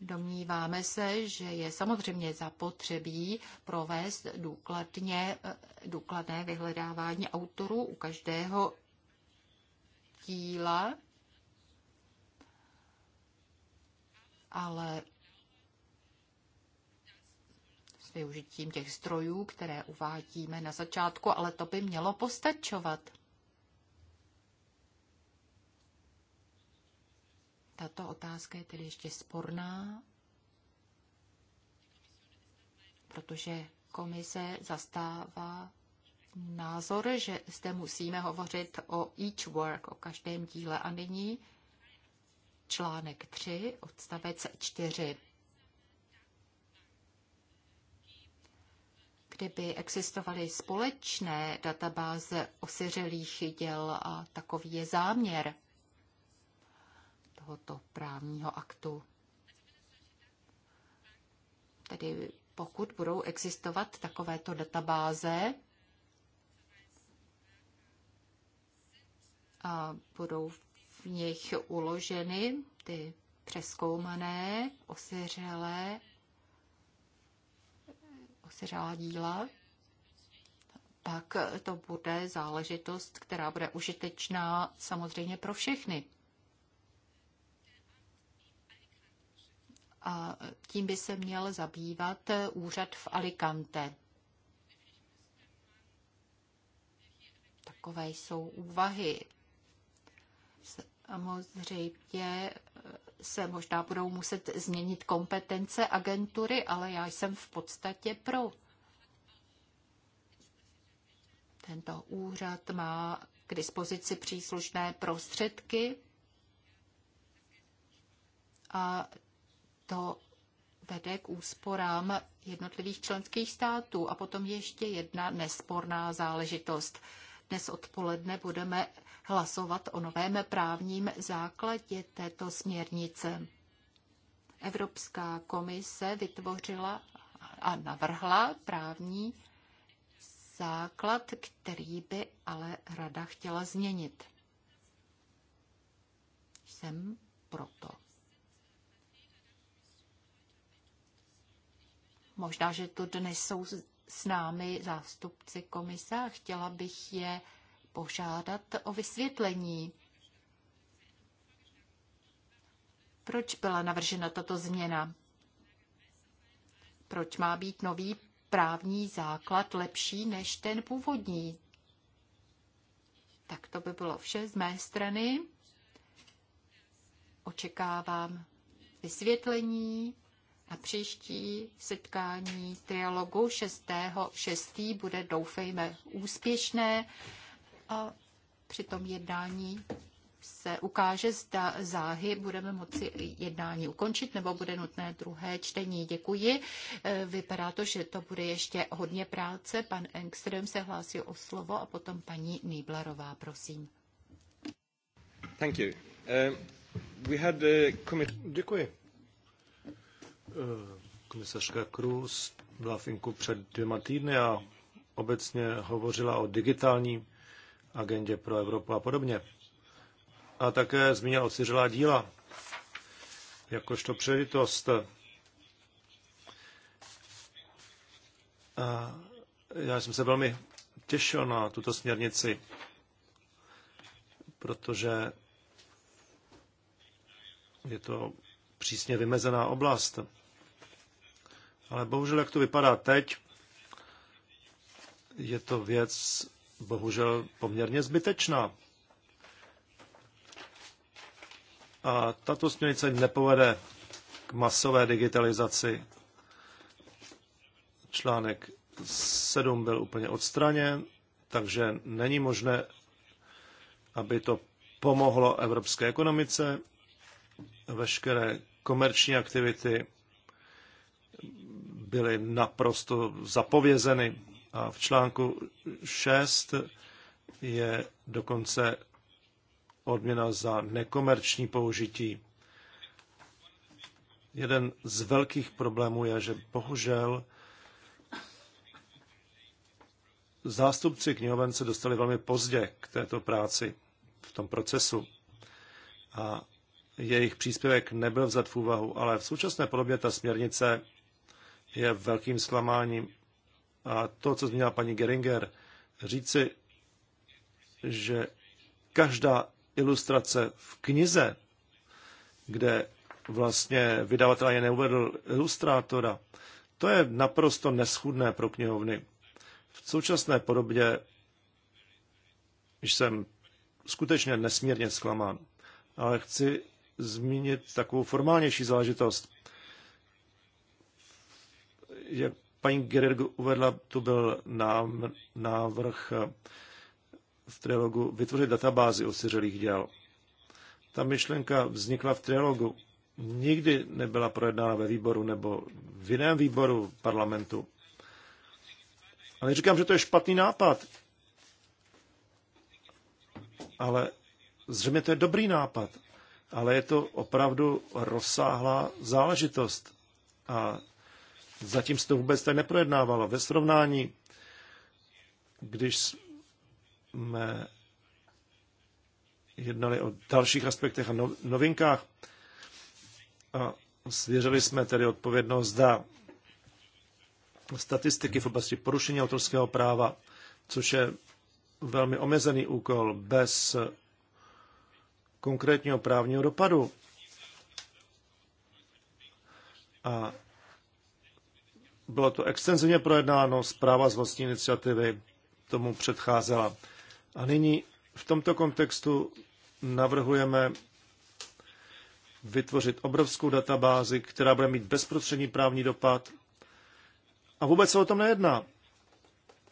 Domníváme se, že je samozřejmě zapotřebí provést důkladně, eh, důkladné vyhledávání autorů u každého díle, ale s využitím těch strojů, které uvádíme na začátku, ale to by mělo postačovat. Tato otázka je tedy ještě sporná, protože komise zastává názor, že zde musíme hovořit o each work, o každém díle a nyní článek 3, odstavec 4. Kdyby existovaly společné databáze osiřelých děl a takový je záměr tohoto právního aktu. Tedy pokud budou existovat takovéto databáze, a budou v nich uloženy ty přeskoumané, osiřelé, osiřelá díla, pak to bude záležitost, která bude užitečná samozřejmě pro všechny. A tím by se měl zabývat úřad v Alicante. Takové jsou úvahy Samozřejmě eh, se možná budou muset změnit kompetence agentury, ale já jsem v podstatě pro. Tento úřad má k dispozici příslušné prostředky a to vede k úsporám jednotlivých členských států. A potom ještě jedna nesporná záležitost. Dnes odpoledne budeme hlasovat o novém právním základě této směrnice. Evropská komise vytvořila a navrhla právní základ, který by ale rada chtěla změnit. Jsem proto. Možná, že tu dnes jsou s námi zástupci komise a chtěla bych je požádat o vysvětlení. Proč byla navržena tato změna? Proč má být nový právní základ lepší než ten původní? Tak to by bylo vše z mé strany. Očekávám vysvětlení a příští setkání trialogu 6.6. bude, doufejme, úspěšné a při tom jednání se ukáže, zda záhy budeme moci jednání ukončit nebo bude nutné druhé čtení. Děkuji. E, vypadá to, že to bude ještě hodně práce. Pan Engström se hlásí o slovo a potom paní Nýblarová, prosím. Thank you. Uh, we had e, Děkuji. Uh, komisařka Cruz byla v Inku před dvěma týdny a obecně hovořila o digitální agendě pro Evropu a podobně. A také zmínil ociřelá díla, jakožto předitost. já jsem se velmi těšil na tuto směrnici, protože je to přísně vymezená oblast. Ale bohužel, jak to vypadá teď, je to věc, bohužel poměrně zbytečná. A tato směrnice nepovede k masové digitalizaci. Článek 7 byl úplně odstraněn, takže není možné, aby to pomohlo evropské ekonomice. Veškeré komerční aktivity byly naprosto zapovězeny a v článku 6 je dokonce odměna za nekomerční použití. Jeden z velkých problémů je, že bohužel zástupci knihoven se dostali velmi pozdě k této práci v tom procesu. A jejich příspěvek nebyl vzat v úvahu, ale v současné podobě ta směrnice je velkým zklamáním a to, co zmínila paní Geringer, říci, že každá ilustrace v knize, kde vlastně vydavatel je neuvedl ilustrátora, to je naprosto neschudné pro knihovny. V současné podobě jsem skutečně nesmírně zklamán. Ale chci zmínit takovou formálnější záležitost. Jak paní Gerger uvedla, tu byl návrh eh, v trilogu vytvořit databázi osiřelých děl. Ta myšlenka vznikla v trilogu. Nikdy nebyla projednána ve výboru nebo v jiném výboru parlamentu. Ale říkám, že to je špatný nápad. Ale zřejmě to je dobrý nápad. Ale je to opravdu rozsáhlá záležitost. A Zatím se to vůbec tak neprojednávalo. Ve srovnání, když jsme jednali o dalších aspektech a no, novinkách a svěřili jsme tedy odpovědnost za statistiky v oblasti porušení autorského práva, což je velmi omezený úkol bez konkrétního právního dopadu. A bylo to extenzivně projednáno, zpráva z vlastní iniciativy tomu předcházela. A nyní v tomto kontextu navrhujeme vytvořit obrovskou databázi, která bude mít bezprostřední právní dopad. A vůbec se o tom nejedná.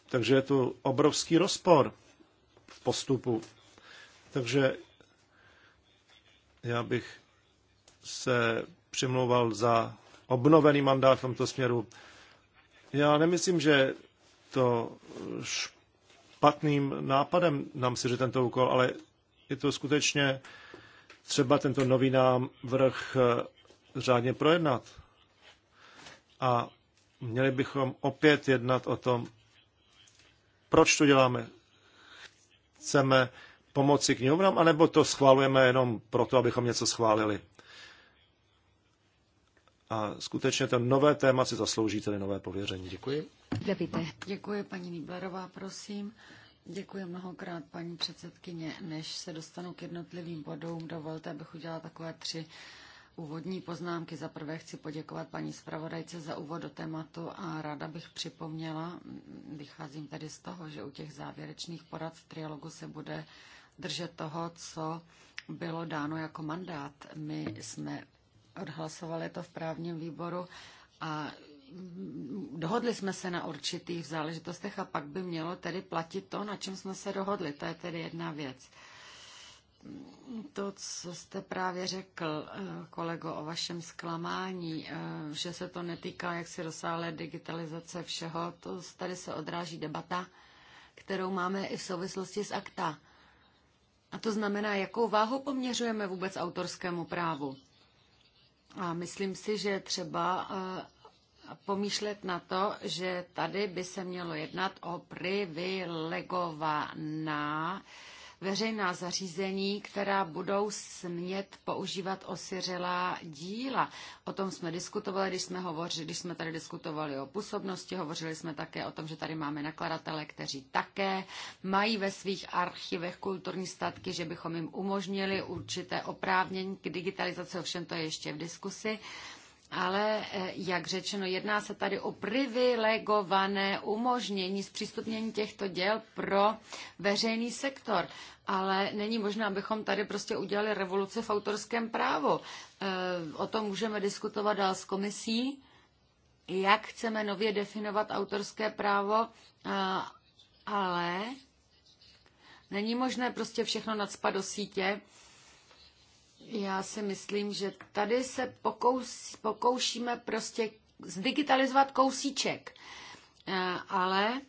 Takže je tu obrovský rozpor v postupu. Takže já bych se přimlouval za obnovený mandát v tomto směru. Já nemyslím, že to špatným nápadem nám si, že tento úkol, ale je to skutečně třeba tento nový nám vrch eh, řádně projednat. A měli bychom opět jednat o tom, proč to děláme. Chceme pomoci knihovnám, anebo to schválujeme jenom proto, abychom něco schválili a skutečně ten nové téma si zaslouží tedy nové pověření. Děkuji. Debite. Děkuji, paní Nýblerová, prosím. Děkuji mnohokrát, paní předsedkyně. Než se dostanu k jednotlivým bodům, dovolte, abych udělala takové tři úvodní poznámky. Za prvé chci poděkovat paní zpravodajce za úvod do tématu a ráda bych připomněla, vycházím tedy z toho, že u těch závěrečných porad v trialogu se bude držet toho, co bylo dáno jako mandát. My jsme odhlasovali to v právním výboru a dohodli jsme se na určitých záležitostech a pak by mělo tedy platit to, na čem jsme se dohodli. To je tedy jedna věc. To, co jste právě řekl, eh, kolego, o vašem zklamání, eh, že se to netýká jak si rozsáhlé digitalizace všeho, to tady se odráží debata, kterou máme i v souvislosti s akta. A to znamená, jakou váhu poměřujeme vůbec autorskému právu. A myslím si, že třeba eh, pomýšlet na to, že tady by se mělo jednat o privilegovaná veřejná zařízení, která budou smět používat osiřelá díla. O tom jsme diskutovali, když jsme, hovořili, když jsme tady diskutovali o působnosti, hovořili jsme také o tom, že tady máme nakladatele, kteří také mají ve svých archivech kulturní statky, že bychom jim umožnili určité oprávnění k digitalizaci, ovšem to je ještě v diskusi. Ale, eh, jak řečeno, jedná se tady o privilegované umožnění zpřístupnění těchto děl pro veřejný sektor. Ale není možné, abychom tady prostě udělali revoluci v autorském právu. Eh, o tom můžeme diskutovat dál s komisí, jak chceme nově definovat autorské právo, eh, ale není možné prostě všechno nadspat do sítě já si myslím, že tady se pokous, pokoušíme prostě zdigitalizovat kousíček, eh, ale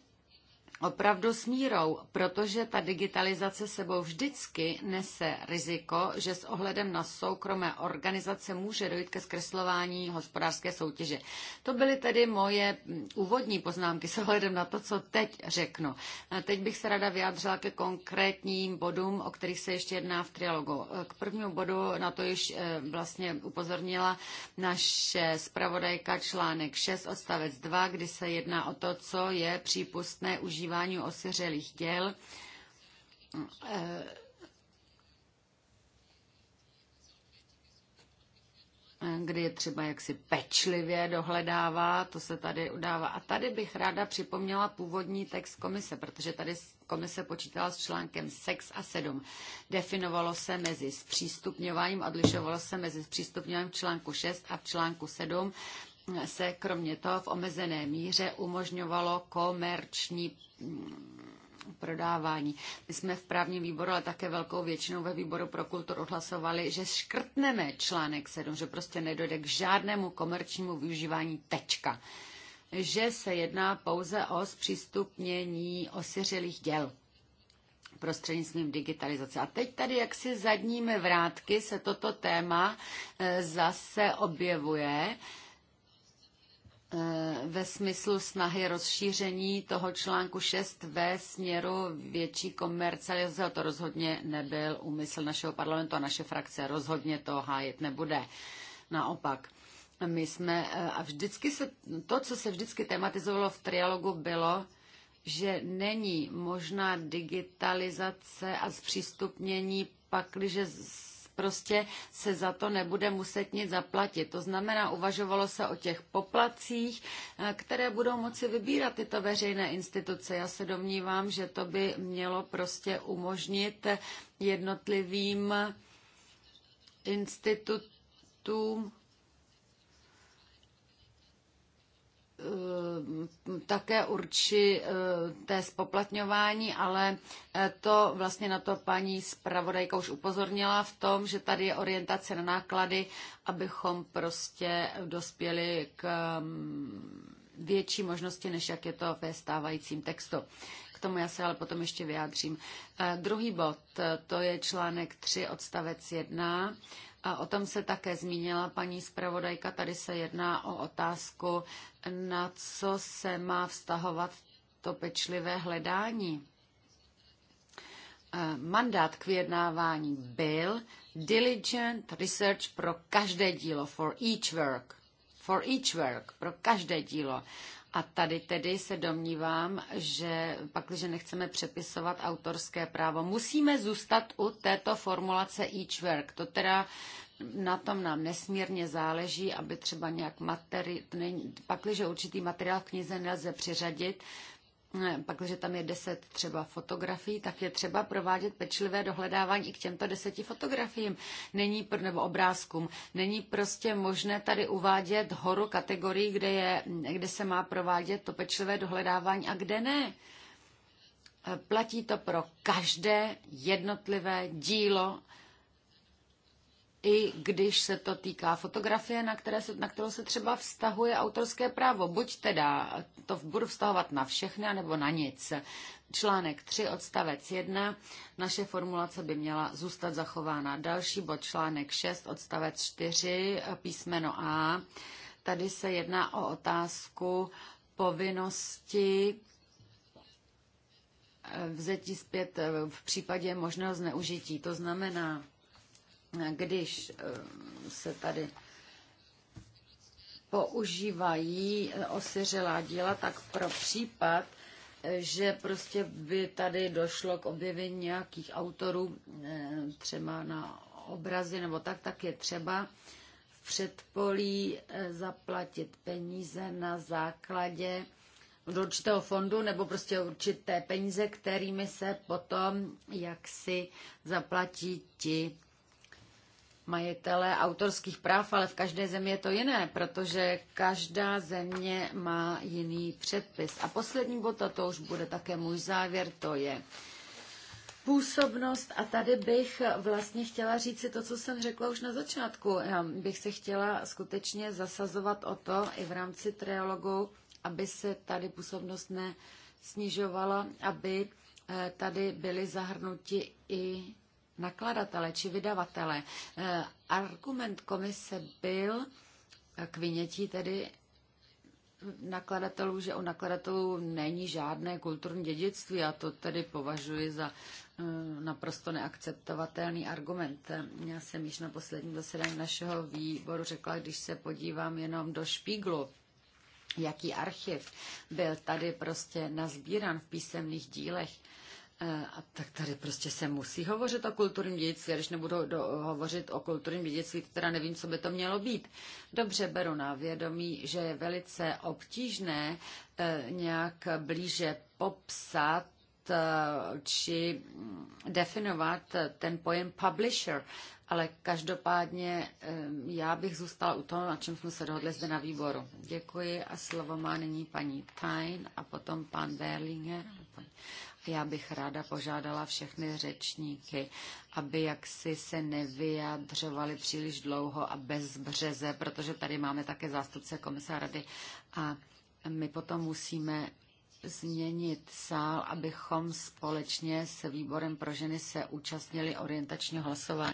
opravdu s mírou, protože ta digitalizace sebou vždycky nese riziko, že s ohledem na soukromé organizace může dojít ke zkreslování hospodářské soutěže. To byly tedy moje mm, úvodní poznámky s ohledem na to, co teď řeknu. A teď bych se rada vyjádřila ke konkrétním bodům, o kterých se ještě jedná v trialogu. K prvnímu bodu na to již eh, vlastně upozornila naše zpravodajka článek 6 odstavec 2, kdy se jedná o to, co je přípustné užívání užívání osiřelých děl. kdy je třeba jaksi pečlivě dohledává, to se tady udává. A tady bych ráda připomněla původní text komise, protože tady komise počítala s článkem 6 a 7. Definovalo se mezi zpřístupňováním, odlišovalo se mezi zpřístupňováním v článku 6 a v článku 7 se kromě toho v omezené míře umožňovalo komerční mm, prodávání. My jsme v právním výboru, ale také velkou většinou ve výboru pro kulturu odhlasovali, že škrtneme článek 7, že prostě nedojde k žádnému komerčnímu využívání tečka. Že se jedná pouze o zpřístupnění osiřelých děl prostřednictvím digitalizace. A teď tady jaksi zadními vrátky se toto téma eh, zase objevuje Eh, ve smyslu snahy rozšíření toho článku 6 ve směru větší komercializace. To rozhodně nebyl úmysl našeho parlamentu a naše frakce rozhodně to hájet nebude. Naopak. My jsme, eh, a vždycky se, to, co se vždycky tematizovalo v trialogu, bylo, že není možná digitalizace a zpřístupnění pakliže prostě se za to nebude muset nic zaplatit. To znamená, uvažovalo se o těch poplacích, eh, které budou moci vybírat tyto veřejné instituce. Já se domnívám, že to by mělo prostě umožnit jednotlivým institutům Eh, také eh, té spoplatňování, ale eh, to vlastně na to paní zpravodajka už upozornila v tom, že tady je orientace na náklady, abychom prostě dospěli k mm, větší možnosti, než jak je to ve stávajícím textu. K tomu já se ale potom ještě vyjádřím. Druhý bod, to je článek 3 odstavec 1 a o tom se také zmínila paní zpravodajka. Tady se jedná o otázku, na co se má vztahovat to pečlivé hledání. Eh, mandát k vyjednávání byl diligent research pro každé dílo, for each work. For each work, pro každé dílo. A tady tedy se domnívám, že pak, když nechceme přepisovat autorské právo, musíme zůstat u této formulace each work. To teda na tom nám nesmírně záleží, aby třeba nějak materi... Pakliže určitý materiál v knize nelze přiřadit, pak, když tam je deset třeba fotografií, tak je třeba provádět pečlivé dohledávání i k těmto deseti fotografiím není, nebo obrázkům. Není prostě možné tady uvádět horu kategorií, kde, je, kde se má provádět to pečlivé dohledávání a kde ne. E, platí to pro každé jednotlivé dílo i když se to týká fotografie, na, které se, na kterou se třeba vztahuje autorské právo. Buď teda to budu vztahovat na všechny, nebo na nic. Článek 3, odstavec 1. Naše formulace by měla zůstat zachována. Další bod, článek 6, odstavec 4, písmeno A. Tady se jedná o otázku povinnosti eh, vzetí zpět eh, v případě možného zneužití. To znamená, když eh, se tady používají eh, osiřelá díla, tak pro případ, eh, že prostě by tady došlo k objevení nějakých autorů třeba na obrazy nebo tak, tak je třeba v předpolí zaplatit peníze na základě do určitého fondu nebo prostě určité peníze, kterými se potom jaksi zaplatí ti majitele autorských práv, ale v každé zemi je to jiné, protože každá země má jiný předpis. A poslední bod, a to už bude také můj závěr, to je působnost a tady bych vlastně chtěla říct si to, co jsem řekla už na začátku. Já bych se chtěla skutečně zasazovat o to i v rámci triologu, aby se tady působnost nesnižovala, aby eh, tady byly zahrnuti i nakladatele či vydavatele. Eh, argument komise byl eh, k vynětí tedy nakladatelů, že u nakladatelů není žádné kulturní dědictví a to tedy považuji za eh, naprosto neakceptovatelný argument. Já jsem již na posledním zasedání našeho výboru řekla, když se podívám jenom do špíglu, jaký archiv byl tady prostě nazbíran v písemných dílech, Eh, a tak tady prostě se musí hovořit o kulturním dědictví, a když nebudu do, hovořit o kulturním dědictví, teda nevím, co by to mělo být. Dobře beru na vědomí, že je velice obtížné eh, nějak blíže popsat eh, či mm, definovat ten pojem publisher, ale každopádně já bych zůstala u toho, na čem jsme se dohodli zde na výboru. Děkuji a slovo má nyní paní Tain a potom pan Berlinger. Já bych ráda požádala všechny řečníky, aby jaksi se nevyjadřovali příliš dlouho a bez březe, protože tady máme také zástupce komisa rady a my potom musíme změnit sál, abychom společně s výborem pro ženy se účastnili orientačně hlasování.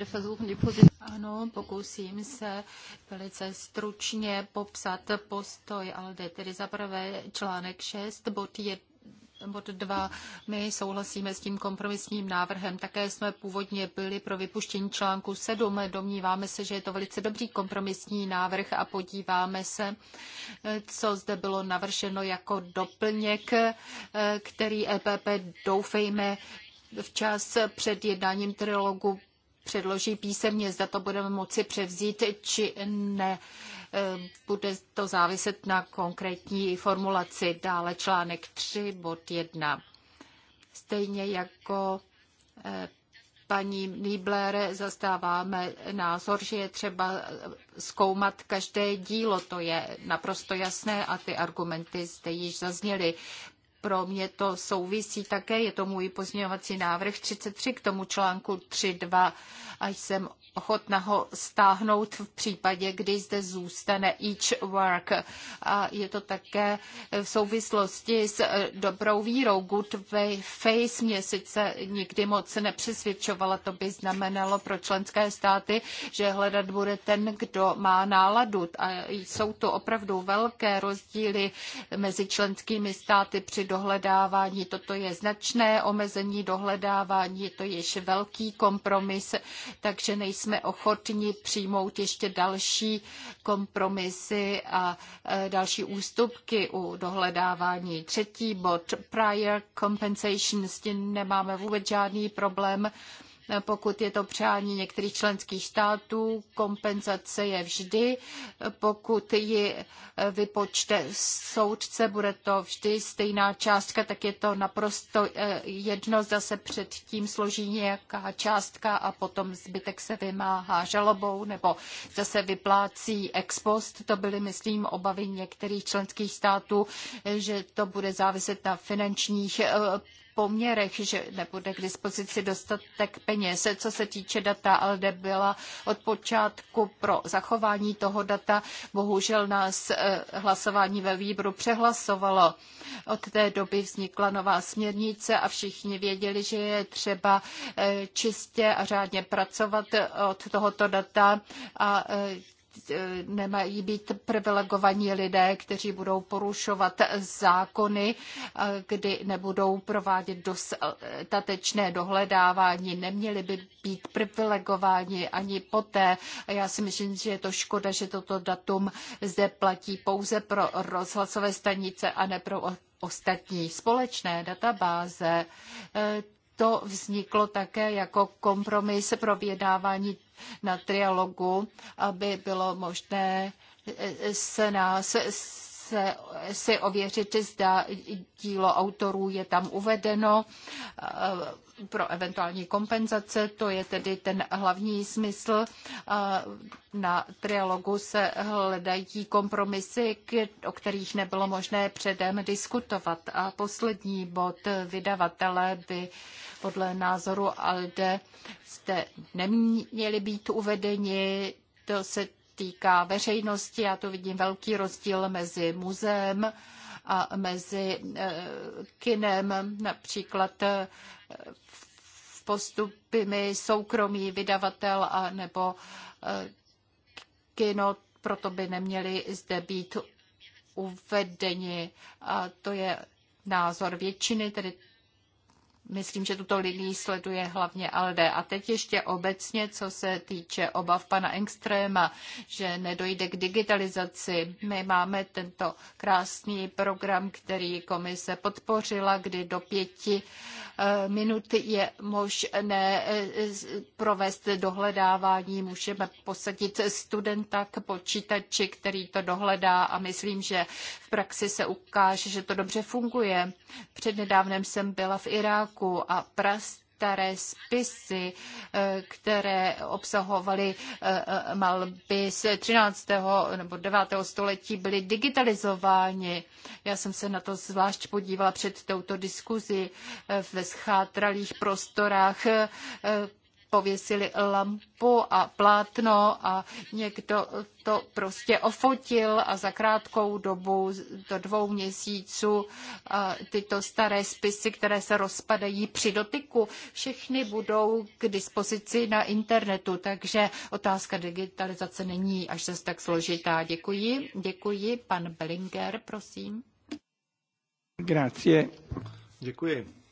Ano, pokusím se velice stručně popsat postoj ALDE, tedy za prvé článek 6, bod 1 bod 2. My souhlasíme s tím kompromisním návrhem. Také jsme původně byli pro vypuštění článku 7. Domníváme se, že je to velice dobrý kompromisní návrh a podíváme se, co zde bylo navrženo jako doplněk, který EPP doufejme včas před jednáním trilogu předloží písemně, zda to budeme moci převzít či ne bude to záviset na konkrétní formulaci. Dále článek 3, bod 1. Stejně jako eh, paní Niebler zastáváme názor, že je třeba zkoumat každé dílo. To je naprosto jasné a ty argumenty zde již zazněly. Pro mě to souvisí také, je to můj pozměňovací návrh 33 k tomu článku 3.2 a jsem ochotna ho stáhnout v případě, kdy zde zůstane each work. A je to také v souvislosti s eh, dobrou vírou. Good way face mě sice nikdy moc nepřesvědčovala, to by znamenalo pro členské státy, že hledat bude ten, kdo má náladu. A jsou to opravdu velké rozdíly mezi členskými státy při dohledávání. Toto je značné omezení dohledávání, je to již velký kompromis, takže nejsme jsme ochotni přijmout ještě další kompromisy a e, další ústupky u dohledávání. Třetí bod, prior compensation, s tím nemáme vůbec žádný problém. Pokud je to přání některých členských států, kompenzace je vždy. Pokud ji vypočte soudce, bude to vždy stejná částka, tak je to naprosto eh, jedno, zda se předtím složí nějaká částka a potom zbytek se vymáhá žalobou nebo zase vyplácí ex post. To byly, myslím, obavy některých členských států, že to bude záviset na finančních eh, poměrech, že nebude k dispozici dostatek peněz. Co se týče data, ale byla od počátku pro zachování toho data. Bohužel nás eh, hlasování ve výboru přehlasovalo. Od té doby vznikla nová směrnice a všichni věděli, že je třeba eh, čistě a řádně pracovat eh, od tohoto data a E, nemají být privilegovaní lidé, kteří budou porušovat zákony, e, kdy nebudou provádět dostatečné dohledávání. Neměli by být privilegováni ani poté. A já si myslím, že je to škoda, že toto datum zde platí pouze pro rozhlasové stanice a ne pro ostatní společné databáze. E, to vzniklo také jako kompromis pro vyjednávání na trialogu, aby bylo možné eh, eh, se nás se, si ověřit, zda dílo autorů je tam uvedeno eh, pro eventuální kompenzace. To je tedy ten hlavní smysl. Eh, na trialogu se hledají kompromisy, o kterých nebylo možné předem diskutovat. A poslední bod vydavatele by podle názoru ALDE jste neměli být uvedeni. To se týká veřejnosti. Já to vidím velký rozdíl mezi muzeem a mezi eh, kinem. Například eh, v postupy mi soukromý vydavatel a nebo eh, kino, proto by neměli zde být uvedeni. A to je názor většiny, tedy Myslím, že tuto linii sleduje hlavně Alde. A teď ještě obecně, co se týče obav pana Engstréma, že nedojde k digitalizaci. My máme tento krásný program, který komise podpořila, kdy do pěti eh, minut je možné eh, provést dohledávání. Můžeme posadit studenta k počítači, který to dohledá a myslím, že v praxi se ukáže, že to dobře funguje. Přednedávnem jsem byla v Iráku výrobků a prastaré spisy, eh, které obsahovaly eh, eh, malby z 13. nebo 9. století, byly digitalizovány. Já jsem se na to zvlášť podívala před touto diskuzi ve schátralých prostorách pověsili lampu a plátno a někdo to prostě ofotil a za krátkou dobu, do dvou měsíců, tyto staré spisy, které se rozpadají při dotyku, všechny budou k dispozici na internetu, takže otázka digitalizace není až zase tak složitá. Děkuji. Děkuji. Pan Bellinger, prosím. Grazie. Děkuji.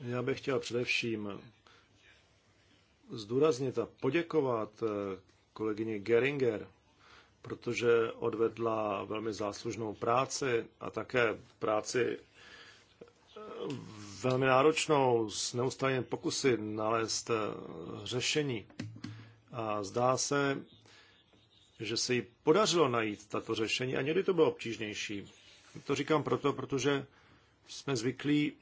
Já bych chtěl především zdůraznit a poděkovat eh, kolegyni Geringer, protože odvedla velmi záslužnou práci a také práci eh, velmi náročnou s neustálými pokusy nalézt eh, řešení. A zdá se, že se jí podařilo najít tato řešení a někdy to bylo obtížnější. To říkám proto, protože jsme zvyklí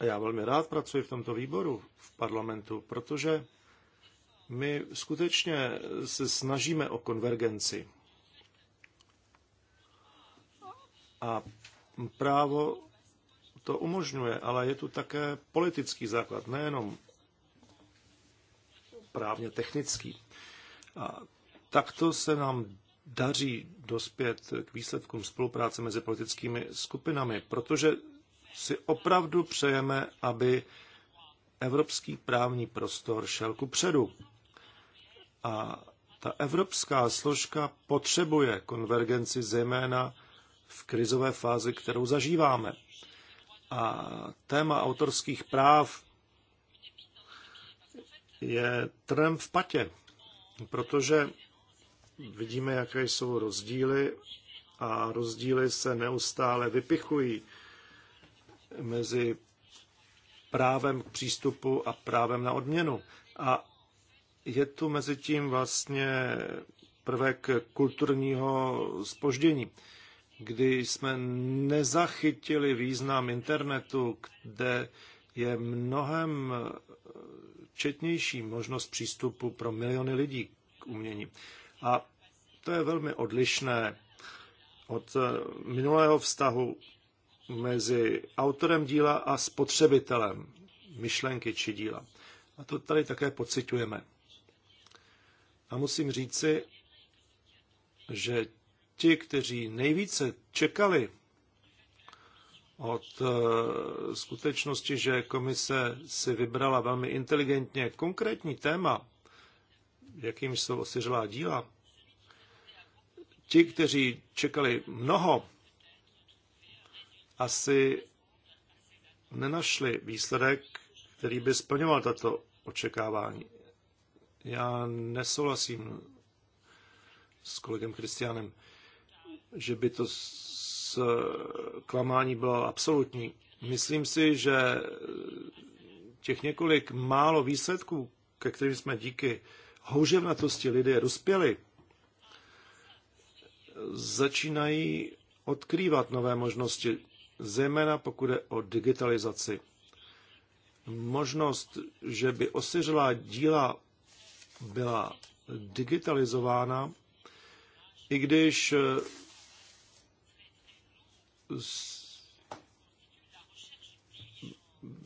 a já velmi rád pracuji v tomto výboru v parlamentu, protože my skutečně se snažíme o konvergenci. A právo to umožňuje, ale je tu také politický základ, nejenom právně technický. A takto se nám daří dospět k výsledkům spolupráce mezi politickými skupinami, protože si opravdu přejeme, aby evropský právní prostor šel ku předu. A ta evropská složka potřebuje konvergenci zejména v krizové fázi, kterou zažíváme. A téma autorských práv je trem v patě, protože vidíme, jaké jsou rozdíly a rozdíly se neustále vypichují mezi právem k přístupu a právem na odměnu. A je tu mezi tím vlastně prvek kulturního spoždění, kdy jsme nezachytili význam internetu, kde je mnohem četnější možnost přístupu pro miliony lidí k umění. A to je velmi odlišné od minulého vztahu mezi autorem díla a spotřebitelem myšlenky či díla. A to tady také pocitujeme. A musím říci, že ti, kteří nejvíce čekali od eh, skutečnosti, že komise si vybrala velmi inteligentně konkrétní téma, jakým jsou osiřelá díla, ti, kteří čekali mnoho asi nenašli výsledek, který by splňoval tato očekávání. Já nesouhlasím s kolegem Kristianem, že by to klamání bylo absolutní. Myslím si, že těch několik málo výsledků, ke kterým jsme díky houževnatosti lidé dospěli, začínají odkrývat nové možnosti zejména pokud je o digitalizaci. Možnost, že by osiřelá díla byla digitalizována, i když eh,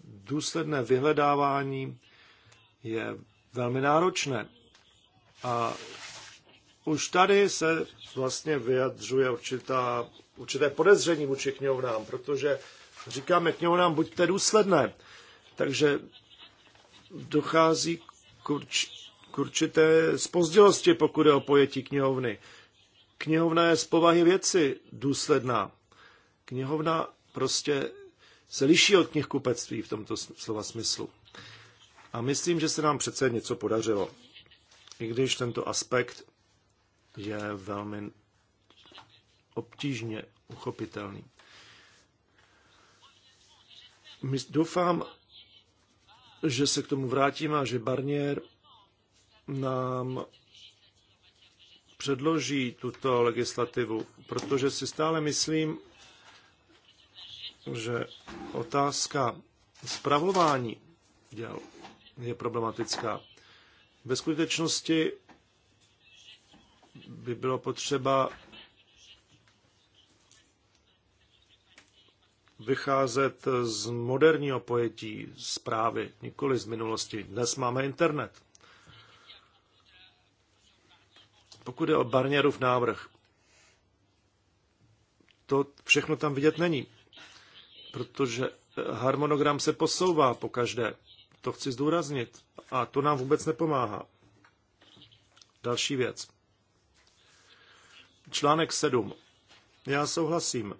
důsledné vyhledávání je velmi náročné a už tady se vlastně vyjadřuje určitá, určité podezření vůči knihovnám, protože říkáme knihovnám, buďte důsledné. Takže dochází k, urč, k určité spozdělosti, pokud je o pojetí knihovny. Knihovna je z povahy věci důsledná. Knihovna prostě se liší od knihkupectví v tomto slova smyslu. A myslím, že se nám přece něco podařilo. I když tento aspekt je velmi obtížně uchopitelný. My doufám, že se k tomu vrátíme a že Barnier nám předloží tuto legislativu, protože si stále myslím, že otázka spravování děl je problematická. Ve skutečnosti by bylo potřeba vycházet z moderního pojetí zprávy, nikoli z minulosti. Dnes máme internet. Pokud je o Barnierův návrh, to všechno tam vidět není, protože harmonogram se posouvá po každé. To chci zdůraznit a to nám vůbec nepomáhá. Další věc. Článek 7. Já souhlasím.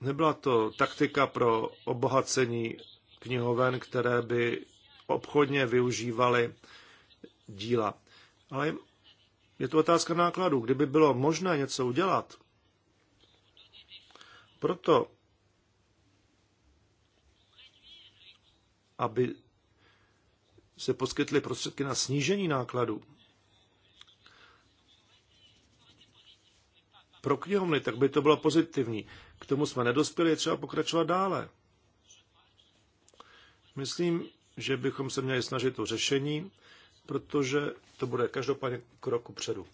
Nebyla to taktika pro obohacení knihoven, které by obchodně využívaly díla. Ale je to otázka nákladů. Kdyby bylo možné něco udělat, proto, aby se poskytly prostředky na snížení nákladů pro knihovny, tak by to bylo pozitivní. K tomu jsme nedospěli, je třeba pokračovat dále. Myslím, že bychom se měli snažit o řešení, protože to bude každopádně krok předu.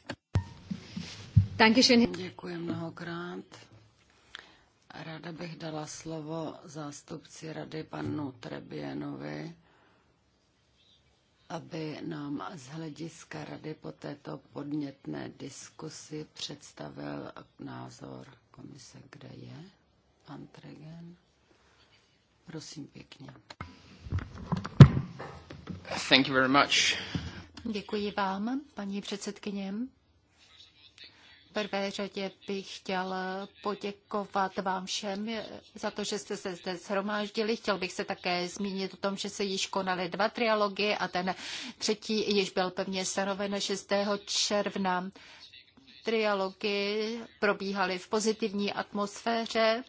Děkuji mnohokrát. Ráda bych dala slovo zástupci rady panu Trebienovi aby nám z hlediska rady po této podnětné diskusi představil názor komise, kde je pan Tregen. Prosím pěkně. Thank you very much. Děkuji vám, paní předsedkyně prvé řadě bych chtěl poděkovat vám všem za to, že jste se zde shromáždili. Chtěl bych se také zmínit o tom, že se již konaly dva trialogy a ten třetí již byl pevně stanoven 6. června. Trialogy probíhaly v pozitivní atmosféře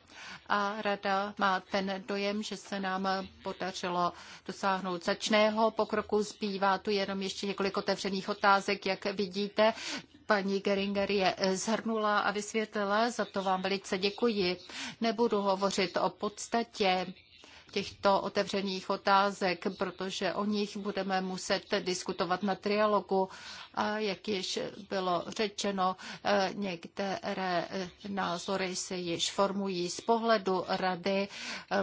a rada má ten dojem, že se nám podařilo dosáhnout začného pokroku. Zbývá tu jenom ještě několik otevřených otázek, jak vidíte paní Geringer je eh, zhrnula a vysvětlila, za to vám velice děkuji. Nebudu hovořit o podstatě těchto otevřených otázek, protože o nich budeme muset diskutovat na trialogu. A jak již bylo řečeno, eh, některé eh, názory se již formují z pohledu rady.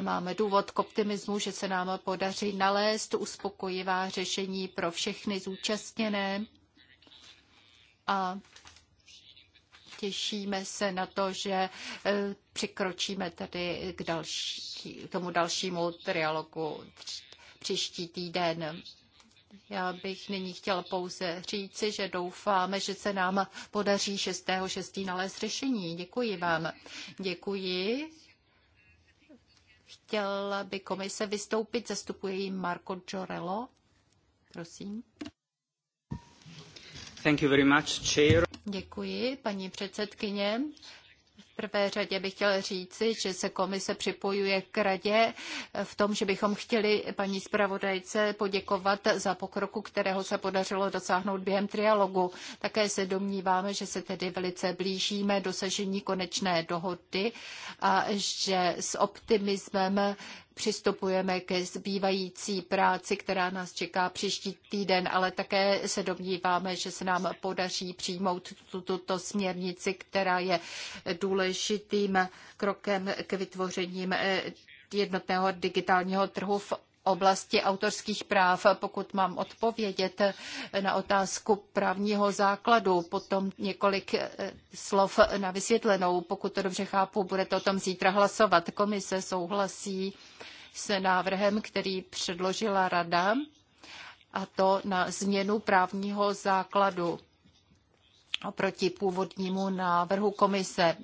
Máme důvod k optimismu, že se nám podaří nalézt uspokojivá řešení pro všechny zúčastněné a těšíme se na to, že e, přikročíme tady k, další, k tomu dalšímu trialogu příští týden. Já bych nyní chtěl pouze říci, že doufáme, že se nám podaří 6.6. nalézt řešení. Děkuji vám. Děkuji. Chtěla by komise vystoupit, zastupuje jí Marco Giorello. Prosím. Děkuji, paní předsedkyně. V prvé řadě bych chtěl říci, že se komise připojuje k radě v tom, že bychom chtěli paní zpravodajce poděkovat za pokroku, kterého se podařilo dosáhnout během trialogu. Také se domníváme, že se tedy velice blížíme dosažení konečné dohody a že s optimismem přistupujeme ke zbývající práci, která nás čeká příští týden, ale také se domníváme, že se nám podaří přijmout tuto směrnici, která je důležitým krokem k vytvořením eh, jednotného digitálního trhu v oblasti autorských práv, pokud mám odpovědět na otázku právního základu, potom několik eh, slov na vysvětlenou. Pokud to dobře chápu, budete o tom zítra hlasovat. Komise souhlasí s návrhem, který předložila Rada, a to na změnu právního základu oproti původnímu návrhu komise.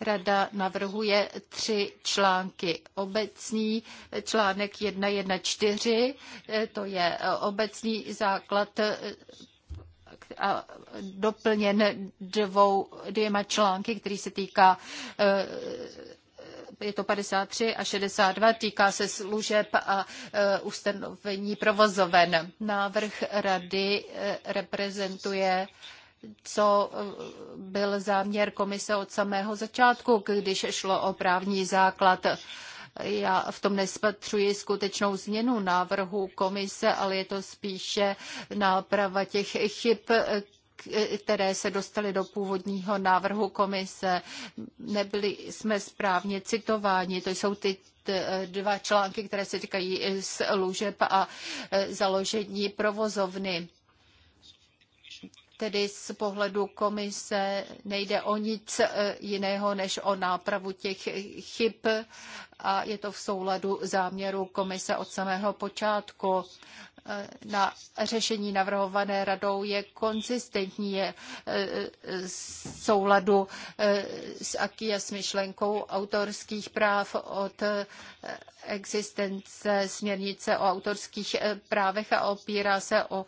Rada navrhuje tři články. Obecný článek 1.1.4, eh, to je eh, obecný základ eh, a doplněn dvou, dvěma články, který se týká je to 53 a 62, týká se služeb a ustanovení provozoven. Návrh rady reprezentuje co eh, byl záměr komise od samého začátku, když šlo o právní základ. Já v tom nespatřuji skutečnou změnu návrhu komise, ale je to spíše náprava těch chyb, eh, které se dostaly do původního návrhu komise. Nebyli jsme správně citováni. To jsou ty dva články, které se týkají eh, služeb a založení provozovny tedy z pohledu komise nejde o nic e, jiného než o nápravu těch chyb a je to v souladu záměru komise od samého počátku e, na řešení navrhované radou je konzistentní, je e, souladu s AKI a s myšlenkou autorských práv od existence směrnice o autorských právech a opírá se o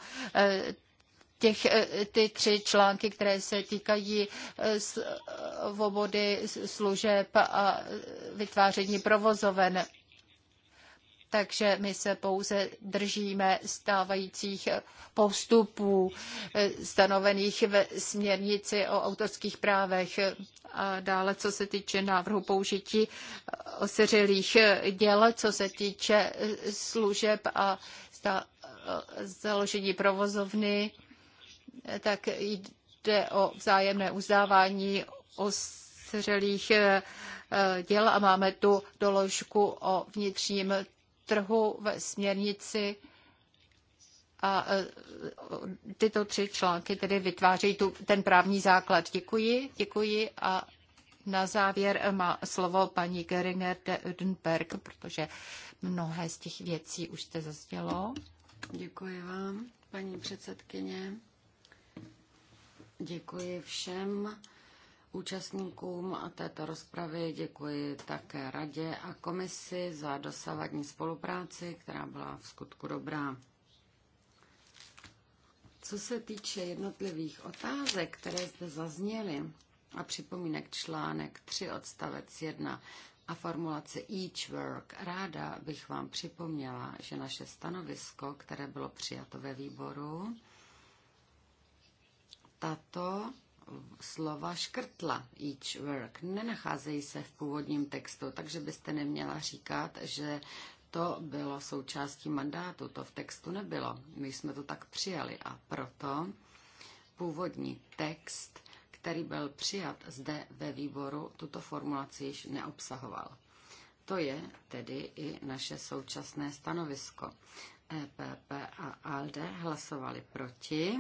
těch, eh, ty tři články, které se týkají eh, eh, svobody služeb a vytváření provozoven. Takže my se pouze držíme stávajících postupů stanovených ve směrnici o autorských právech. A dále, co se týče návrhu použití osiřelých děl, co se týče služeb a založení provozovny, tak jde o vzájemné uznávání osřelých eh, eh, děl a máme tu doložku o vnitřním trhu ve směrnici a eh, tyto tři články tedy vytvářejí tu, ten právní základ. Děkuji, děkuji a na závěr má slovo paní Geringer de Udenberg, protože mnohé z těch věcí už jste zazdělo. Děkuji vám, paní předsedkyně. Děkuji všem účastníkům této rozpravy, děkuji také radě a komisi za dosavadní spolupráci, která byla v skutku dobrá. Co se týče jednotlivých otázek, které zde zazněly, a připomínek článek 3 odstavec 1 a formulace each work, ráda bych vám připomněla, že naše stanovisko, které bylo přijato ve výboru, tato slova škrtla each work. Nenacházejí se v původním textu, takže byste neměla říkat, že to bylo součástí mandátu, to v textu nebylo. My jsme to tak přijali a proto původní text, který byl přijat zde ve výboru, tuto formulaci již neobsahoval. To je tedy i naše současné stanovisko. EPP a ALDE hlasovali proti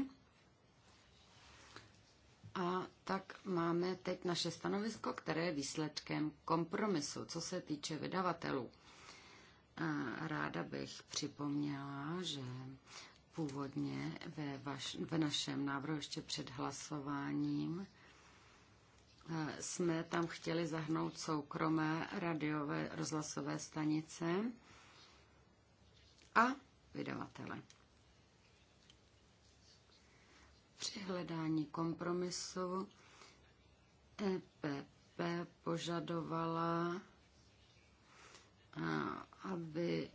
a tak máme teď naše stanovisko, které je výsledkem kompromisu, co se týče vydavatelů. Ráda bych připomněla, že původně ve, vaš, ve našem návrhu ještě před hlasováním e, jsme tam chtěli zahrnout soukromé radiové rozhlasové stanice a vydavatele. Při hledání kompromisu EPP požadovala, aby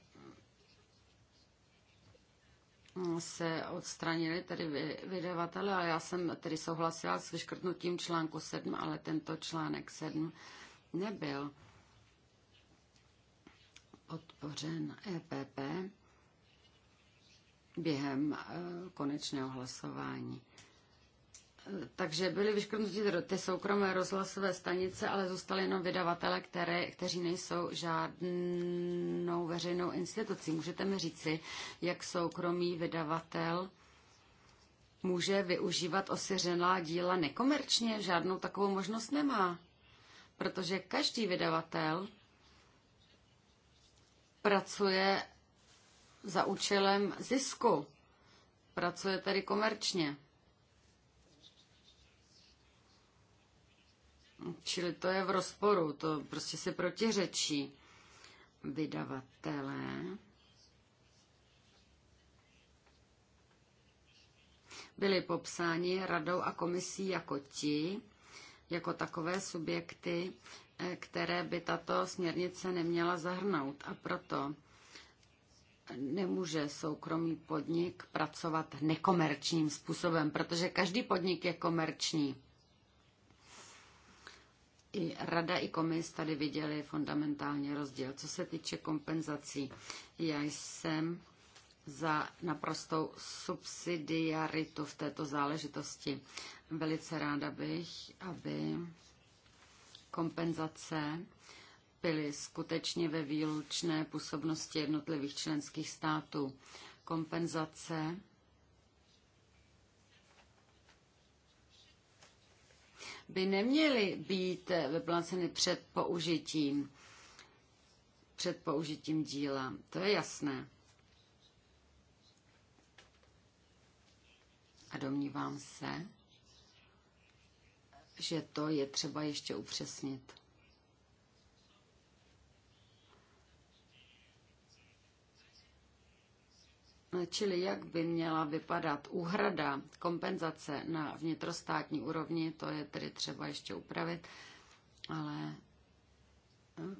se odstranili tedy vydavatele, ale já jsem tedy souhlasila s vyškrtnutím článku 7, ale tento článek 7 nebyl podpořen EPP během e, konečného hlasování takže byly vyškrtnuty ty soukromé rozhlasové stanice, ale zůstaly jenom vydavatele, které, kteří nejsou žádnou veřejnou institucí. Můžete mi říci, jak soukromý vydavatel může využívat osiřená díla nekomerčně? Žádnou takovou možnost nemá, protože každý vydavatel pracuje za účelem zisku. Pracuje tedy komerčně. Čili to je v rozporu, to prostě se protiřečí. Vydavatelé byli popsáni radou a komisí jako ti, jako takové subjekty, eh, které by tato směrnice neměla zahrnout. A proto nemůže soukromý podnik pracovat nekomerčním způsobem, protože každý podnik je komerční i rada, i komis tady viděli fundamentálně rozdíl. Co se týče kompenzací, já jsem za naprostou subsidiaritu v této záležitosti. Velice ráda bych, aby kompenzace byly skutečně ve výlučné působnosti jednotlivých členských států. Kompenzace by neměly být eh, vyplaceny před použitím, před použitím díla. To je jasné. A domnívám se, že to je třeba ještě upřesnit. Čili jak by měla vypadat úhrada kompenzace na vnitrostátní úrovni, to je tedy třeba ještě upravit, ale eh,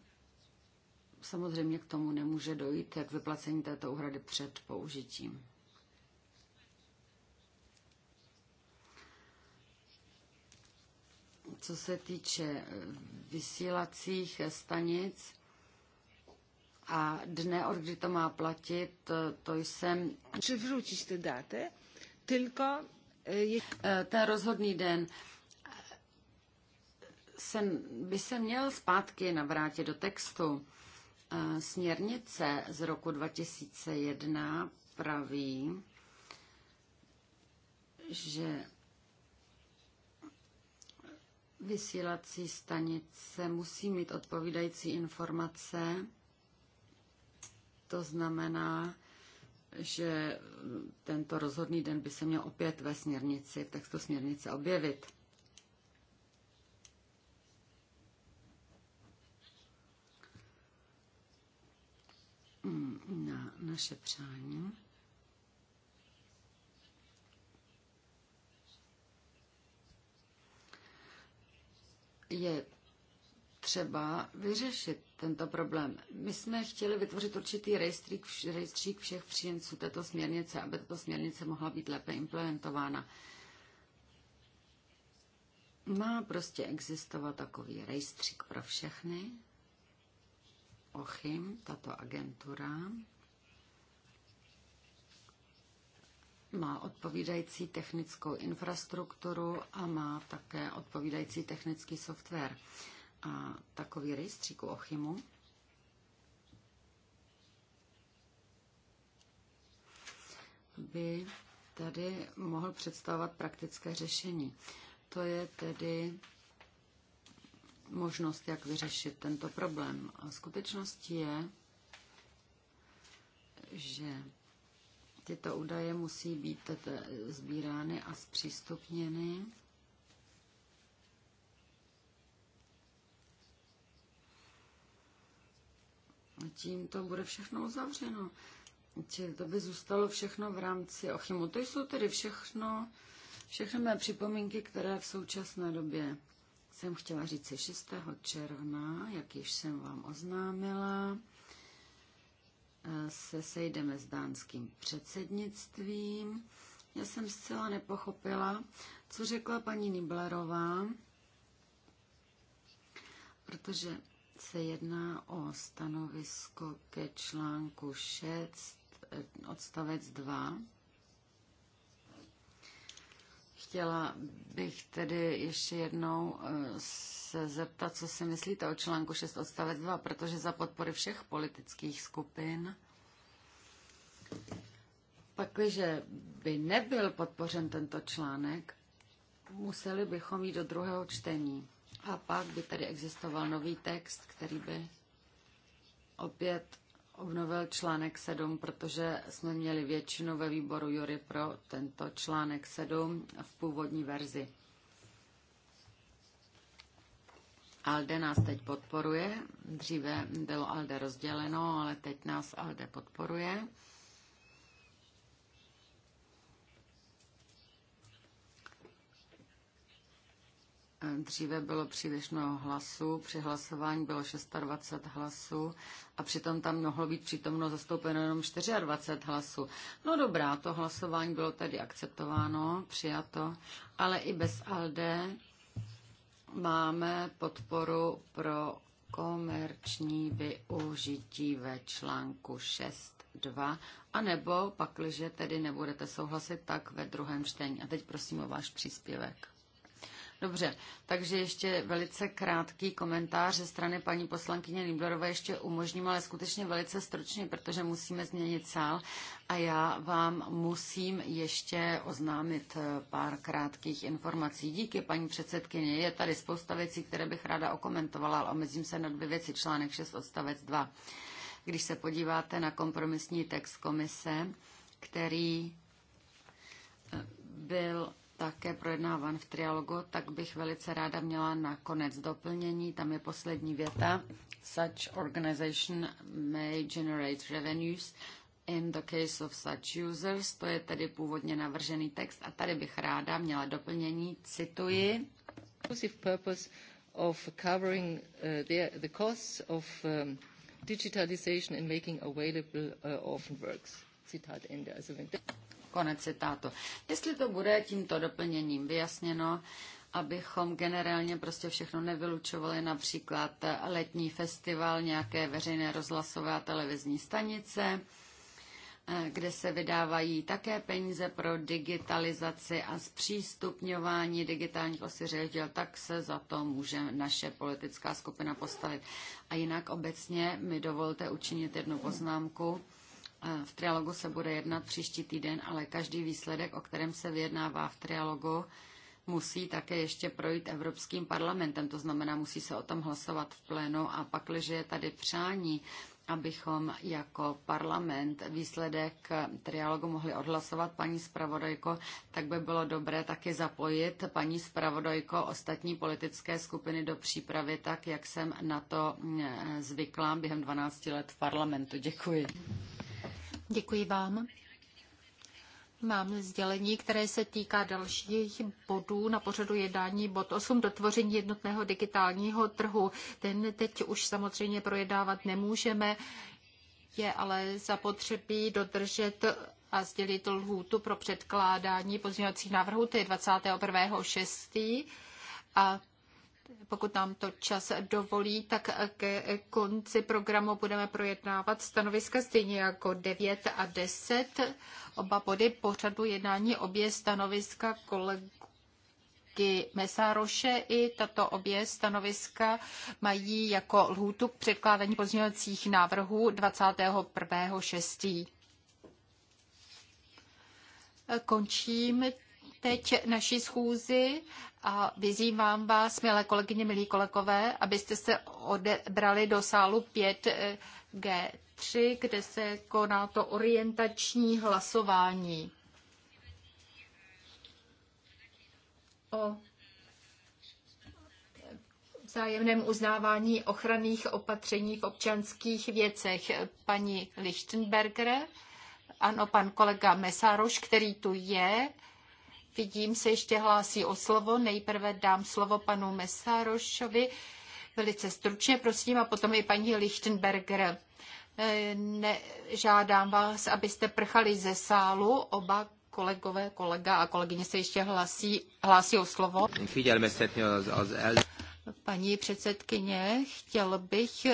samozřejmě k tomu nemůže dojít k vyplacení této úhrady před použitím. Co se týče eh, vysílacích eh, stanic, a dne, od kdy to má platit, to jsem... Přivručíš ty dáte, tylko... E, je... E, ten rozhodný den se, by se měl zpátky navrátit do textu. E, směrnice z roku 2001 praví, že vysílací stanice musí mít odpovídající informace to znamená, že tento rozhodný den by se měl opět ve směrnici, v textu směrnice objevit. Na naše přání. Je třeba vyřešit tento problém. My jsme chtěli vytvořit určitý rejstřík, rejstřík všech příjemců této směrnice, aby tato směrnice mohla být lépe implementována. Má prostě existovat takový rejstřík pro všechny. OCHIM, tato agentura, má odpovídající technickou infrastrukturu a má také odpovídající technický software. A takový rejstřík u Ochimu by tady mohl představovat praktické řešení. To je tedy možnost, jak vyřešit tento problém. A skutečností je, že tyto údaje musí být eh, sbírány a zpřístupněny tím to bude všechno uzavřeno. Čili to by zůstalo všechno v rámci Ochymu. To jsou tedy všechno, všechny mé připomínky, které v současné době jsem chtěla říct 6. června, jak již jsem vám oznámila, eh, se sejdeme s dánským předsednictvím. Já jsem zcela nepochopila, co řekla paní Niblerová, protože se jedná o stanovisko ke článku 6, odstavec 2. Chtěla bych tedy ještě jednou eh, se zeptat, co si myslíte o článku 6 odstavec 2, protože za podpory všech politických skupin pakliže by nebyl podpořen tento článek, museli bychom jít do druhého čtení. A pak by tady existoval nový text, který by opět obnovil článek 7, protože jsme měli většinu ve výboru Jury pro tento článek 7 v původní verzi. ALDE nás teď podporuje. Dříve bylo ALDE rozděleno, ale teď nás ALDE podporuje. Dříve bylo příliš mnoho hlasů, při hlasování bylo 26 hlasů a přitom tam mohlo být přítomno zastoupeno jenom 24 hlasů. No dobrá, to hlasování bylo tedy akceptováno, přijato, ale i bez ALDE máme podporu pro komerční využití ve článku 6.2, anebo pakliže tedy nebudete souhlasit, tak ve druhém čtení. A teď prosím o váš příspěvek. Dobře, takže ještě velice krátký komentář ze strany paní poslankyně Niblerové ještě umožním, ale skutečně velice stručně, protože musíme změnit sál a já vám musím ještě oznámit eh, pár krátkých informací. Díky, paní předsedkyně. Je tady spousta věcí, které bych ráda okomentovala, ale omezím se na dvě věci. Článek 6 odstavec 2. Když se podíváte na kompromisní text komise, který eh, byl také projednáván v trialogu, tak bych velice ráda měla na konec doplnění. Tam je poslední věta. Such organization may generate revenues in the case of such users. To je tedy původně navržený text a tady bych ráda měla doplnění. Cituji. purpose of covering uh, the, the costs of um, digitalization and making available uh, orphan works. Zitat Ende. Also wenn Konec citátu. Jestli to bude tímto doplněním vyjasněno, abychom generálně prostě všechno nevylučovali, například letní festival, nějaké veřejné rozhlasové a televizní stanice, eh, kde se vydávají také peníze pro digitalizaci a zpřístupňování digitálních děl, tak se za to může naše politická skupina postavit. A jinak obecně mi dovolte učinit jednu poznámku v trialogu se bude jednat příští týden, ale každý výsledek, o kterém se vyjednává v trialogu, musí také ještě projít Evropským parlamentem. To znamená, musí se o tom hlasovat v plénu a pak pakliže je tady přání, abychom jako parlament výsledek trialogu mohli odhlasovat, paní zpravodajko, tak by bylo dobré taky zapojit paní zpravodajko ostatní politické skupiny do přípravy, tak jak jsem na to eh, zvykla během 12 let v parlamentu. Děkuji. Děkuji vám. Mám sdělení, které se týká dalších bodů na pořadu jednání bod 8, dotvoření jednotného digitálního trhu. Ten teď už samozřejmě projednávat nemůžeme, je ale zapotřebí dodržet a sdělit lhůtu pro předkládání pozměňovacích návrhů, to je 21.6. A pokud nám to čas dovolí, tak ke konci programu budeme projednávat stanoviska stejně jako 9 a 10. Oba body pořadu jednání, obě stanoviska kolegy Mesároše i tato obě stanoviska mají jako lhůtu k předkládání pozměňovacích návrhů 21.6. Končím teď naší schůzi a vyzývám vás, milé kolegyně, milí kolegové, abyste se odebrali do sálu 5G3, kde se koná to orientační hlasování. O vzájemném uznávání ochranných opatření v občanských věcech. Paní Lichtenberger, ano, pan kolega Mesároš, který tu je, vidím, se ještě hlásí o slovo. Nejprve dám slovo panu Mesarošovi. Velice stručně, prosím, a potom i paní Lichtenberger. E, ne, žádám vás, abyste prchali ze sálu. Oba kolegové, kolega a kolegyně se ještě hlasí, hlásí o slovo. Paní předsedkyně, chtěl bych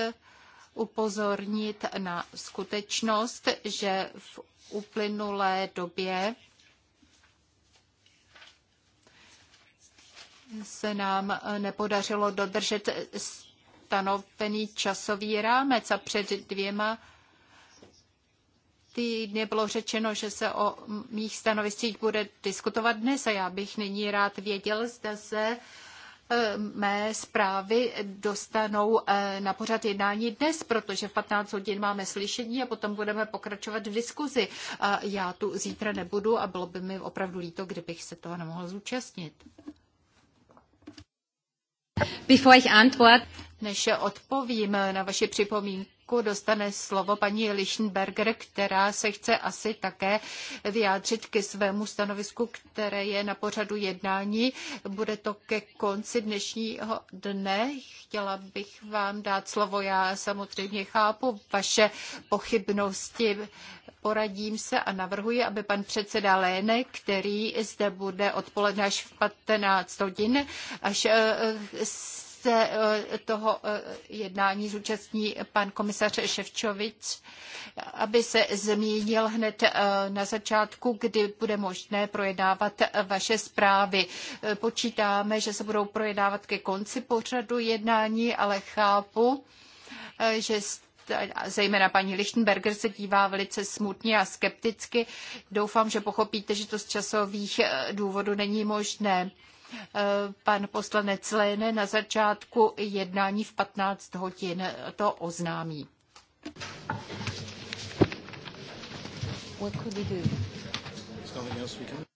upozornit na skutečnost, že v uplynulé době se nám eh, nepodařilo dodržet stanovený časový rámec a před dvěma týdny bylo řečeno, že se o mých stanoviscích bude diskutovat dnes a já bych nyní rád věděl, zda se eh, mé zprávy dostanou eh, na pořad jednání dnes, protože v 15 hodin máme slyšení a potom budeme pokračovat v diskuzi. A já tu zítra nebudu a bylo by mi opravdu líto, kdybych se toho nemohl zúčastnit. Bevor ich antwort... Než odpovím na vaši připomínku, dostane slovo paní Lichtenberger, která se chce asi také vyjádřit ke svému stanovisku, které je na pořadu jednání. Bude to ke konci dnešního dne. Chtěla bych vám dát slovo. Já samozřejmě chápu vaše pochybnosti poradím se a navrhuji, aby pan předseda Léne, který zde bude odpoledne až v 15 hodin, až eh, se eh, toho eh, jednání zúčastní pan komisař Ševčovič, aby se zmínil hned na začátku, kdy bude možné projednávat vaše zprávy. Počítáme, že se budou projednávat ke konci pořadu jednání, ale chápu, že jste zejména paní Lichtenberger se dívá velice smutně a skepticky. Doufám, že pochopíte, že to z časových eh, důvodů není možné. Eh, pan poslanec Léne na začátku jednání v 15 hodin to oznámí. What could we do? There's nothing else we can.